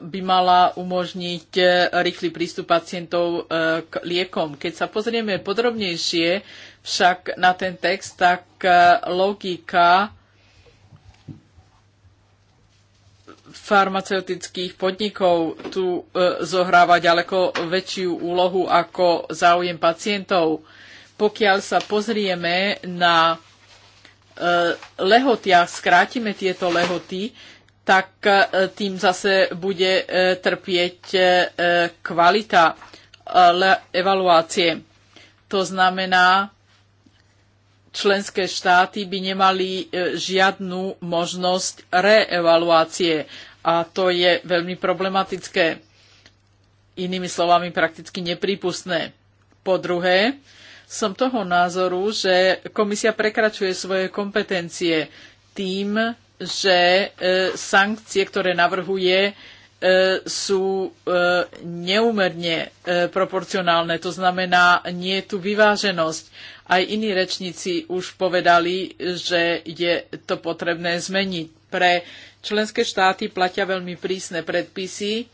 by mala umožniť e, rýchly prístup pacientov k liekom. Keď sa pozrieme podrobnejšie však na ten text, tak logika farmaceutických podnikov tu e, zohráva ďaleko väčšiu úlohu ako záujem pacientov. Pokiaľ sa pozrieme na e, lehoty a skrátime tieto lehoty, tak e, tým zase bude trpieť kvalita evaluácie. To znamená, členské štáty by nemali e, žiadnu možnosť reevaluácie a to je veľmi problematické. Inými slovami, prakticky nepripustné. Po druhé, som toho názoru, že komisia prekračuje svoje kompetencie tým, že e, sankcie, ktoré navrhuje, E, sú e, neúmerne e, proporcionálne. To znamená, nie je tu vyváženosť. Aj iní rečníci už povedali, že je to potrebné zmeniť. Pre členské štáty platia veľmi prísne predpisy,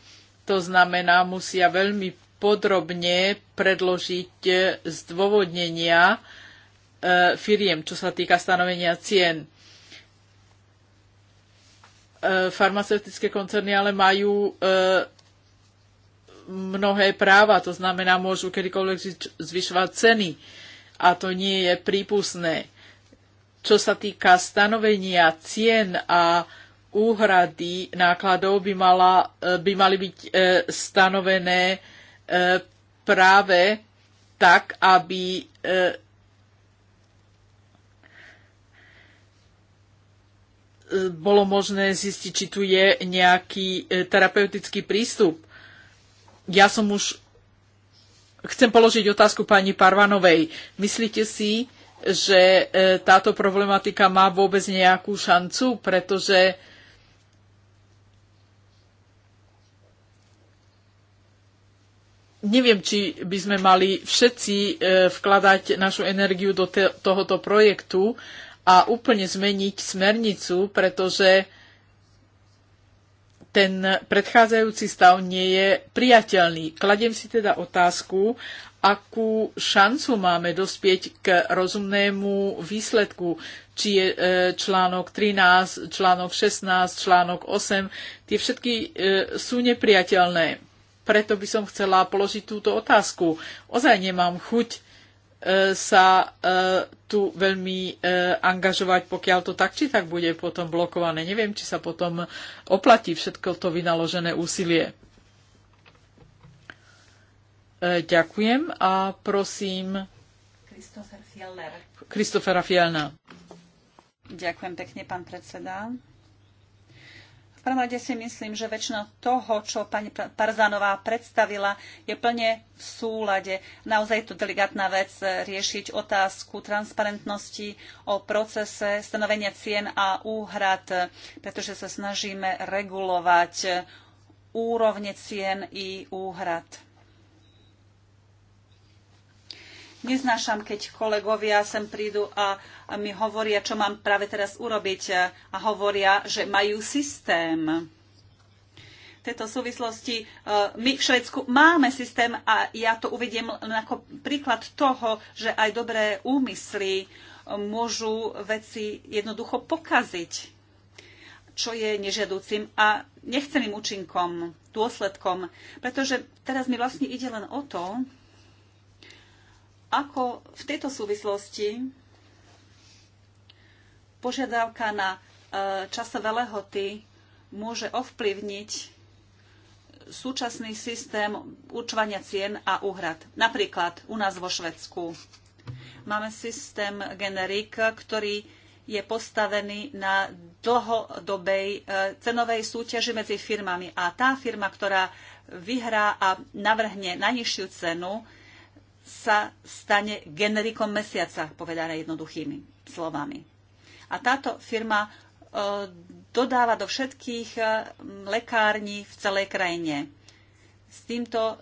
to znamená, musia veľmi podrobne predložiť zdôvodnenia firiem, čo sa týka stanovenia cien E, farmaceutické koncerny ale majú e, mnohé práva, to znamená, môžu kedykoľvek zvyšovať ceny a to nie je prípustné. Čo sa týka stanovenia cien a úhrady nákladov by, mala, e, by mali byť stanovené práve tak, aby E, bolo možné zistiť, či tu je nejaký e, terapeutický prístup. Ja som už chcem položiť otázku pani Parvanovej. Myslíte si, že e, táto problematika má vôbec nejakú šancu, pretože neviem, či by sme mali všetci vkladať našu energiu do tohoto projektu, a úplne zmeniť smernicu, pretože ten predchádzajúci stav nie je priateľný. Kladiem si teda otázku, akú šancu máme dospieť k rozumnému výsledku, či je e, článok 13, článok 16, článok 8, tie všetky e, sú nepriateľné. Preto by som chcela položiť túto otázku. Ozaj nemám chuť E, sa e, tu veľmi e, angažovať, pokiaľ to tak či tak bude potom blokované. Neviem, či sa potom oplatí všetko to vynaložené úsilie. Ďakujem a prosím Christophera Fielna. Ďakujem pekne, pán predseda prvom rade si myslím, že väčšina toho, čo pani Parzanová predstavila, je plne v súlade. Naozaj je to delikátna vec eh, riešiť otázku transparentnosti o procese stanovenia cien a úhrad, eh, pretože sa snažíme regulovať eh, úrovne cien i úhrad. Neznášam, keď kolegovia sem prídu a, mi hovoria, čo mám práve teraz urobiť e, a hovoria, že majú systém. V tejto súvislosti e, my v Švedsku máme systém a ja to uvediem ako príklad toho, že aj dobré úmysly e, môžu veci jednoducho pokaziť čo je nežiaducim a nechceným účinkom, dôsledkom. Pretože teraz mi vlastne ide len o to, ako v tejto súvislosti požiadavka na e, časové lehoty môže ovplyvniť súčasný systém určovania cien a úhrad. Napríklad u nás vo Švedsku máme systém generik, ktorý je postavený na dlhodobej e, cenovej súťaži medzi firmami. A tá firma, ktorá vyhrá a navrhne najnižšiu cenu, sa stane generikom mesiaca, povedané jednoduchými slovami. A táto firma e, dodáva do všetkých e, lekární v celej krajine s týmto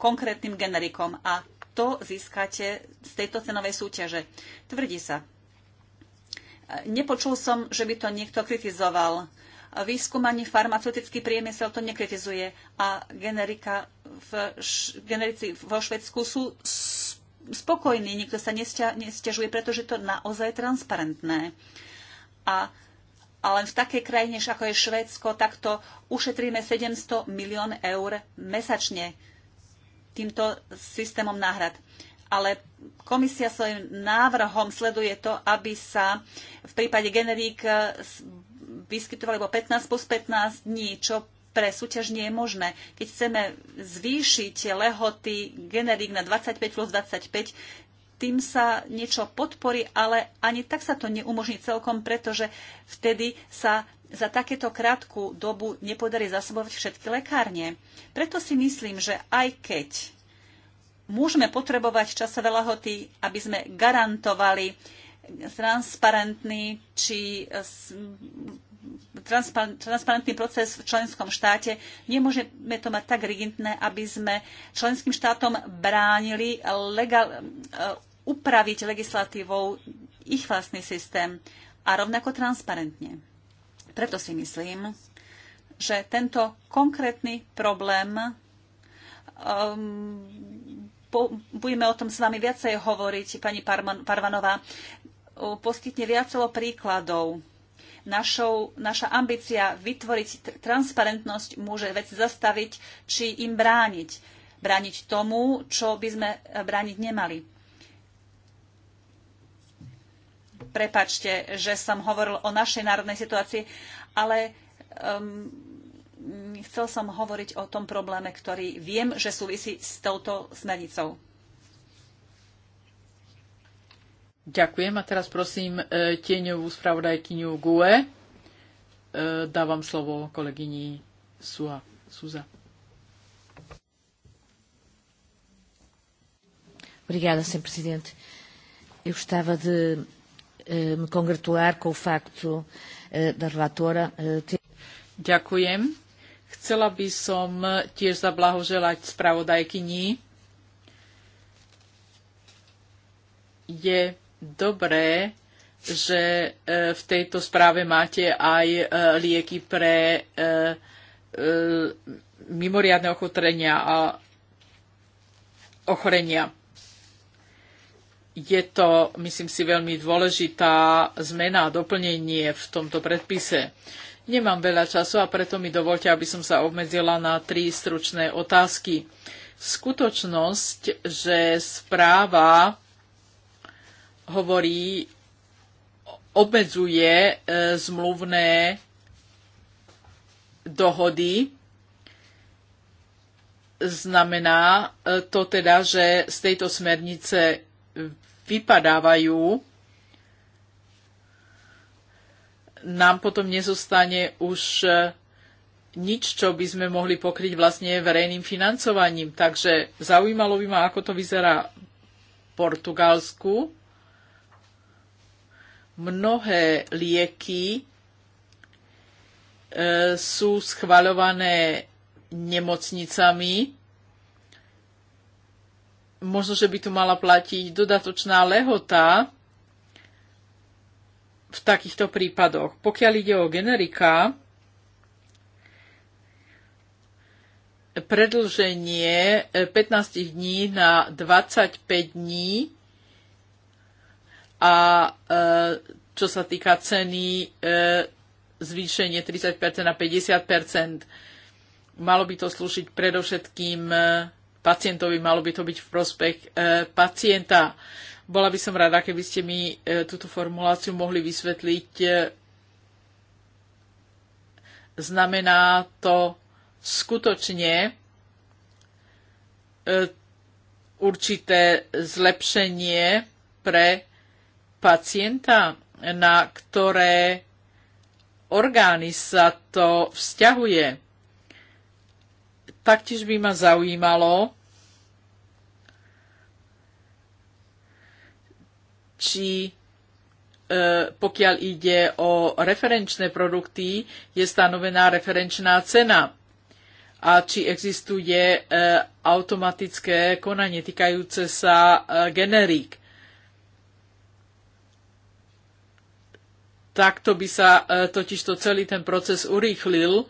konkrétnym generikom. A to získate z tejto cenovej súťaže? Tvrdí sa. E, nepočul som, že by to niekto kritizoval výskum ani farmaceutický priemysel to nekritizuje a generika v, generici vo Švedsku sú spokojní, nikto sa nestiažuje, pretože to naozaj transparentné. A, a len v takej krajine, ako je Švédsko, takto ušetríme 700 milión eur mesačne týmto systémom náhrad. Ale komisia svojim návrhom sleduje to, aby sa v prípade generík vyskytovali po 15 plus 15 dní, čo pre súťaž nie je možné. Keď chceme zvýšiť lehoty generík na 25 plus 25, tým sa niečo podporí, ale ani tak sa to neumožní celkom, pretože vtedy sa za takéto krátku dobu nepodarí zasobovať všetky lekárne. Preto si myslím, že aj keď môžeme potrebovať časové lehoty, aby sme garantovali transparentný či transparentný proces v členskom štáte. Nemôžeme to mať tak rigidné, aby sme členským štátom bránili legal, e, upraviť legislatívou ich vlastný systém a rovnako transparentne. Preto si myslím, že tento konkrétny problém um, po, budeme o tom s vami viacej hovoriť, pani Parvanová, poskytne viacero príkladov Našou, naša ambícia vytvoriť transparentnosť môže vec zastaviť, či im brániť. Brániť tomu, čo by sme eh, brániť nemali. Prepačte, že som hovoril o našej národnej situácii, ale um, chcel som hovoriť o tom probléme, ktorý viem, že súvisí s touto smernicou. Ďakujem a teraz prosím e, tieňovú spravodajkyňu GUE. E, dávam slovo kolegyni Sua, Suza. Obrigada, Sr. Presidente. Eu gostava de eh, me congratular com o facto eh, da relatora eh, ter... Ďakujem. Chcela by som eh, tiež zablahoželať spravodajkyni. Je dobré, že e, v tejto správe máte aj e, lieky pre e, mimoriadne ochotrenia a ochorenia. Je to, myslím si, veľmi dôležitá zmena a doplnenie v tomto predpise. Nemám veľa času a preto mi dovolte, aby som sa obmedzila na tri stručné otázky. Skutočnosť, že správa hovorí, obmedzuje e, zmluvné dohody. Znamená e, to teda, že z tejto smernice vypadávajú, nám potom nezostane už e, nič, čo by sme mohli pokryť vlastne verejným financovaním. Takže zaujímalo by ma, ako to vyzerá v Portugalsku mnohé lieky e, sú schvaľované nemocnicami. Možno, že by tu mala platiť dodatočná lehota v takýchto prípadoch. Pokiaľ ide o generika, predlženie e, 15 dní na 25 dní a e, čo sa týka ceny, e, zvýšenie 30% na 50%. Malo by to slúžiť predovšetkým e, pacientovi, malo by to byť v prospech pacienta. Bola by som rada, keby ste mi túto formuláciu mohli vysvetliť. Znamená to skutočne určité zlepšenie pre pacienta, na ktoré orgány sa to vzťahuje. Taktiež by ma zaujímalo, či e, pokiaľ ide o referenčné produkty, je stanovená referenčná cena a či existuje e, automatické konanie týkajúce sa e, generík. takto by sa e, totižto celý ten proces urýchlil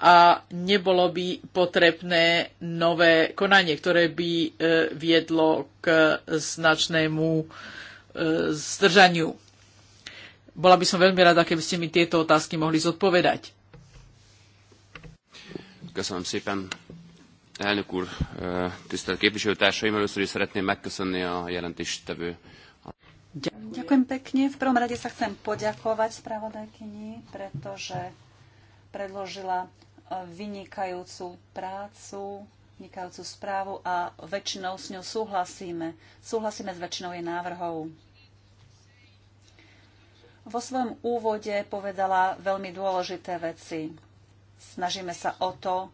a nebolo by potrebné nové konanie, ktoré by e, viedlo k značnému e, zdržaniu. Bola by som veľmi rada, keby ste mi tieto otázky mohli zodpovedať. Köszönöm szépen, elnök úr, tisztelt képviselőtársaim! Először is szeretném megköszönni a jelentéstevő Ďakujem. pekne. V prvom rade sa chcem poďakovať spravodajkyni, pretože predložila e, vynikajúcu prácu, vynikajúcu správu a väčšinou s ňou súhlasíme. Súhlasíme s väčšinou jej návrhov. Vo svojom úvode povedala veľmi dôležité veci. Snažíme sa o to,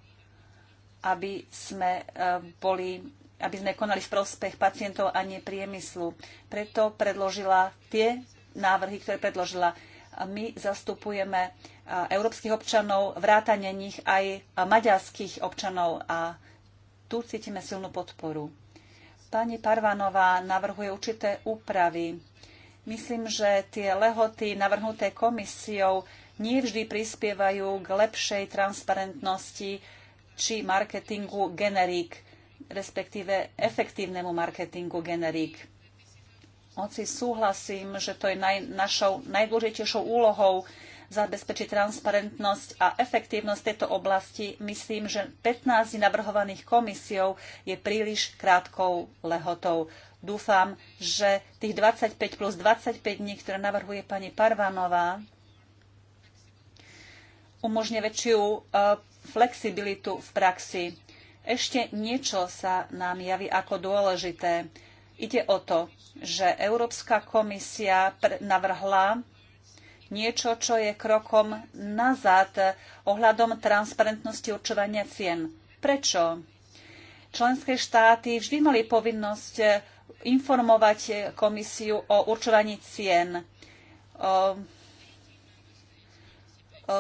aby sme e, boli aby sme konali v prospech pacientov a nie priemyslu. Preto predložila tie návrhy, ktoré predložila. My zastupujeme európskych občanov, vrátane nich aj maďarských občanov a tu cítime silnú podporu. Pani Parvanová navrhuje určité úpravy. Myslím, že tie lehoty navrhnuté komisiou nie vždy prispievajú k lepšej transparentnosti či marketingu generík respektíve efektívnemu marketingu generík. Hoci súhlasím, že to je naj, našou najdôležitejšou úlohou zabezpečiť transparentnosť a efektívnosť tejto oblasti, myslím, že 15 navrhovaných komisiou je príliš krátkou lehotou. Dúfam, že tých 25 plus 25 dní, ktoré navrhuje pani Parvanová, umožňuje väčšiu eh, flexibilitu v praxi ešte niečo sa nám javí ako dôležité. Ide o to, že Európska komisia navrhla niečo, čo je krokom nazad ohľadom transparentnosti určovania cien. Prečo? Členské štáty vždy mali povinnosť informovať komisiu o určovaní cien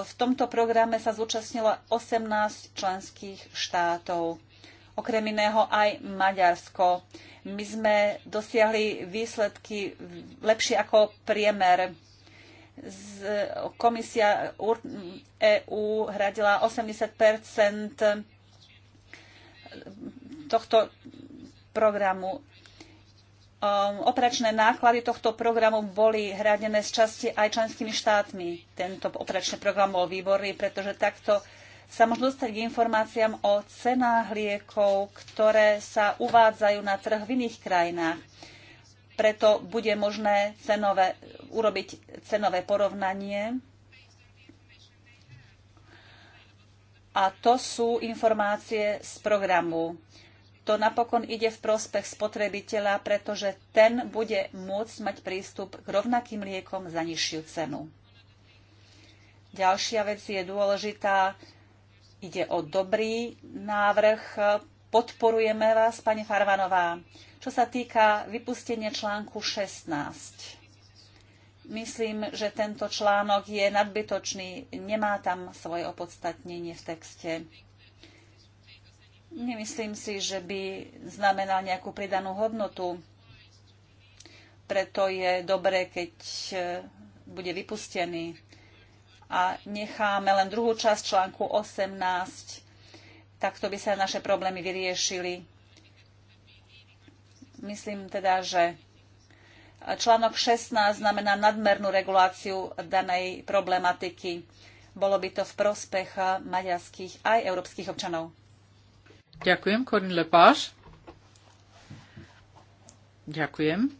v tomto programe sa zúčastnilo 18 členských štátov, okrem iného aj Maďarsko. My sme dosiahli výsledky lepšie ako priemer komisia EÚ hradila 80 tohto programu. Um, operačné náklady tohto programu boli hradené z časti aj členskými štátmi. Tento operačný program bol výborný, pretože takto sa môžu dostať k informáciám o cenách liekov, ktoré sa uvádzajú na trh v iných krajinách. Preto bude možné cenové, urobiť cenové porovnanie. A to sú informácie z programu to napokon ide v prospech spotrebiteľa, pretože ten bude môcť mať prístup k rovnakým liekom za nižšiu cenu. Ďalšia vec je dôležitá. Ide o dobrý návrh. Podporujeme vás, pani Farvanová. Čo sa týka vypustenia článku 16. Myslím, že tento článok je nadbytočný, nemá tam svoje opodstatnenie v texte. Nemyslím si, že by znamenal nejakú pridanú hodnotu. Preto je dobré, keď e, bude vypustený. A necháme len druhú časť článku 18. Takto by sa naše problémy vyriešili. Myslím teda, že článok 16 znamená nadmernú reguláciu danej problematiky. Bolo by to v prospech maďarských aj európskych občanov. Ďakujem, Korin Lepáš. Ďakujem.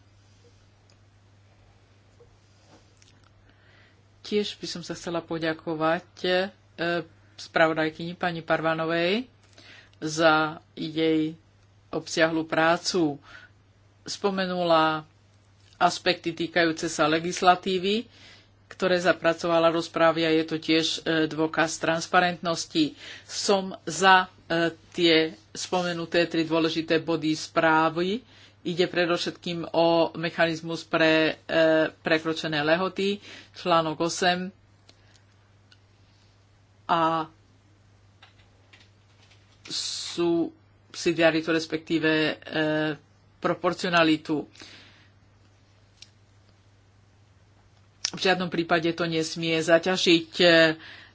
Tiež by som sa chcela poďakovať e, spravodajkyni pani Parvanovej za jej obsiahlu prácu. Spomenula aspekty týkajúce sa legislatívy, ktoré zapracovala rozprávia, a je to tiež e, dôkaz transparentnosti. Som za E, tie spomenuté tri dôležité body správy. Ide predovšetkým o mechanizmus pre e, prekročené lehoty, článok 8 a sú subsidiaritu, respektíve e, proporcionalitu. V žiadnom prípade to nesmie zaťažiť e,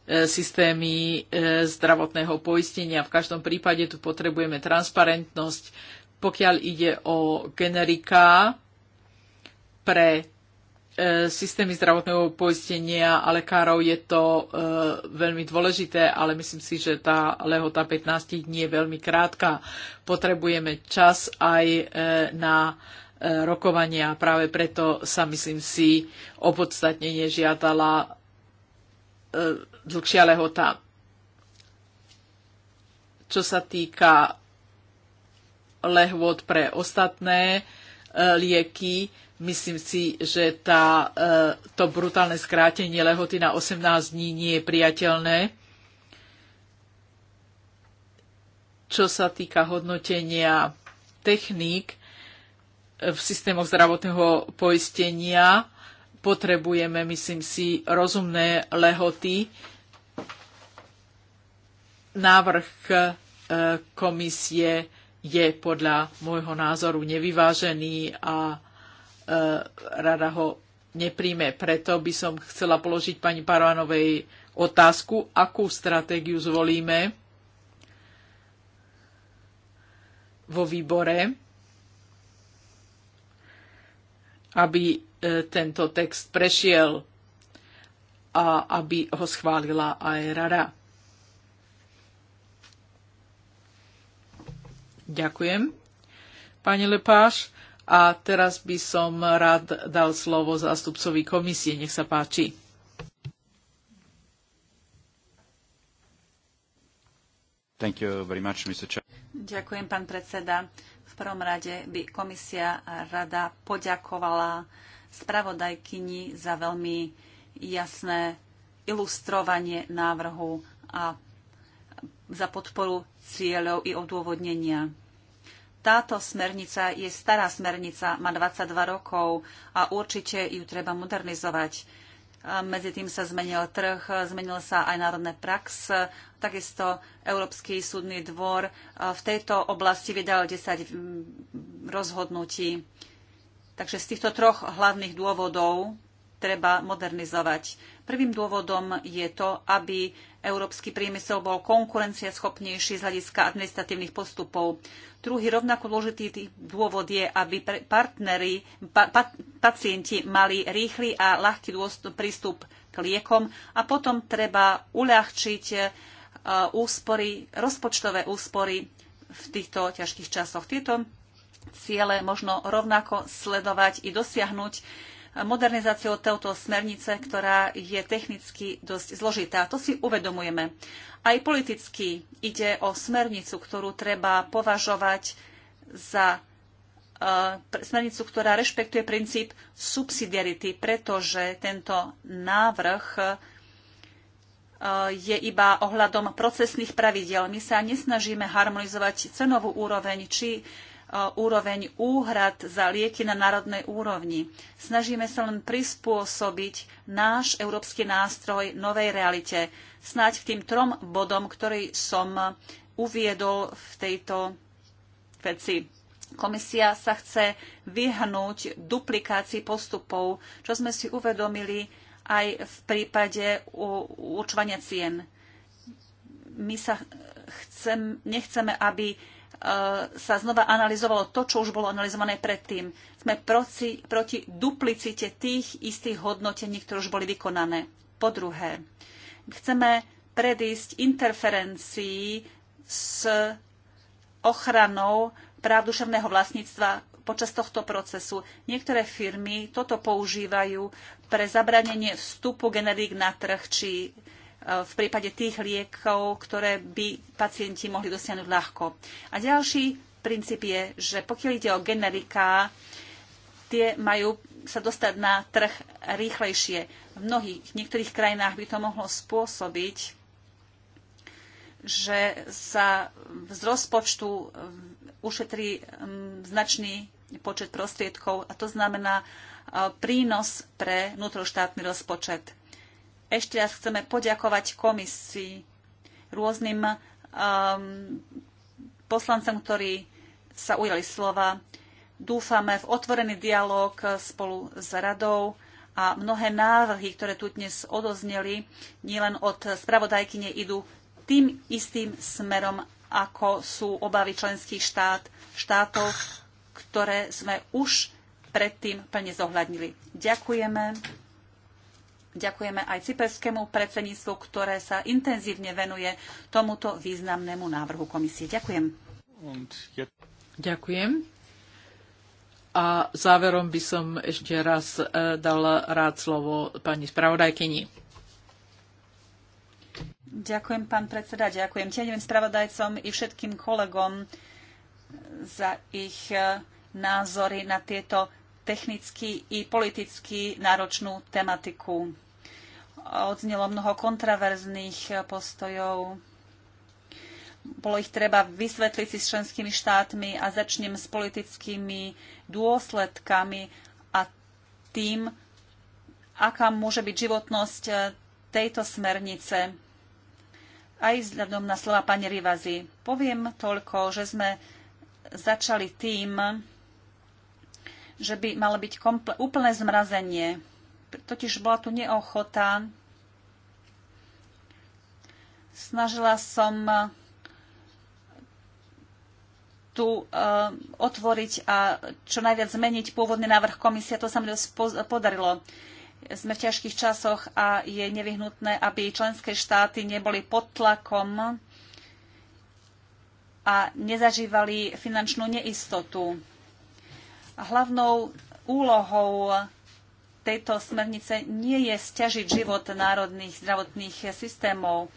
E, systémy e, zdravotného poistenia. V každom prípade tu potrebujeme transparentnosť. Pokiaľ ide o generika pre e, systémy zdravotného poistenia a lekárov je to veľmi dôležité, ale myslím si, že tá lehota 15 dní je veľmi krátka. Potrebujeme čas aj na rokovania. Práve preto sa, myslím si, opodstatnenie žiadala E, dlhšia lehota. Čo sa týka lehôd pre ostatné e, lieky, myslím si, že tá, e, to brutálne skrátenie lehoty na 18 dní nie je priateľné. Čo sa týka hodnotenia techník v systémoch zdravotného poistenia, potrebujeme, myslím si, rozumné lehoty. Návrh e, komisie je podľa môjho názoru nevyvážený a e, rada ho nepríjme. Preto by som chcela položiť pani Parvanovej otázku, akú stratégiu zvolíme vo výbore, aby E, tento text prešiel a aby ho schválila aj rada. Ďakujem. Pani Lepáš, a teraz by som rád dal slovo zástupcovi komisie. Nech sa páči. Much, Ďakujem, pán predseda. V prvom rade by komisia rada poďakovala spravodajkyni za veľmi jasné ilustrovanie návrhu a za podporu cieľov i odôvodnenia. Táto smernica je stará smernica, má 22 rokov a určite ju treba modernizovať. Medzi tým sa zmenil trh, zmenil sa aj národné prax, takisto Európsky súdny dvor e, v tejto oblasti vydal 10 mm, rozhodnutí. Takže z týchto troch hlavných dôvodov treba modernizovať. Prvým dôvodom je to, aby európsky priemysel bol konkurencieschopnejší z hľadiska administratívnych postupov. Druhý rovnako dôležitý dôvod je, aby partneri, pa, pa, pacienti mali rýchly a ľahký prístup k liekom a potom treba uľahčiť e, úspory, rozpočtové úspory v týchto ťažkých časoch. Tieto ciele možno rovnako sledovať i dosiahnuť modernizáciou tejto smernice, ktorá je technicky dosť zložitá. To si uvedomujeme. Aj politicky ide o smernicu, ktorú treba považovať za e, smernicu, ktorá rešpektuje princíp subsidiarity, pretože tento návrh e, je iba ohľadom procesných pravidel. My sa nesnažíme harmonizovať cenovú úroveň či úroveň úhrad za lieky na národnej úrovni. Snažíme sa len prispôsobiť náš európsky nástroj novej realite. Snáď k tým trom bodom, ktorý som uviedol v tejto veci. Komisia sa chce vyhnúť duplikácii postupov, čo sme si uvedomili aj v prípade určovania cien. My sa chcem, nechceme, aby Eh, sa znova analyzovalo to, čo už bolo analyzované predtým. Sme proti, proti duplicite tých istých hodnotení, ktoré už boli vykonané. Po druhé, chceme predísť interferencií s ochranou práv duševného vlastníctva počas tohto procesu. Niektoré firmy toto používajú pre zabranenie vstupu generík na trh či Eh, v prípade tých liekov, ktoré by pacienti mohli dosiahnuť ľahko. A ďalší princíp je, že pokiaľ ide o generiká, tie majú sa dostať na trh rýchlejšie. V mnohých, v niektorých krajinách by to mohlo spôsobiť, že sa z rozpočtu ušetrí mm, značný počet prostriedkov a to znamená eh, prínos pre vnútroštátny rozpočet. Ešte raz chceme poďakovať komisii, rôznym um, poslancom, ktorí sa ujali slova. Dúfame v otvorený dialog spolu s radou a mnohé návrhy, ktoré tu dnes odozneli, nielen od spravodajkyne idú tým istým smerom, ako sú obavy členských štát, štátov, ktoré sme už predtým plne zohľadnili. Ďakujeme. Ďakujeme aj cyperskému predsedníctvu, ktoré sa intenzívne venuje tomuto významnému návrhu komisie. Ďakujem. Ďakujem. A záverom by som ešte raz e, dal rád slovo pani spravodajkyni. Ďakujem, pán predseda, ďakujem tieňovým spravodajcom i všetkým kolegom za ich e, názory na tieto technicky i politicky náročnú tematiku. Odznelo mnoho kontraverzných postojov. Bolo ich treba vysvetliť si s členskými štátmi a začnem s politickými dôsledkami a tým, aká môže byť životnosť eh, tejto smernice. Aj vzhľadom na slova pani Rivazy. Poviem toľko, že sme začali tým, že by malo byť úplné zmrazenie. Totiž bola tu neochota. Snažila som e, tu e, otvoriť a čo najviac zmeniť pôvodný návrh komisie. To sa mi dosť podarilo. Sme v ťažkých časoch a je nevyhnutné, aby členské štáty neboli pod tlakom a nezažívali finančnú neistotu. Hlavnou úlohou tejto smernice nie je stiažiť život národných zdravotných systémov.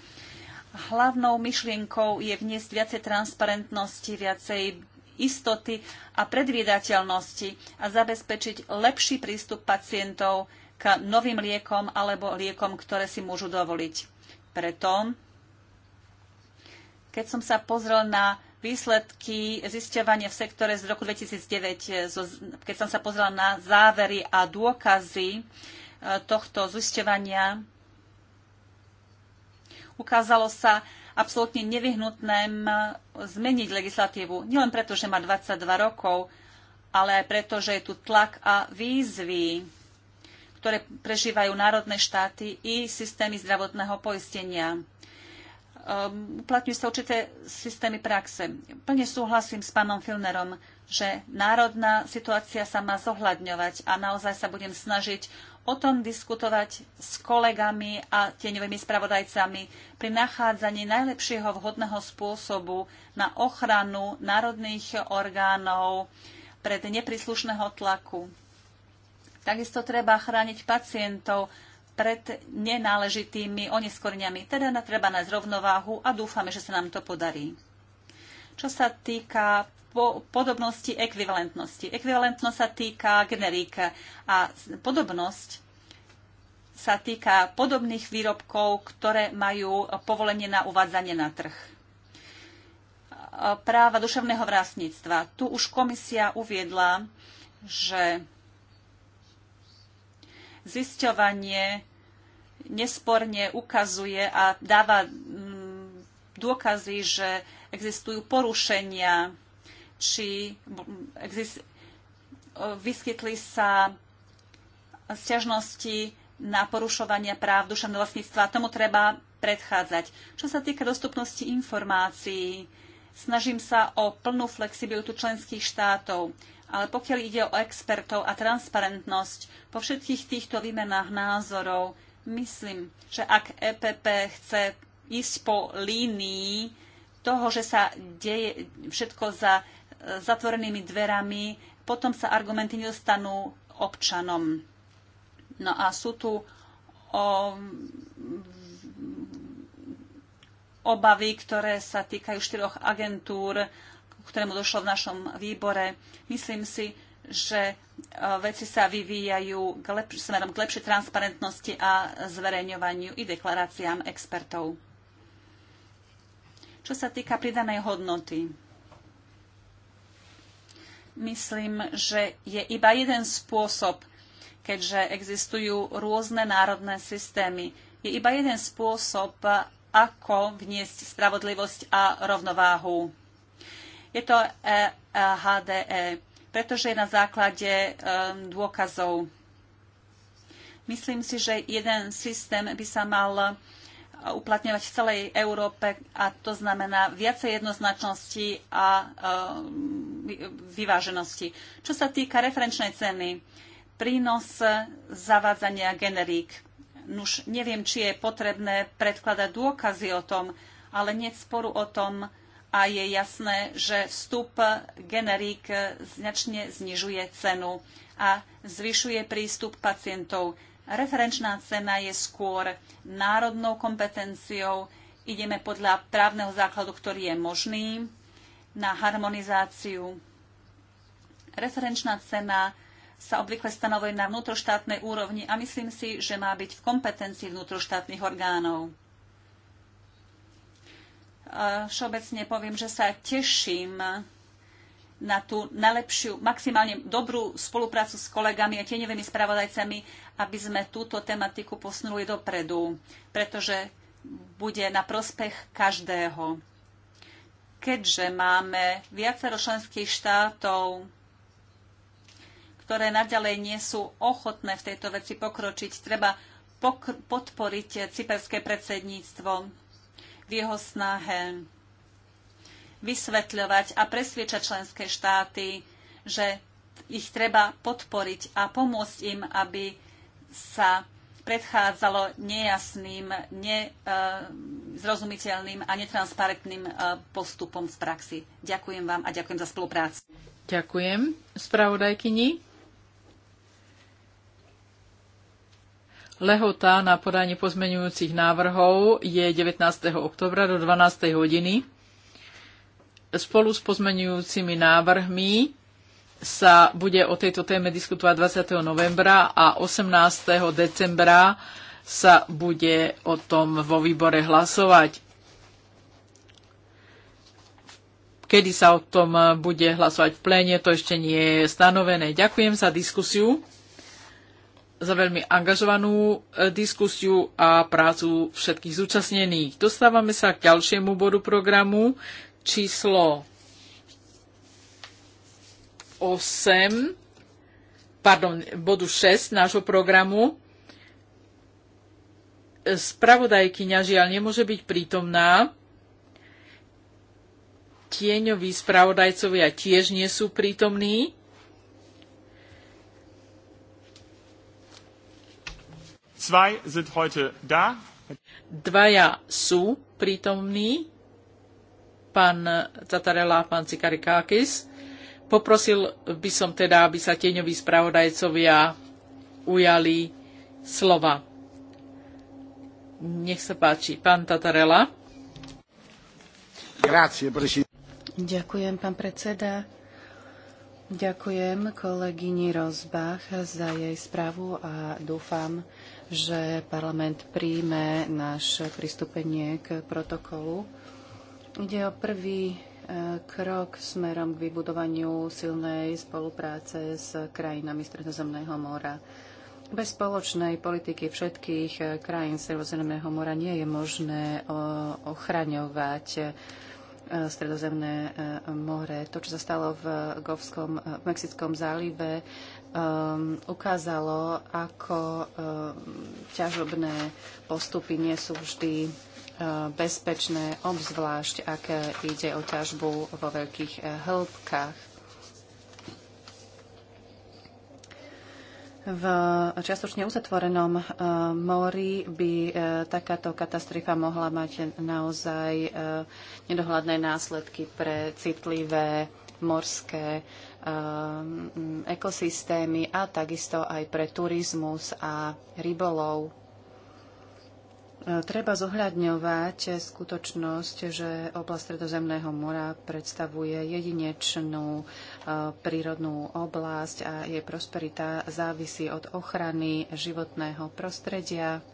Hlavnou myšlienkou je vniesť viacej transparentnosti, viacej istoty a predvídateľnosti a zabezpečiť lepší prístup pacientov k novým liekom alebo liekom, ktoré si môžu dovoliť. Preto, keď som sa pozrel na výsledky zisťovania v sektore z roku 2009, eh, keď som sa pozrela na závery a dôkazy eh, tohto zisťovania, ukázalo sa absolútne nevyhnutné eh, zmeniť legislatívu. Nielen preto, že má 22 rokov, ale aj preto, že je tu tlak a výzvy, ktoré prežívajú národné štáty i systémy zdravotného poistenia Um, uplatňujú sa určité systémy praxe. Plne súhlasím s pánom Filnerom, že národná situácia sa má zohľadňovať a naozaj sa budem snažiť o tom diskutovať s kolegami a tieňovými spravodajcami pri nachádzaní najlepšieho vhodného spôsobu na ochranu národných orgánov pred nepríslušného tlaku. Takisto treba chrániť pacientov pred nenáležitými oneskoreniami. Teda na treba nájsť rovnováhu a dúfame, že sa nám to podarí. Čo sa týka po podobnosti ekvivalentnosti. Ekvivalentnosť sa týka generík a podobnosť sa týka podobných výrobkov, ktoré majú povolenie na uvádzanie na trh. Práva duševného vlastníctva. Tu už komisia uviedla, že zisťovanie nesporne ukazuje a dáva mm, dôkazy, že existujú porušenia, či exist, vyskytli sa sťažnosti na porušovanie práv duševného vlastníctva. Tomu treba predchádzať. Čo sa týka dostupnosti informácií, snažím sa o plnú flexibilitu členských štátov. Ale pokiaľ ide o expertov a transparentnosť, po všetkých týchto výmenách názorov myslím, že ak EPP chce ísť po línii toho, že sa deje všetko za e, zatvorenými dverami, potom sa argumenty nedostanú občanom. No a sú tu o obavy, ktoré sa týkajú štyroch agentúr ktorému došlo v našom výbore. Myslím si, že e, veci sa vyvíjajú k lep- smerom k lepšej transparentnosti a zverejňovaniu i deklaráciám expertov. Čo sa týka pridanej hodnoty, myslím, že je iba jeden spôsob, keďže existujú rôzne národné systémy, je iba jeden spôsob, ako vniesť spravodlivosť a rovnováhu je to HDE, e, pretože je na základe um, dôkazov. Myslím si, že jeden systém by sa mal uplatňovať v celej Európe a to znamená viacej jednoznačnosti a um, vyváženosti. Čo sa týka referenčnej ceny, prínos zavádzania generík. Nuž neviem, či je potrebné predkladať dôkazy o tom, ale nie sporu o tom, a je jasné, že vstup generík značne znižuje cenu a zvyšuje prístup pacientov. Referenčná cena je skôr národnou kompetenciou, ideme podľa právneho základu, ktorý je možný, na harmonizáciu. Referenčná cena sa obvykle stanovuje na vnútroštátnej úrovni a myslím si, že má byť v kompetencii vnútroštátnych orgánov všeobecne poviem, že sa teším na tú najlepšiu, maximálne dobrú spoluprácu s kolegami a tieňovými spravodajcami, aby sme túto tematiku posunuli dopredu, pretože bude na prospech každého. Keďže máme viacero členských štátov, ktoré naďalej nie sú ochotné v tejto veci pokročiť, treba pokr podporiť cyperské predsedníctvo v jeho snahe vysvetľovať a presviečať členské štáty, že ich treba podporiť a pomôcť im, aby sa predchádzalo nejasným, nezrozumiteľným e, a netransparentným e, postupom v praxi. Ďakujem vám a ďakujem za spoluprácu. Ďakujem spravodajkyni. Lehota na podanie pozmenujúcich návrhov je 19. oktobra do 12. hodiny. Spolu s pozmeňujúcimi návrhmi sa bude o tejto téme diskutovať 20. novembra a 18. decembra sa bude o tom vo výbore hlasovať. Kedy sa o tom bude hlasovať v pléne, to ešte nie je stanovené. Ďakujem za diskusiu za veľmi angažovanú e, diskusiu a prácu všetkých zúčastnených. Dostávame sa k ďalšiemu bodu programu číslo 8, pardon, bodu 6 nášho programu. Spravodajkyňa žiaľ nemôže byť prítomná. Tieňoví spravodajcovia tiež nie sú prítomní Zwei sind heute da. Dvaja sú prítomní, pán Tatarela a pán Cikarikákis. Poprosil by som teda, aby sa tieňoví spravodajcovia ujali slova. Nech sa páči, pán Tatarela. Ďakujem, pán predseda. Ďakujem kolegyni Rozbach za jej správu a dúfam, že parlament príjme naše pristúpenie k protokolu. Ide o prvý e, krok smerom k vybudovaniu silnej spolupráce s krajinami Stredozemného mora. Bez spoločnej politiky všetkých e, krajín Stredozemného mora nie je možné ochraňovať E, stredozemné e, more. To, čo sa stalo v, Govskom, e, v Mexickom zálive, um, ukázalo, ako um, ťažobné postupy nie sú vždy uh, bezpečné, obzvlášť ak ide o ťažbu vo veľkých uh, hĺbkach. v čiastočne uzatvorenom eh, mori by eh, takáto katastrofa mohla mať naozaj eh, nedohľadné následky pre citlivé morské ekosystémy a takisto aj pre turizmus a rybolov. Treba zohľadňovať skutočnosť, že oblasť Stredozemného mora predstavuje jedinečnú e, prírodnú oblasť a jej prosperita závisí od ochrany životného prostredia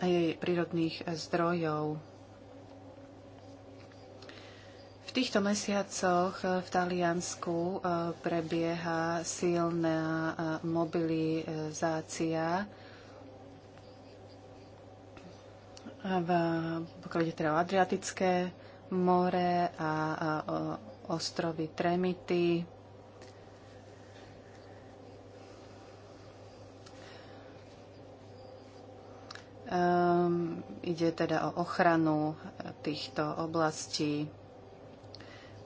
a jej prírodných zdrojov. V týchto mesiacoch v Taliansku e, prebieha silná e, mobilizácia v, pokiaľ ide teda o Adriatické more a, a o ostrovy Tremity. Um, ehm, ide teda o ochranu týchto oblastí.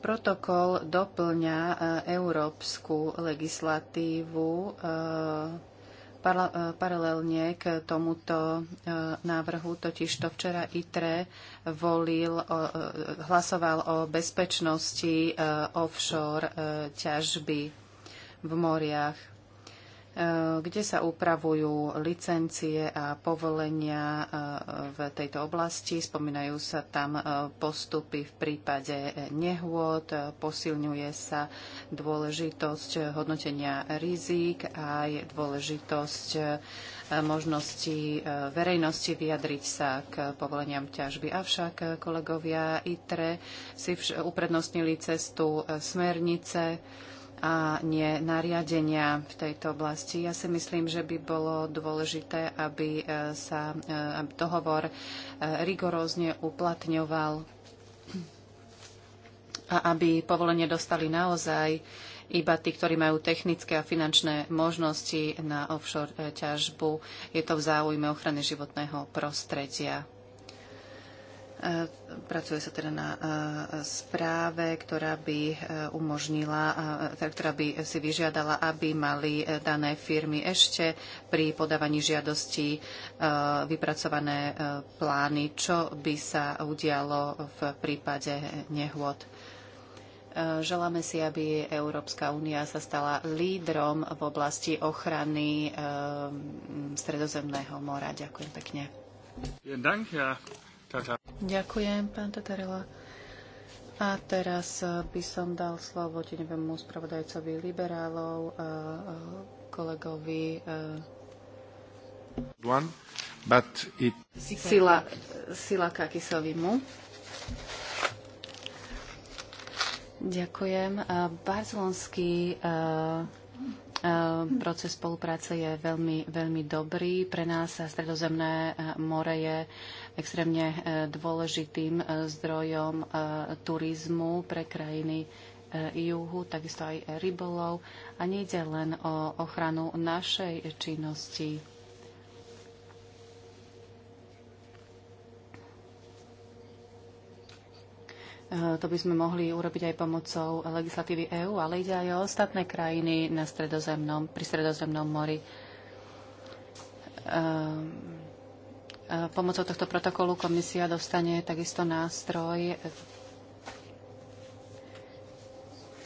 Protokol doplňa e, európsku legislatívu Uh, E, paralelne k tomuto e, návrhu totiž to včera ITRE volil, e, hlasoval o bezpečnosti offshore ťažby v moriach. E, kde sa upravujú licencie a povolenia e, v tejto oblasti. Spomínajú sa tam e, postupy v prípade nehôd, posilňuje sa dôležitosť hodnotenia rizík a aj dôležitosť možnosti verejnosti vyjadriť sa k povoleniam ťažby. Avšak kolegovia ITRE si uprednostnili cestu smernice a nie nariadenia v tejto oblasti. Ja si myslím, že by bolo dôležité, aby e, sa e, aby dohovor e, rigorózne uplatňoval a aby povolenie dostali naozaj iba tí, ktorí majú technické a finančné možnosti na offshore ťažbu. Je to v záujme ochrany životného prostredia. E, pracuje sa teda na e, správe, ktorá by e, umožnila, teda, ktorá by si vyžiadala, aby mali dané firmy ešte pri podávaní žiadosti vypracované plány, čo by sa udialo v prípade nehôd. Želáme si, aby Európska únia sa stala lídrom v oblasti ochrany Stredozemného mora. Ďakujem pekne. Ďakujem. Ďakujem, pán Tatarela. A teraz eh, by som dal slovo tenevému spravodajcovi liberálov, eh, eh, kolegovi One, it... Sila, Sila Kakisovimu. Ďakujem. Barcelonský Ehm, proces spolupráce je veľmi, veľmi dobrý. Pre nás Stredozemné e, more je extrémne e, dôležitým e, zdrojom turizmu pre krajiny juhu, takisto aj rybolov. A nejde len o ochranu našej činnosti Eh, to by sme mohli urobiť aj pomocou legislatívy EÚ, ale ide aj o ostatné krajiny na stredozemnom, pri stredozemnom mori. Eh, eh, pomocou tohto protokolu komisia dostane takisto nástroj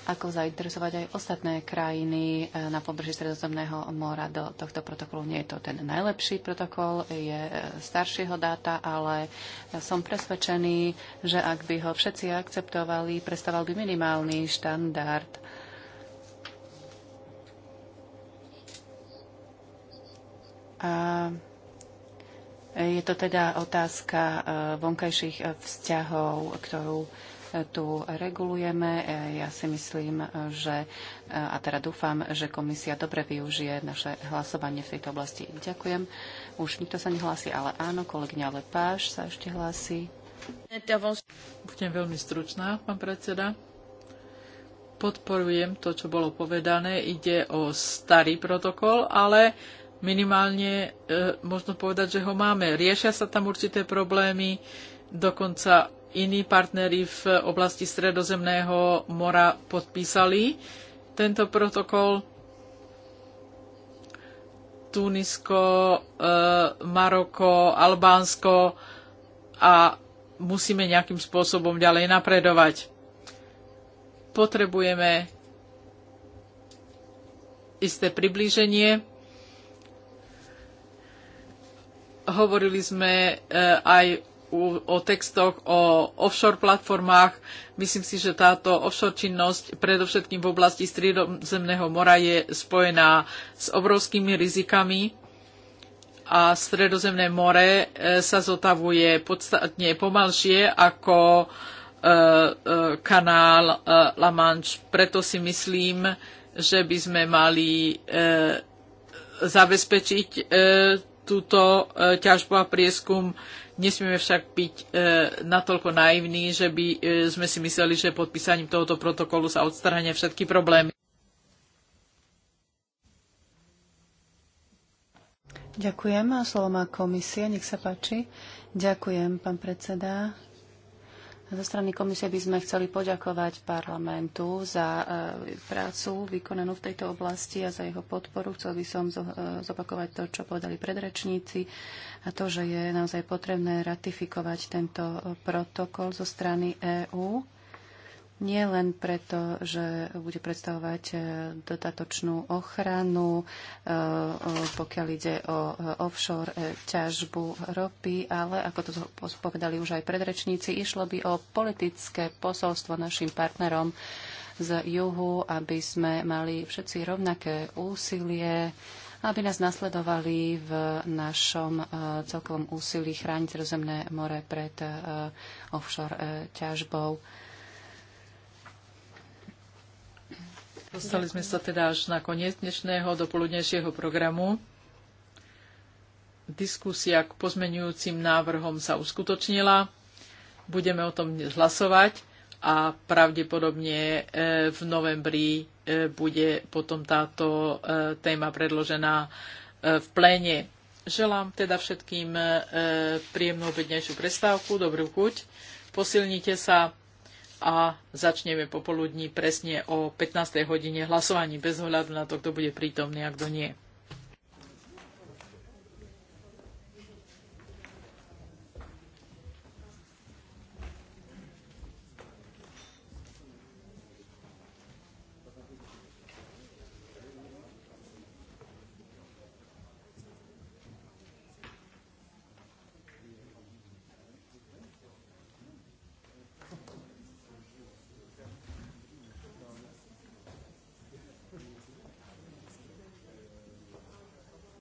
ako zainteresovať aj ostatné krajiny e, na pobreží Sredozemného mora do tohto protokolu. Nie je to ten najlepší protokol, je e, staršieho dáta, ale som presvedčený, že ak by ho všetci akceptovali, prestával by minimálny štandard. A je to teda otázka e, vonkajších vzťahov, ktorú tu regulujeme. Ja si myslím, že a teda dúfam, že komisia dobre využije naše hlasovanie v tejto oblasti. Ďakujem. Už nikto sa nehlási, ale áno, kolegyňa Lepáš sa ešte hlási. Budem veľmi stručná, pán predseda. Podporujem to, čo bolo povedané. Ide o starý protokol, ale minimálne e, možno povedať, že ho máme. Riešia sa tam určité problémy, dokonca iní partnery v oblasti Stredozemného mora podpísali tento protokol. Tunisko, e, Maroko, Albánsko a musíme nejakým spôsobom ďalej napredovať. Potrebujeme isté priblíženie. Hovorili sme e, aj o textoch o offshore platformách. Myslím si, že táto offshore činnosť predovšetkým v oblasti Stredozemného mora je spojená s obrovskými rizikami a Stredozemné more e, sa zotavuje podstatne pomalšie ako e, e, kanál La Manche. Preto si myslím, že by sme mali zabezpečiť túto ťažbu a prieskum Nesmieme však byť e, natoľko naivní, že by e, sme si mysleli, že podpísaním tohoto protokolu sa odstrania všetky problémy. Ďakujem. A slovo má komisia. Nech sa páči. Ďakujem, pán predseda. Zo strany komisie by sme chceli poďakovať parlamentu za e, prácu vykonanú v tejto oblasti a za jeho podporu. Chcel by som e, zopakovať to, čo povedali predrečníci a to, že je naozaj potrebné ratifikovať tento protokol zo strany EÚ nie len preto, že bude predstavovať e, dodatočnú ochranu, e, pokiaľ ide o e, offshore ťažbu ropy, ale ako to povedali už aj predrečníci, išlo by o politické posolstvo našim partnerom z juhu, aby sme mali všetci rovnaké úsilie, aby nás nasledovali v našom celkovom úsilí chrániť rozemné more pred offshore ťažbou. Dostali sme sa teda až na koniec dnešného dopoludnejšieho programu. Diskusia k pozmenujúcim návrhom sa uskutočnila. Budeme o tom dnes hlasovať a pravdepodobne e, v novembri e, bude potom táto e, téma predložená v pléne. Želám teda všetkým príjemnú obednejšiu prestávku, dobrú chuť. Posilnite sa a začneme popoludní presne o 15. hodine hlasovaní bez ohľadu na to, kto bude prítomný a kto nie.